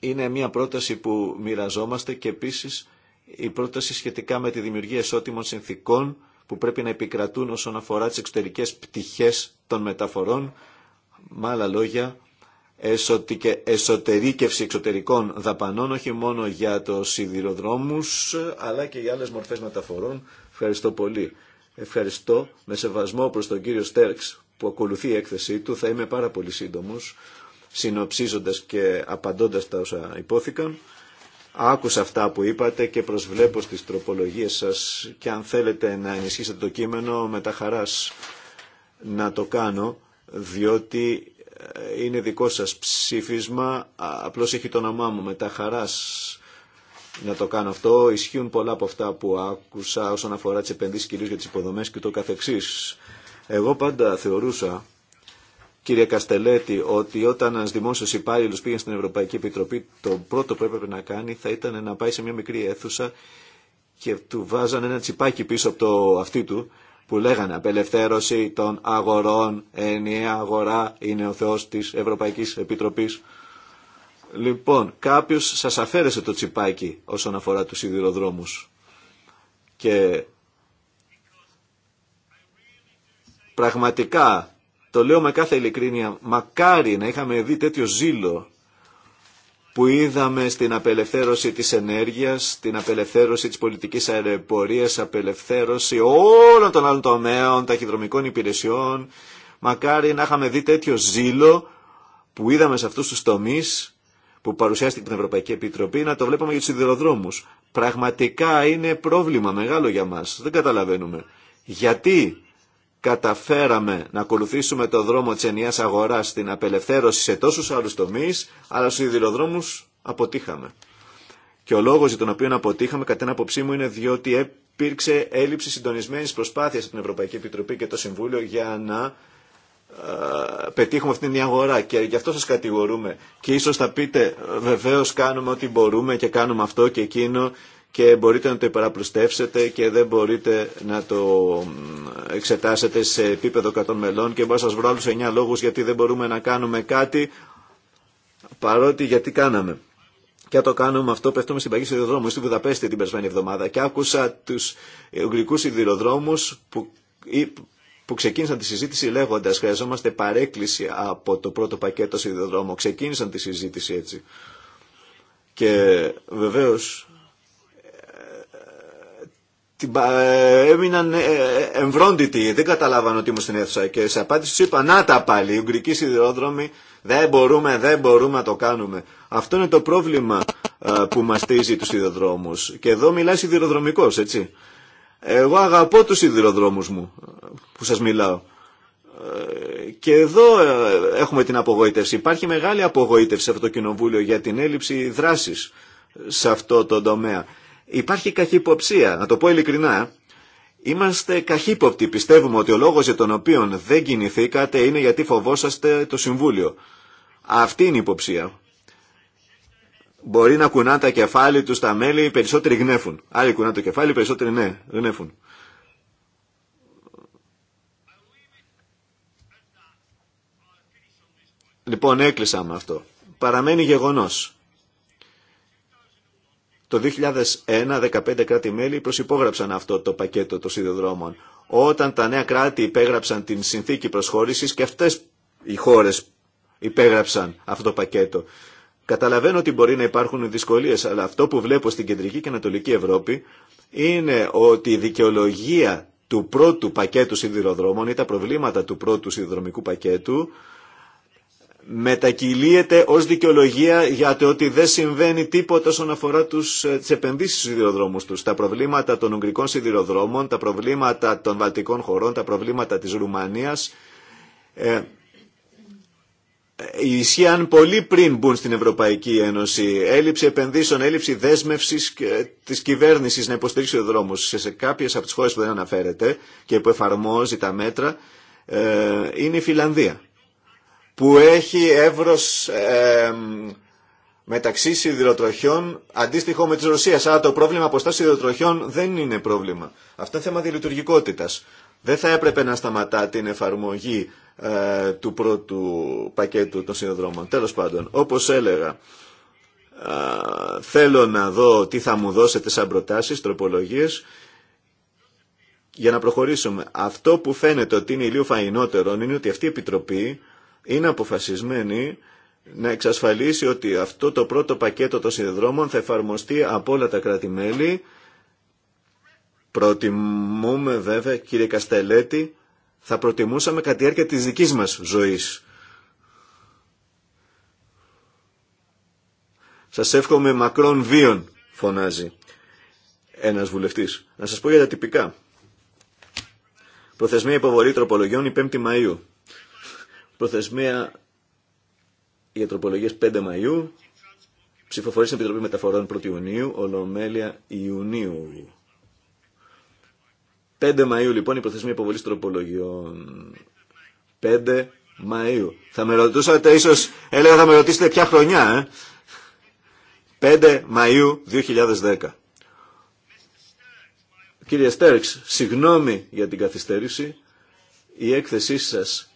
είναι μια πρόταση που μοιραζόμαστε και επίσης η πρόταση σχετικά με τη δημιουργία ισότιμων συνθήκων που πρέπει να επικρατούν όσον αφορά τις εξωτερικές πτυχές των μεταφορών. Με άλλα λόγια, εσωτερήκευση εξωτερικών δαπανών, όχι μόνο για το σιδηροδρόμους, αλλά και για άλλες μορφές μεταφορών. Ευχαριστώ πολύ. Ευχαριστώ με σεβασμό προς τον κύριο Στέρξ που ακολουθεί η έκθεσή του. Θα είμαι πάρα πολύ σύντομος, συνοψίζοντας και απαντώντας τα όσα υπόθηκαν. Άκουσα αυτά που είπατε και προσβλέπω στις τροπολογίες σας και αν θέλετε να ενισχύσετε το κείμενο με τα χαράς να το κάνω διότι είναι δικό σας ψήφισμα, απλώς έχει το όνομά μου μετά χαράς να το κάνω αυτό. Ισχύουν πολλά από αυτά που άκουσα όσον αφορά τις επενδύσεις κυρίως για τις υποδομές και το καθεξής. Εγώ πάντα θεωρούσα, κύριε Καστελέτη, ότι όταν ένα δημόσιο υπάλληλο πήγε στην Ευρωπαϊκή Επιτροπή, το πρώτο που έπρεπε να κάνει θα ήταν να πάει σε μια μικρή αίθουσα και του βάζανε ένα τσιπάκι πίσω από το αυτί του που λέγανε απελευθέρωση των αγορών, ενιαία αγορά είναι ο Θεός της Ευρωπαϊκής Επιτροπής. Λοιπόν, κάποιος σας αφαίρεσε το τσιπάκι όσον αφορά τους σιδηροδρόμους και πραγματικά το λέω με κάθε ειλικρίνεια, μακάρι να είχαμε δει τέτοιο ζήλο που είδαμε στην απελευθέρωση της ενέργειας, την απελευθέρωση της πολιτικής αεροπορίας, απελευθέρωση όλων των άλλων τομέων, ταχυδρομικών υπηρεσιών. Μακάρι να είχαμε δει τέτοιο ζήλο που είδαμε σε αυτούς τους τομείς που παρουσιάστηκε την Ευρωπαϊκή Επιτροπή, να το βλέπαμε για τους σιδηροδρόμους. Πραγματικά είναι πρόβλημα μεγάλο για μας. Δεν καταλαβαίνουμε. Γιατί καταφέραμε να ακολουθήσουμε το δρόμο της ενιαίας αγοράς στην απελευθέρωση σε τόσους άλλους τομείς, αλλά στους ιδηλοδρόμους αποτύχαμε. Και ο λόγος για τον οποίο αποτύχαμε, κατά την άποψή μου, είναι διότι υπήρξε έλλειψη συντονισμένης προσπάθειας από την Ευρωπαϊκή Επιτροπή και το Συμβούλιο για να ε, πετύχουμε αυτήν την αγορά και γι' αυτό σας κατηγορούμε και ίσως θα πείτε ε, βεβαίως κάνουμε ό,τι μπορούμε και κάνουμε αυτό και εκείνο και μπορείτε να το υπεραπλουστεύσετε και δεν μπορείτε να το εξετάσετε σε επίπεδο 100 μελών και μπορώ να σας βρω άλλους 9 λόγους γιατί δεν μπορούμε να κάνουμε κάτι παρότι γιατί κάναμε. Και αν το κάνουμε αυτό, πέφτουμε στην παγίδα σιδηροδρόμου. Στην Βουδαπέστη την περσμένη εβδομάδα και άκουσα του ουγγρικού σιδηροδρόμου που, που ξεκίνησαν τη συζήτηση λέγοντα Χρειαζόμαστε παρέκκληση από το πρώτο πακέτο σιδηροδρόμου. Ξεκίνησαν τη συζήτηση έτσι. Και βεβαίω ε, έμειναν ε, ε, εμβρόντιτοι, δεν καταλάβαναν ότι ήμουν στην αίθουσα και σε απάντηση του είπα να τα πάλι, οι Ουγγρικοί σιδηρόδρομοι δεν μπορούμε, δεν μπορούμε να το κάνουμε. Αυτό είναι το πρόβλημα που μαστίζει τους σιδηροδρόμους και εδώ μιλάει σιδηροδρομικός, έτσι. Εγώ αγαπώ τους σιδηροδρόμους μου που σας μιλάω. Και εδώ έχουμε την απογοήτευση. Υπάρχει μεγάλη απογοήτευση σε αυτό το κοινοβούλιο για την έλλειψη δράσης σε αυτό το τομέα. Υπάρχει καχυποψία, να το πω ειλικρινά. Είμαστε καχύποπτοι. Πιστεύουμε ότι ο λόγος για τον οποίο δεν κινηθήκατε είναι γιατί φοβόσαστε το Συμβούλιο. Αυτή είναι η υποψία. Μπορεί να κουνά τα κεφάλι του τα μέλη, περισσότεροι γνέφουν. Άλλοι κουνά το κεφάλι, περισσότεροι ναι, γνέφουν. Λοιπόν, έκλεισα αυτό. Παραμένει γεγονός. Το 2001, 15 κράτη-μέλη προσυπόγραψαν αυτό το πακέτο των σιδηροδρόμων. Όταν τα νέα κράτη υπέγραψαν την συνθήκη προσχώρησης και αυτές οι χώρες υπέγραψαν αυτό το πακέτο. Καταλαβαίνω ότι μπορεί να υπάρχουν δυσκολίες, αλλά αυτό που βλέπω στην Κεντρική και Ανατολική Ευρώπη είναι ότι η δικαιολογία του πρώτου πακέτου σιδηροδρόμων ή τα προβλήματα του πρώτου σιδηροδρομικού πακέτου μετακυλίεται ως δικαιολογία για το ότι δεν συμβαίνει τίποτα όσον αφορά τους, ε, τις επενδύσεις στους σιδηροδρόμους τους. Τα προβλήματα των Ουγγρικών σιδηροδρόμων, τα προβλήματα των Βαλτικών χωρών, τα προβλήματα της Ρουμανίας ε, ε ισχύαν πολύ πριν μπουν στην Ευρωπαϊκή Ένωση. Έλλειψη επενδύσεων, έλλειψη δέσμευσης ε, της κυβέρνησης να υποστηρίξει ο δρόμος σε κάποιες από τις χώρες που δεν αναφέρεται και που εφαρμόζει τα μέτρα ε, είναι η Φιλανδία που έχει εύρος ε, μεταξύ σιδηροτροχιών αντίστοιχο με τη Ρωσία. Άρα το πρόβλημα αποστάσεων σιδηροτροχιών δεν είναι πρόβλημα. Αυτό είναι θέμα διελειτουργικότητας. Δεν θα έπρεπε να σταματά την εφαρμογή ε, του πρώτου πακέτου των σιδηροδρόμων. Τέλος πάντων, όπως έλεγα, ε, θέλω να δω τι θα μου δώσετε σαν προτάσει, τροπολογίες, Για να προχωρήσουμε, αυτό που φαίνεται ότι είναι ηλίου φαϊνότερο είναι ότι αυτή η Επιτροπή είναι αποφασισμένη να εξασφαλίσει ότι αυτό το πρώτο πακέτο των συνδρόμων θα εφαρμοστεί από όλα τα κράτη-μέλη. Προτιμούμε βέβαια, κύριε Καστελέτη, θα προτιμούσαμε κατά τη διάρκεια της δικής μας ζωής. Σας εύχομαι μακρόν βίων, φωνάζει ένας βουλευτής. Να σας πω για τα τυπικά. Προθεσμία υποβολή τροπολογιών η 5η Μαΐου. Προθεσμία για τροπολογίες 5 Μαΐου, ψηφοφορία στην Επιτροπή Μεταφορών 1 Ιουνίου, Ολομέλεια Ιουνίου. 5 Μαΐου λοιπόν η προθεσμία υποβολής τροπολογιών. 5 Μαΐου. Θα με ρωτούσατε ίσως, έλεγα θα με ρωτήσετε ποια χρονιά, ε. 5 Μαΐου 2010. Κύριε Στέρξ, συγγνώμη για την καθυστέρηση. Η έκθεσή σας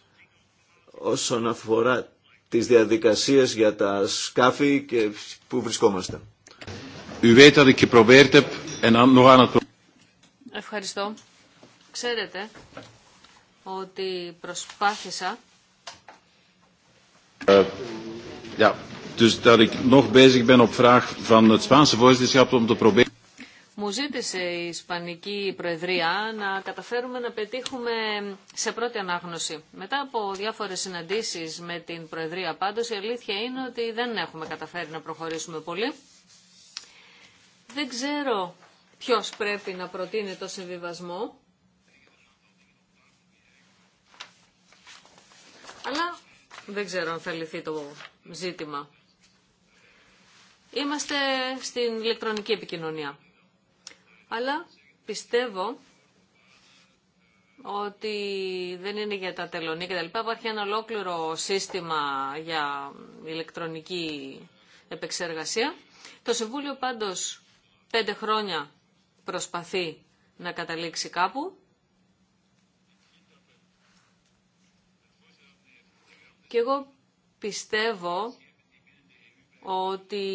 όσον αφορά τις διαδικασίες για τα σκάφη και πού βρισκόμαστε. Ευχαριστώ. Ξέρετε ότι προσπάθησα ε, Ja, dus dat ik nog bezig ben op vraag van het Spaanse voorzitterschap om te proberen. Μου ζήτησε η Ισπανική Προεδρία να καταφέρουμε να πετύχουμε σε πρώτη ανάγνωση. Μετά από διάφορες συναντήσεις με την Προεδρία πάντως, η αλήθεια είναι ότι δεν έχουμε καταφέρει να προχωρήσουμε πολύ. Δεν ξέρω ποιος πρέπει να προτείνει το συμβιβασμό. Αλλά δεν ξέρω αν θα λυθεί το ζήτημα. Είμαστε στην ηλεκτρονική επικοινωνία αλλά πιστεύω ότι δεν είναι για τα τελωνία και Υπάρχει ένα ολόκληρο σύστημα για ηλεκτρονική επεξεργασία. Το Συμβούλιο πάντως πέντε χρόνια προσπαθεί να καταλήξει κάπου. Και εγώ πιστεύω ότι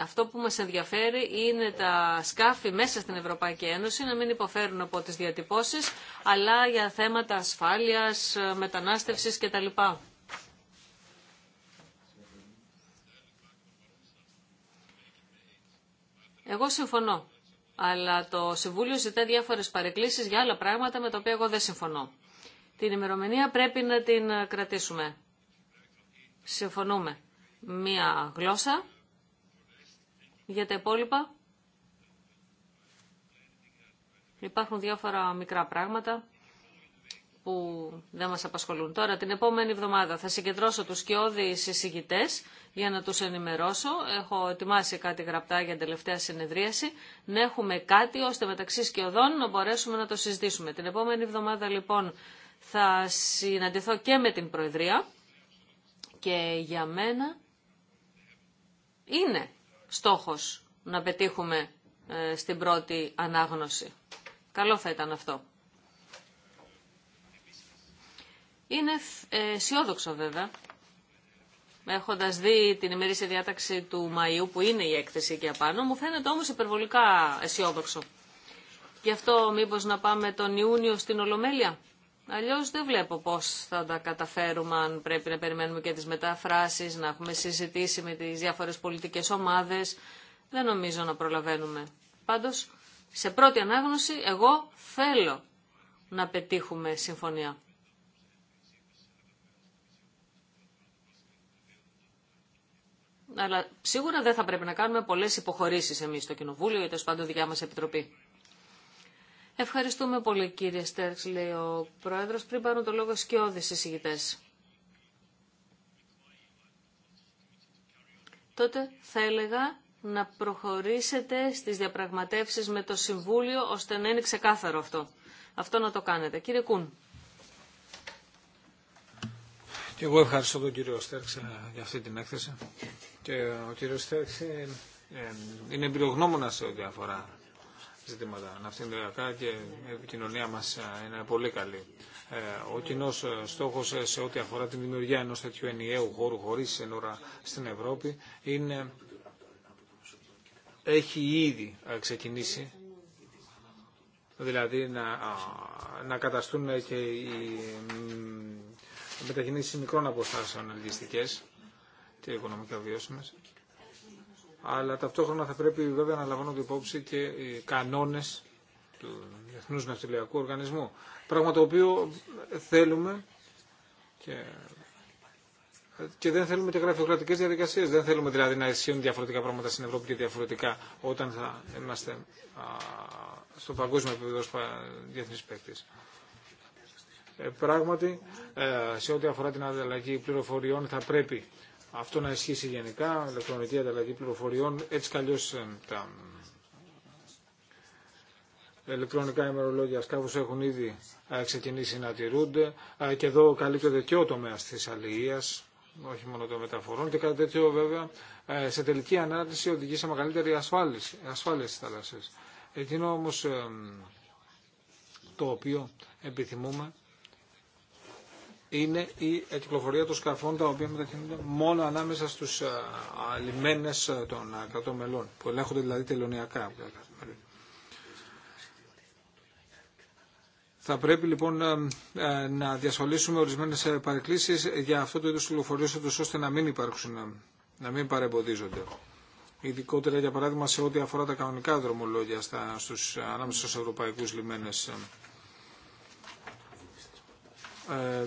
αυτό που μας ενδιαφέρει είναι τα σκάφη μέσα στην Ευρωπαϊκή Ένωση να μην υποφέρουν από τις διατυπώσεις, αλλά για θέματα ασφάλειας, μετανάστευσης κτλ. Εγώ συμφωνώ, αλλά το Συμβούλιο ζητά διάφορες παρεκκλήσεις για άλλα πράγματα με τα οποία εγώ δεν συμφωνώ. Την ημερομηνία πρέπει να την κρατήσουμε. Συμφωνούμε μία γλώσσα. Για τα υπόλοιπα υπάρχουν διάφορα μικρά πράγματα που δεν μας απασχολούν. Τώρα την επόμενη εβδομάδα θα συγκεντρώσω τους σκιώδεις συζητητές για να τους ενημερώσω. Έχω ετοιμάσει κάτι γραπτά για την τελευταία συνεδρίαση. Να έχουμε κάτι ώστε μεταξύ σκιωδών να μπορέσουμε να το συζητήσουμε. Την επόμενη εβδομάδα λοιπόν θα συναντηθώ και με την Προεδρία και για μένα είναι στόχος να πετύχουμε ε, στην πρώτη ανάγνωση. Καλό θα ήταν αυτό. Είναι ε, αισιόδοξο βέβαια, έχοντας δει την ημερήσια διάταξη του Μαΐου που είναι η έκθεση και απάνω, μου φαίνεται όμως υπερβολικά αισιόδοξο. Γι' αυτό μήπως να πάμε τον Ιούνιο στην Ολομέλεια Αλλιώς δεν βλέπω πώς θα τα καταφέρουμε αν πρέπει να περιμένουμε και τις μεταφράσεις, να έχουμε συζητήσει με τις διάφορες πολιτικές ομάδες. Δεν νομίζω να προλαβαίνουμε. Πάντως, σε πρώτη ανάγνωση, εγώ θέλω να πετύχουμε συμφωνία. Αλλά σίγουρα δεν θα πρέπει να κάνουμε πολλές υποχωρήσεις εμείς στο Κοινοβούλιο ή τέλο πάντων δικιά μας Επιτροπή. Ευχαριστούμε πολύ κύριε Στέρξ, λέει ο Πρόεδρος, πριν πάρουν το λόγο σκιώδης εισηγητές. Τότε θα έλεγα να προχωρήσετε στις διαπραγματεύσεις με το Συμβούλιο, ώστε να είναι ξεκάθαρο αυτό. Αυτό να το κάνετε. Κύριε Κούν. Και εγώ ευχαριστώ τον κύριο Στέρξ ε, για αυτή την έκθεση. Και ο κύριος Στέρξ ε, ε, είναι εμπειρογνώμονα σε ό,τι αφορά ζητήματα ναυτιλιακά και η επικοινωνία μας ε, είναι πολύ καλή. Ε, ο κοινό ε, στόχος σε ό,τι αφορά την δημιουργία ενό τέτοιου ενιαίου χώρου χωρί σύνορα στην Ευρώπη είναι, έχει ήδη ξεκινήσει δηλαδή να, να καταστούν και οι μετακινήσεις μικρών αποστάσεων ελκυστικές και οικονομικά βιώσιμες αλλά ταυτόχρονα θα πρέπει βέβαια να λαμβάνονται υπόψη και οι κανόνες του Διεθνούς Ναυτιλιακού Οργανισμού. Πράγμα το οποίο θέλουμε και, δεν θέλουμε και γραφειοκρατικές διαδικασίες. Δεν θέλουμε δηλαδή να ισχύουν διαφορετικά πράγματα στην Ευρώπη και διαφορετικά όταν θα είμαστε στο παγκόσμιο επίπεδο διεθνή παίκτη. Ε, πράγματι, ε, σε ό,τι αφορά την αλλαγή πληροφοριών θα πρέπει αυτό να ισχύσει γενικά, ηλεκτρονική ανταλλαγή πληροφοριών, έτσι καλλιώς ε, τα ηλεκτρονικά ημερολόγια σκάφους έχουν ήδη ε, ξεκινήσει να τηρούνται ε, και εδώ καλύπτεται και ο τομέας της αλληλείας, όχι μόνο των μεταφορών και κάτι τέτοιο βέβαια σε τελική ανάλυση οδηγεί σε μεγαλύτερη ασφάλεια στις θάλασσες. Εκείνο όμως το οποίο επιθυμούμε είναι η κυκλοφορία των σκαφών τα οποία μετακινούνται μόνο ανάμεσα στου λιμένε των κρατών μελών, που ελέγχονται δηλαδή τελωνιακά Θα πρέπει λοιπόν να διασφαλίσουμε ορισμένε παρεκκλήσει για αυτό το είδος κυκλοφορίας, ώστε να μην υπάρχουν, να μην παρεμποδίζονται ειδικότερα για παράδειγμα σε ό,τι αφορά τα κανονικά δρομολόγια ανάμεσα στους ευρωπαϊκούς λιμένες ε, ε,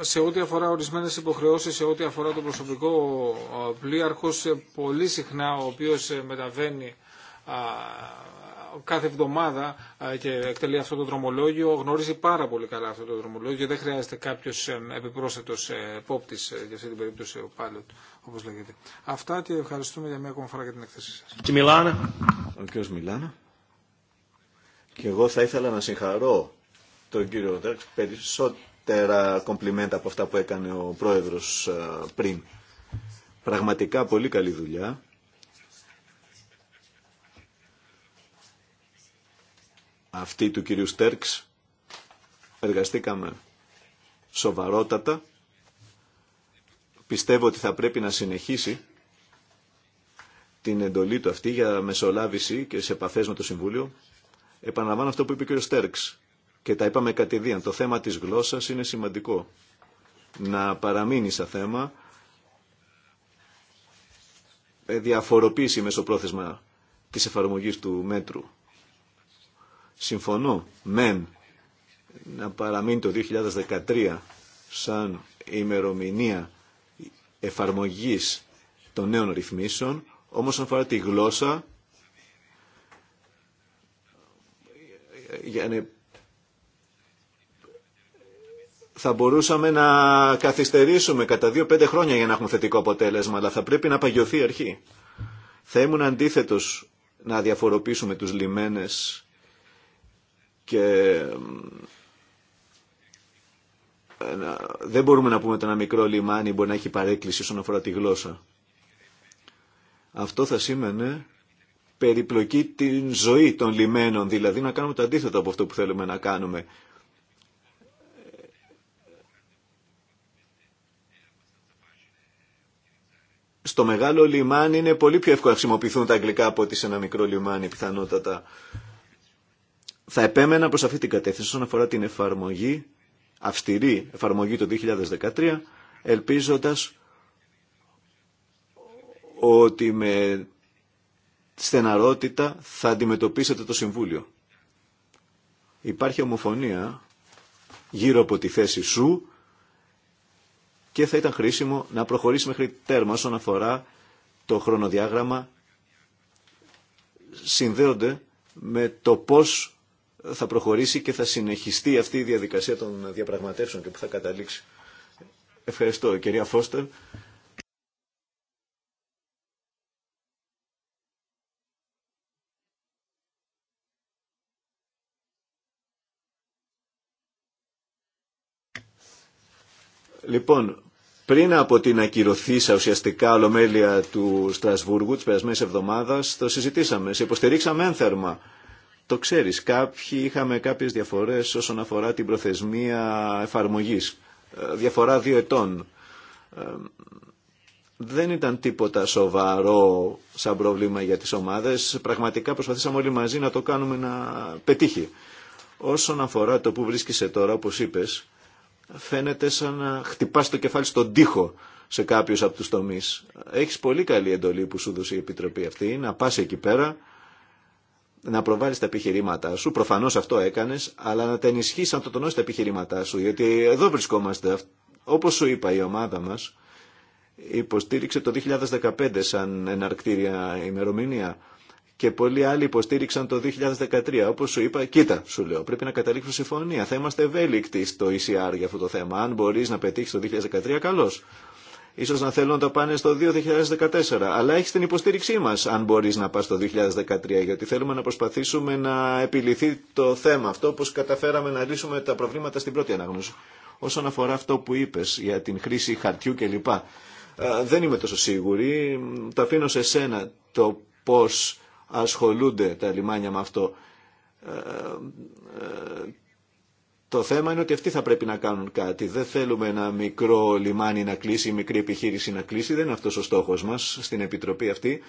σε ό,τι αφορά ορισμένες υποχρεώσεις, σε ό,τι αφορά το προσωπικό πλοίαρχο, πλοίαρχος, ε, πολύ συχνά ο οποίος μεταβαίνει κάθε εβδομάδα και εκτελεί αυτό το δρομολόγιο, γνωρίζει πάρα πολύ καλά αυτό το δρομολόγιο και δεν χρειάζεται κάποιος επιπρόσθετος επόπτης για αυτή την περίπτωση, ο πάλι, όπως λέγεται. Αυτά και ευχαριστούμε για μια ακόμα φορά για την εκθέσή σας. Μιλάνα. Ο Μιλάνα. Και εγώ θα ήθελα να συγχαρώ τον κύριο Στέρξ, περισσότερα κομπλιμέντα από αυτά που έκανε ο πρόεδρος ε, πριν. Πραγματικά πολύ καλή δουλειά. Αυτή του κυρίου Στέρξ εργαστήκαμε σοβαρότατα. Πιστεύω ότι θα πρέπει να συνεχίσει την εντολή του αυτή για μεσολάβηση και σε επαφές με το Συμβούλιο. Επαναλαμβάνω αυτό που είπε ο κύριος Στέρξ και τα είπαμε κατηδίαν. Το θέμα της γλώσσας είναι σημαντικό να παραμείνει σαν θέμα ε, διαφοροποίηση μεσοπρόθεσμα της εφαρμογής του μέτρου. Συμφωνώ, μεν, να παραμείνει το 2013 σαν ημερομηνία εφαρμογής των νέων ρυθμίσεων, όμως αφορά τη γλώσσα, για να θα μπορούσαμε να καθυστερήσουμε κατά δύο-πέντε χρόνια για να έχουμε θετικό αποτέλεσμα, αλλά θα πρέπει να παγιωθεί η αρχή. Θα ήμουν αντίθετο να διαφοροποιήσουμε τους λιμένες και ε, δεν μπορούμε να πούμε ότι ένα μικρό λιμάνι μπορεί να έχει παρέκκληση όσον αφορά τη γλώσσα. Αυτό θα σήμαινε περιπλοκή την ζωή των λιμένων, δηλαδή να κάνουμε το αντίθετο από αυτό που θέλουμε να κάνουμε. στο μεγάλο λιμάνι είναι πολύ πιο εύκολο να χρησιμοποιηθούν τα αγγλικά από ότι σε ένα μικρό λιμάνι πιθανότατα. Θα επέμενα προς αυτή την κατεύθυνση όσον αφορά την εφαρμογή, αυστηρή εφαρμογή το 2013, ελπίζοντας ότι με στεναρότητα θα αντιμετωπίσετε το Συμβούλιο. Υπάρχει ομοφωνία γύρω από τη θέση σου και θα ήταν χρήσιμο να προχωρήσει μέχρι τέρμα όσον αφορά το χρονοδιάγραμμα συνδέονται με το πώς θα προχωρήσει και θα συνεχιστεί αυτή η διαδικασία των διαπραγματεύσεων και που θα καταλήξει. Ευχαριστώ κυρία Φώστερ. Λοιπόν, πριν από την ακυρωθήσα ουσιαστικά ολομέλεια του Στρασβούργου της περασμένης εβδομάδας, το συζητήσαμε, σε υποστηρίξαμε ένθερμα. Το ξέρεις, κάποιοι είχαμε κάποιες διαφορές όσον αφορά την προθεσμία εφαρμογής. Ε, διαφορά δύο ετών. Ε, δεν ήταν τίποτα σοβαρό σαν πρόβλημα για τις ομάδες. Πραγματικά προσπαθήσαμε όλοι μαζί να το κάνουμε να πετύχει. Όσον αφορά το που βρίσκεσαι τώρα, όπως είπες, φαίνεται σαν να χτυπάς το κεφάλι στον τοίχο σε κάποιους από τους τομείς. Έχεις πολύ καλή εντολή που σου δώσει η Επιτροπή αυτή, να πας εκεί πέρα, να προβάλλεις τα επιχειρήματά σου, προφανώς αυτό έκανες, αλλά να τα ενισχύσεις, να το τονώσεις τα επιχειρήματά σου, γιατί εδώ βρισκόμαστε. Όπως σου είπα η ομάδα μας, υποστήριξε το 2015 σαν εναρκτήρια ημερομηνία και πολλοί άλλοι υποστήριξαν το 2013. όπω σου είπα, κοίτα, σου λέω, πρέπει να καταλήξουμε συμφωνία. Θα είμαστε ευέλικτοι στο ECR για αυτό το θέμα. Αν μπορεί να πετύχει το 2013, καλώς. Ίσως να θέλουν να το πάνε στο 2014, αλλά έχεις την υποστήριξή μας αν μπορείς να πας το 2013, γιατί θέλουμε να προσπαθήσουμε να επιληθεί το θέμα αυτό, όπως καταφέραμε να λύσουμε τα προβλήματα στην πρώτη ανάγνωση. Όσον αφορά αυτό που είπες για την χρήση χαρτιού κλπ. Ε, δεν είμαι τόσο σίγουρη, το αφήνω σε σένα το πώς ασχολούνται τα λιμάνια με αυτό. Ε, ε, το θέμα είναι ότι αυτοί θα πρέπει να κάνουν κάτι. Δεν θέλουμε ένα μικρό λιμάνι να κλείσει, μικρή επιχείρηση να κλείσει. Δεν είναι αυτός ο στόχος μας στην Επιτροπή αυτή.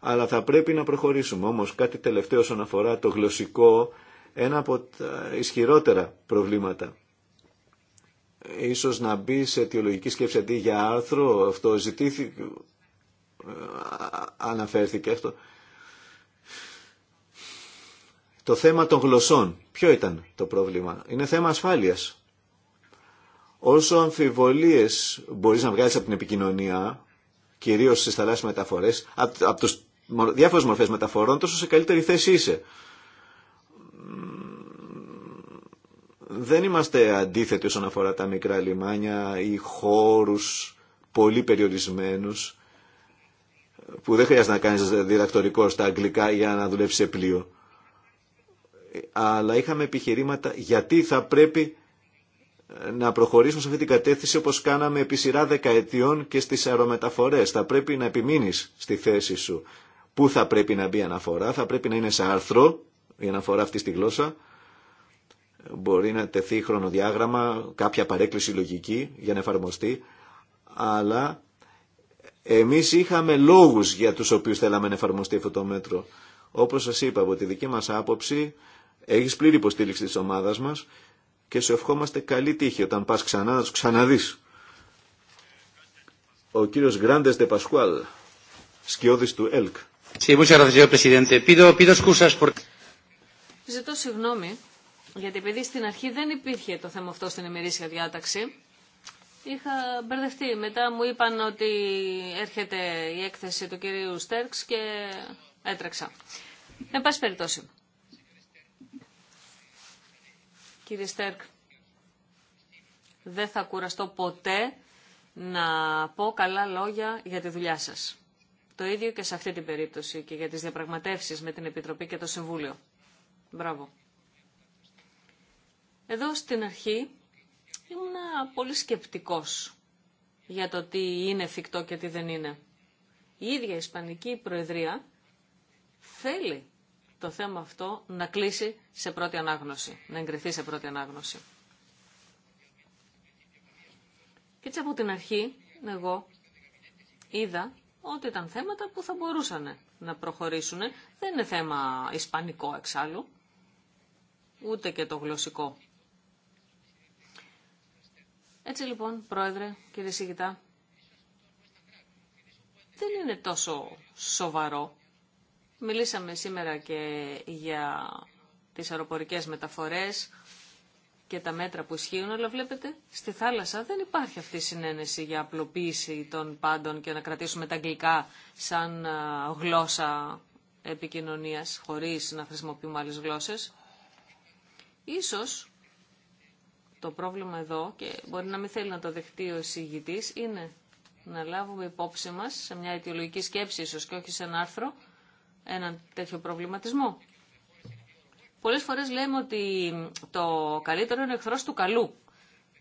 Αλλά θα πρέπει να προχωρήσουμε. Όμως κάτι τελευταίο όσον αφορά το γλωσσικό, ένα από τα ισχυρότερα προβλήματα. Ίσως να μπει σε αιτιολογική σκέψη αντί για άρθρο, αυτό ζητήθηκε, ε, αναφέρθηκε αυτό. Το θέμα των γλωσσών. Ποιο ήταν το πρόβλημα. Είναι θέμα ασφάλειας. Όσο αμφιβολίες μπορείς να βγάλεις από την επικοινωνία, κυρίως στις θαλάσσιες μεταφορές, από, από τους διάφορες μορφές μεταφορών, τόσο σε καλύτερη θέση είσαι. Δεν είμαστε αντίθετοι όσον αφορά τα μικρά λιμάνια ή χώρους πολύ περιορισμένους που δεν χρειάζεται να κάνεις διδακτορικό στα αγγλικά για να δουλέψεις σε πλοίο αλλά είχαμε επιχειρήματα γιατί θα πρέπει ε, να προχωρήσουμε σε αυτή την κατεύθυνση όπως κάναμε επί σειρά δεκαετιών και στις αερομεταφορές. Θα πρέπει να επιμείνεις στη θέση σου. Πού θα πρέπει να μπει αναφορά, θα πρέπει να είναι σε άρθρο η αναφορά αυτή στη γλώσσα. Μπορεί να τεθεί χρονοδιάγραμμα, κάποια παρέκκληση λογική για να εφαρμοστεί, αλλά εμείς είχαμε λόγους για τους οποίους θέλαμε να εφαρμοστεί αυτό το μέτρο. Όπως σας είπα, από τη δική μας άποψη, Έχεις πλήρη υποστήριξη της ομάδας μας και σου ευχόμαστε καλή τύχη όταν πας ξανά να τους ξαναδείς. Ο κύριος Γκράντες Δε Πασκουάλ, σκιώδης του ΕΛΚ. Ζητώ συγγνώμη, γιατί επειδή στην αρχή δεν υπήρχε το θέμα αυτό στην ημερήσια διάταξη, είχα μπερδευτεί. Μετά μου είπαν ότι έρχεται η έκθεση του κυρίου Στέρξ και έτρεξα. Εν πάση περιπτώσει, Κύριε Στέρκ, δεν θα κουραστώ ποτέ να πω καλά λόγια για τη δουλειά σας. Το ίδιο και σε αυτή την περίπτωση και για τις διαπραγματεύσεις με την Επιτροπή και το Συμβούλιο. Μπράβο. Εδώ στην αρχή ήμουν πολύ σκεπτικός για το τι είναι εφικτό και τι δεν είναι. Η ίδια η Ισπανική Προεδρία θέλει το θέμα αυτό να κλείσει σε πρώτη ανάγνωση, να εγκριθεί σε πρώτη ανάγνωση. Και έτσι από την αρχή εγώ είδα ότι ήταν θέματα που θα μπορούσαν να προχωρήσουν. Δεν είναι θέμα ισπανικό εξάλλου, ούτε και το γλωσσικό. Έτσι λοιπόν, Πρόεδρε, κύριε Σιγητά, δεν είναι τόσο σοβαρό Μιλήσαμε σήμερα και για τις αεροπορικές μεταφορές και τα μέτρα που ισχύουν, αλλά βλέπετε στη θάλασσα δεν υπάρχει αυτή η συνένεση για απλοποίηση των πάντων και να κρατήσουμε τα αγγλικά σαν γλώσσα επικοινωνίας χωρίς να χρησιμοποιούμε άλλες γλώσσες. Ίσως το πρόβλημα εδώ, και μπορεί να μην θέλει να το δεχτεί ο εισηγητής, είναι να λάβουμε υπόψη μας σε μια αιτιολογική σκέψη ίσως και όχι σε ένα άρθρο, έναν τέτοιο προβληματισμό. Πολλές φορές λέμε ότι το καλύτερο είναι εχθρός του καλού.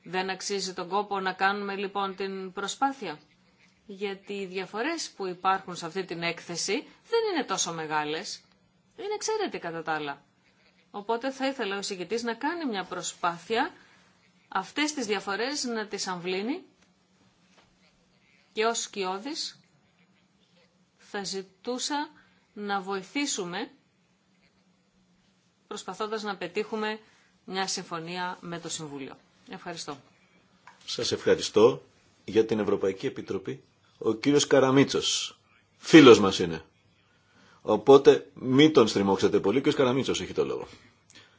Δεν αξίζει τον κόπο να κάνουμε λοιπόν την προσπάθεια. Γιατί οι διαφορές που υπάρχουν σε αυτή την έκθεση δεν είναι τόσο μεγάλες. Είναι εξαίρετη κατά τα άλλα. Οπότε θα ήθελα ο συγκητής να κάνει μια προσπάθεια αυτές τις διαφορές να τις αμβλύνει και ως σκιώδης θα ζητούσα να βοηθήσουμε προσπαθώντας να πετύχουμε μια συμφωνία με το Συμβούλιο. Ευχαριστώ. Σας ευχαριστώ για την Ευρωπαϊκή Επιτροπή. Ο κύριος Καραμίτσος, φίλος μας είναι. Οπότε μην τον στριμώξετε πολύ και ο Καραμίτσος έχει το λόγο.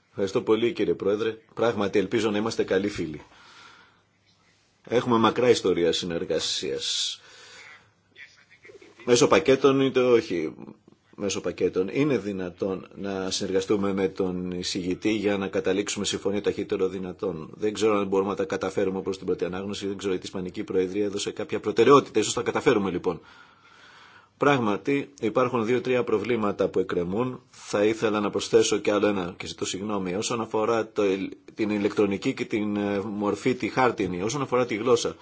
Ευχαριστώ πολύ κύριε Πρόεδρε. Πράγματι ελπίζω να είμαστε καλοί φίλοι. Έχουμε μακρά ιστορία συνεργασίας. Μέσω πακέτων είτε όχι μέσω πακέτων. Είναι δυνατόν να συνεργαστούμε με τον εισηγητή για να καταλήξουμε συμφωνία ταχύτερο δυνατόν. Δεν ξέρω αν μπορούμε να τα καταφέρουμε προ την πρώτη ανάγνωση. Δεν ξέρω η Ισπανική Προεδρία έδωσε κάποια προτεραιότητα. σω τα καταφέρουμε λοιπόν. Πράγματι υπάρχουν δύο-τρία προβλήματα που εκκρεμούν. Θα ήθελα να προσθέσω και άλλο ένα και ζητώ συγγνώμη. Όσον αφορά το, την ηλεκτρονική και την ε, μορφή τη χάρτινη, όσον αφορά τη γλώσσα.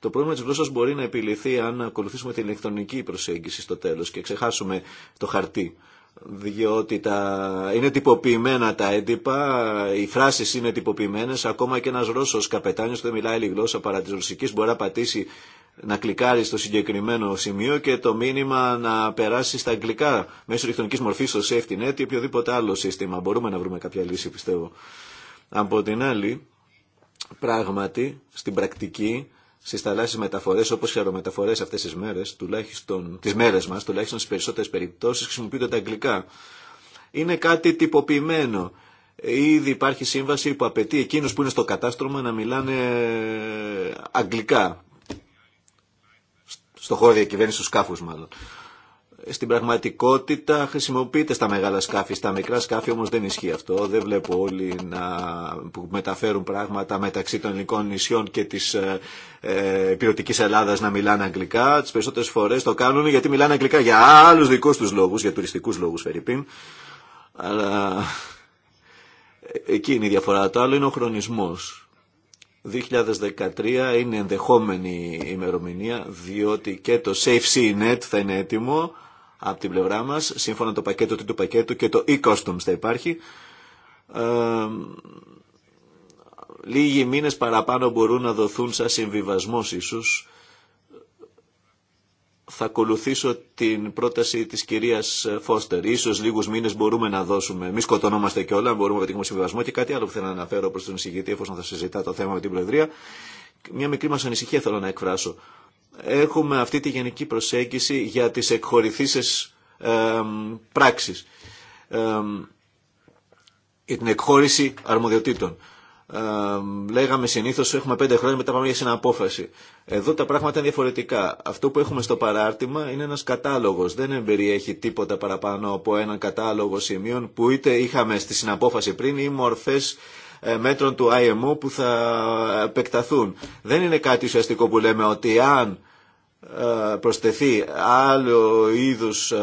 Το πρόβλημα τη γλώσσα μπορεί να επιληθεί αν ακολουθήσουμε την ηλεκτρονική προσέγγιση στο τέλο και ξεχάσουμε το χαρτί διότι τα... είναι τυποποιημένα τα έντυπα, οι φράσει είναι τυποποιημένε. Ακόμα και ένα Ρώσο καπετάνιο που δεν μιλάει άλλη γλώσσα παρά τη ρωσική μπορεί να πατήσει να κλικάρει στο συγκεκριμένο σημείο και το μήνυμα να περάσει στα αγγλικά μέσω ηλεκτρονική μορφή στο safety net ή οποιοδήποτε άλλο σύστημα. Μπορούμε να βρούμε κάποια λύση, πιστεύω. Από την άλλη, πράγματι, στην πρακτική, στι θαλάσσιε μεταφορέ, όπω οι αερομεταφορέ αυτέ τι μέρε, τουλάχιστον τι μέρε μα, τουλάχιστον στι περισσότερε περιπτώσει, χρησιμοποιούνται τα αγγλικά. Είναι κάτι τυποποιημένο. Ήδη υπάρχει σύμβαση που απαιτεί εκείνου που είναι στο κατάστρωμα να μιλάνε ε, αγγλικά. Στο χώρο διακυβέρνηση του σκάφου, μάλλον στην πραγματικότητα χρησιμοποιείται στα μεγάλα σκάφη. Στα μικρά σκάφη όμως δεν ισχύει αυτό. Δεν βλέπω όλοι να, που μεταφέρουν πράγματα μεταξύ των ελληνικών νησιών και της ε, Ελλάδα Ελλάδας να μιλάνε αγγλικά. Τις περισσότερες φορές το κάνουν γιατί μιλάνε αγγλικά για άλλους δικούς τους λόγους, για τουριστικούς λόγους Φερρυπίν. Αλλά ε, εκεί είναι η διαφορά. Το άλλο είναι ο χρονισμός. 2013 είναι ενδεχόμενη ημερομηνία διότι και το Safe θα είναι έτοιμο από την πλευρά μας, σύμφωνα το πακέτο του πακέτου και το e-customs θα υπάρχει. Ε, λίγοι μήνες παραπάνω μπορούν να δοθούν σαν συμβιβασμός ίσως. Θα ακολουθήσω την πρόταση της κυρίας Φώστερ. Ίσως λίγους μήνες μπορούμε να δώσουμε. Μη σκοτωνόμαστε και όλα, μπορούμε να πετύχουμε συμβιβασμό και κάτι άλλο που θέλω να αναφέρω προς τον εισηγητή εφόσον θα συζητά το θέμα με την Προεδρία. Μια μικρή μας ανησυχία θέλω να εκφράσω έχουμε αυτή τη γενική προσέγγιση για τις εκχωρηθήσεις ε, πράξεις, ε, για την εκχώρηση αρμοδιοτήτων. Ε, λέγαμε συνήθως έχουμε πέντε χρόνια μετά πάμε για συναπόφαση. Εδώ τα πράγματα είναι διαφορετικά. Αυτό που έχουμε στο παράρτημα είναι ένας κατάλογος. Δεν εμπεριέχει τίποτα παραπάνω από έναν κατάλογο σημείων που είτε είχαμε στη συναπόφαση πριν ή μορφές ε, μέτρων του IMO που θα επεκταθούν. Δεν είναι κάτι ουσιαστικό που λέμε ότι αν ε, προσθεθεί άλλο είδους ε,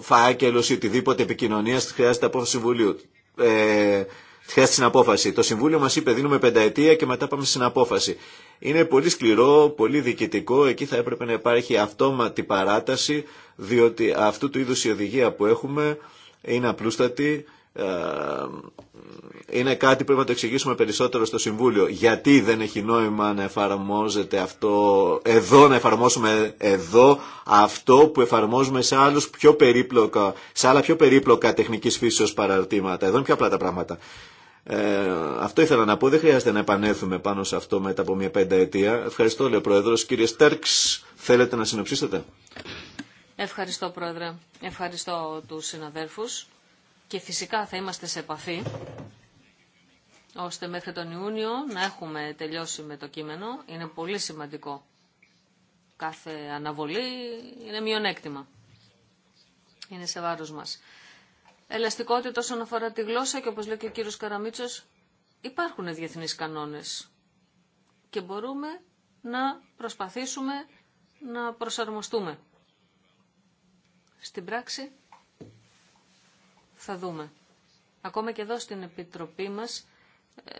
φάκελος ή οτιδήποτε επικοινωνία χρειάζεται απόφαση συμβουλίου. Ε, χρειάζεται συναπόφαση. Το Συμβούλιο μας είπε δίνουμε πενταετία και μετά πάμε στην απόφαση. Είναι πολύ σκληρό, πολύ διοικητικό, εκεί θα έπρεπε να υπάρχει αυτόματη παράταση, διότι αυτού του είδους η οδηγία που έχουμε είναι απλούστατη ε, είναι κάτι που πρέπει να το εξηγήσουμε περισσότερο στο Συμβούλιο. Γιατί δεν έχει νόημα να εφαρμόζεται αυτό εδώ, να εφαρμόσουμε εδώ αυτό που εφαρμόζουμε σε, άλλους πιο περίπλοκα, σε άλλα πιο περίπλοκα τεχνικής φύσεως παραρτήματα. Εδώ είναι πιο απλά τα πράγματα. Ε, αυτό ήθελα να πω. Δεν χρειάζεται να επανέλθουμε πάνω σε αυτό μετά από μια πενταετία. Ευχαριστώ, λέει ο Πρόεδρο. Κύριε Στέρξ, θέλετε να συνοψίσετε. Ευχαριστώ, Πρόεδρε. Ευχαριστώ του συναδέλφου και φυσικά θα είμαστε σε επαφή ώστε μέχρι τον Ιούνιο να έχουμε τελειώσει με το κείμενο. Είναι πολύ σημαντικό. Κάθε αναβολή είναι μειονέκτημα. Είναι σε βάρος μας. Ελαστικότητα όσον αφορά τη γλώσσα και όπως λέει και ο κύριος Καραμίτσος, υπάρχουν διεθνείς κανόνες και μπορούμε να προσπαθήσουμε να προσαρμοστούμε. Στην πράξη θα δούμε. Ακόμα και εδώ στην Επιτροπή μας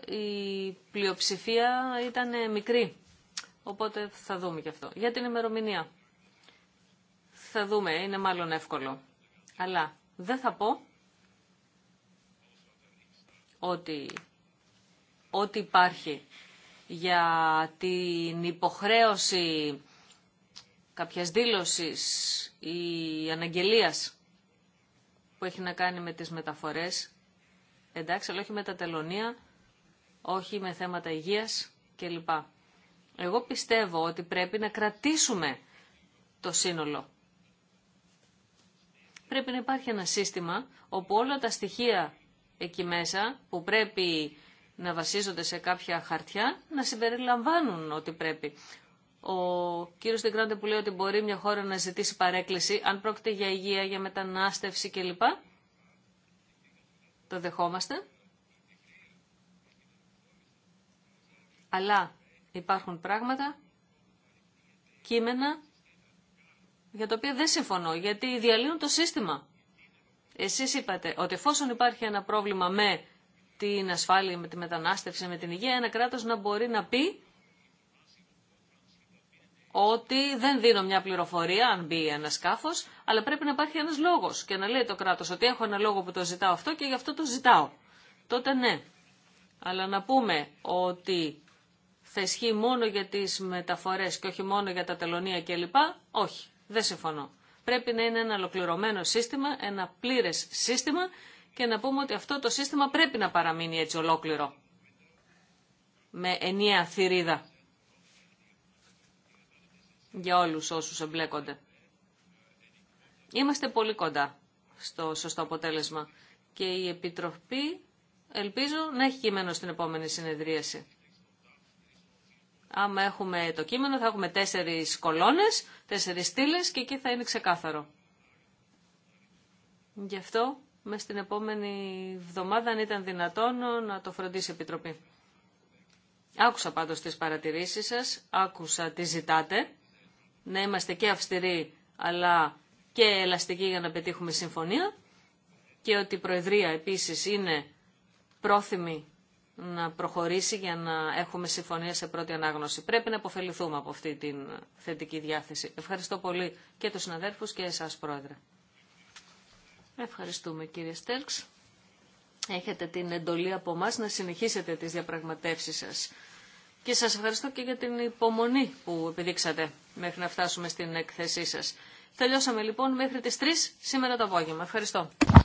ε, η πλειοψηφία ήταν μικρή. Οπότε θα δούμε και αυτό. Για την ημερομηνία. Θα δούμε, είναι μάλλον εύκολο. Αλλά δεν θα πω ότι ό,τι υπάρχει για την υποχρέωση κάποιας δήλωσης ή αναγγελίας που έχει να κάνει με τις μεταφορές, εντάξει, αλλά όχι με τα τελωνία, όχι με θέματα υγείας κλπ. Εγώ πιστεύω ότι πρέπει να κρατήσουμε το σύνολο. Πρέπει να υπάρχει ένα σύστημα όπου όλα τα στοιχεία εκεί μέσα που πρέπει να βασίζονται σε κάποια χαρτιά να συμπεριλαμβάνουν ό,τι πρέπει. Ο κύριο Τεγκράντε που λέει ότι μπορεί μια χώρα να ζητήσει παρέκκληση, αν πρόκειται για υγεία, για μετανάστευση κλπ. Το δεχόμαστε. Αλλά υπάρχουν πράγματα, κείμενα, για τα οποία δεν συμφωνώ, γιατί διαλύουν το σύστημα. Εσείς είπατε ότι εφόσον υπάρχει ένα πρόβλημα με την ασφάλεια, με τη μετανάστευση, με την υγεία, ένα κράτος να μπορεί να πει ότι δεν δίνω μια πληροφορία αν μπει ένα σκάφο, αλλά πρέπει να υπάρχει ένα λόγο και να λέει το κράτο ότι έχω ένα λόγο που το ζητάω αυτό και γι' αυτό το ζητάω. Τότε ναι. Αλλά να πούμε ότι θα ισχύει μόνο για τι μεταφορέ και όχι μόνο για τα τελωνία κλπ. Όχι. Δεν συμφωνώ. Πρέπει να είναι ένα ολοκληρωμένο σύστημα, ένα πλήρε σύστημα και να πούμε ότι αυτό το σύστημα πρέπει να παραμείνει έτσι ολόκληρο. Με ενιαία θηρίδα για όλους όσους εμπλέκονται. Είμαστε πολύ κοντά στο σωστό αποτέλεσμα και η Επιτροπή ελπίζω να έχει κείμενο στην επόμενη συνεδρίαση. Άμα έχουμε το κείμενο θα έχουμε τέσσερις κολόνες, τέσσερις στήλε και εκεί θα είναι ξεκάθαρο. Γι' αυτό με στην επόμενη εβδομάδα ήταν δυνατόν να το φροντίσει η Επιτροπή. Άκουσα πάντως τις παρατηρήσεις σας, άκουσα τι ζητάτε να είμαστε και αυστηροί αλλά και ελαστικοί για να πετύχουμε συμφωνία και ότι η Προεδρία επίσης είναι πρόθυμη να προχωρήσει για να έχουμε συμφωνία σε πρώτη ανάγνωση. Πρέπει να αποφεληθούμε από αυτή την θετική διάθεση. Ευχαριστώ πολύ και τους συναδέρφους και εσάς Πρόεδρε. Ευχαριστούμε κύριε Στέλξ. Έχετε την εντολή από εμά να συνεχίσετε τις διαπραγματεύσεις σας. Και σας ευχαριστώ και για την υπομονή που επιδείξατε μέχρι να φτάσουμε στην εκθεσή σας. Τελειώσαμε λοιπόν μέχρι τις 3 σήμερα το απόγευμα. Ευχαριστώ.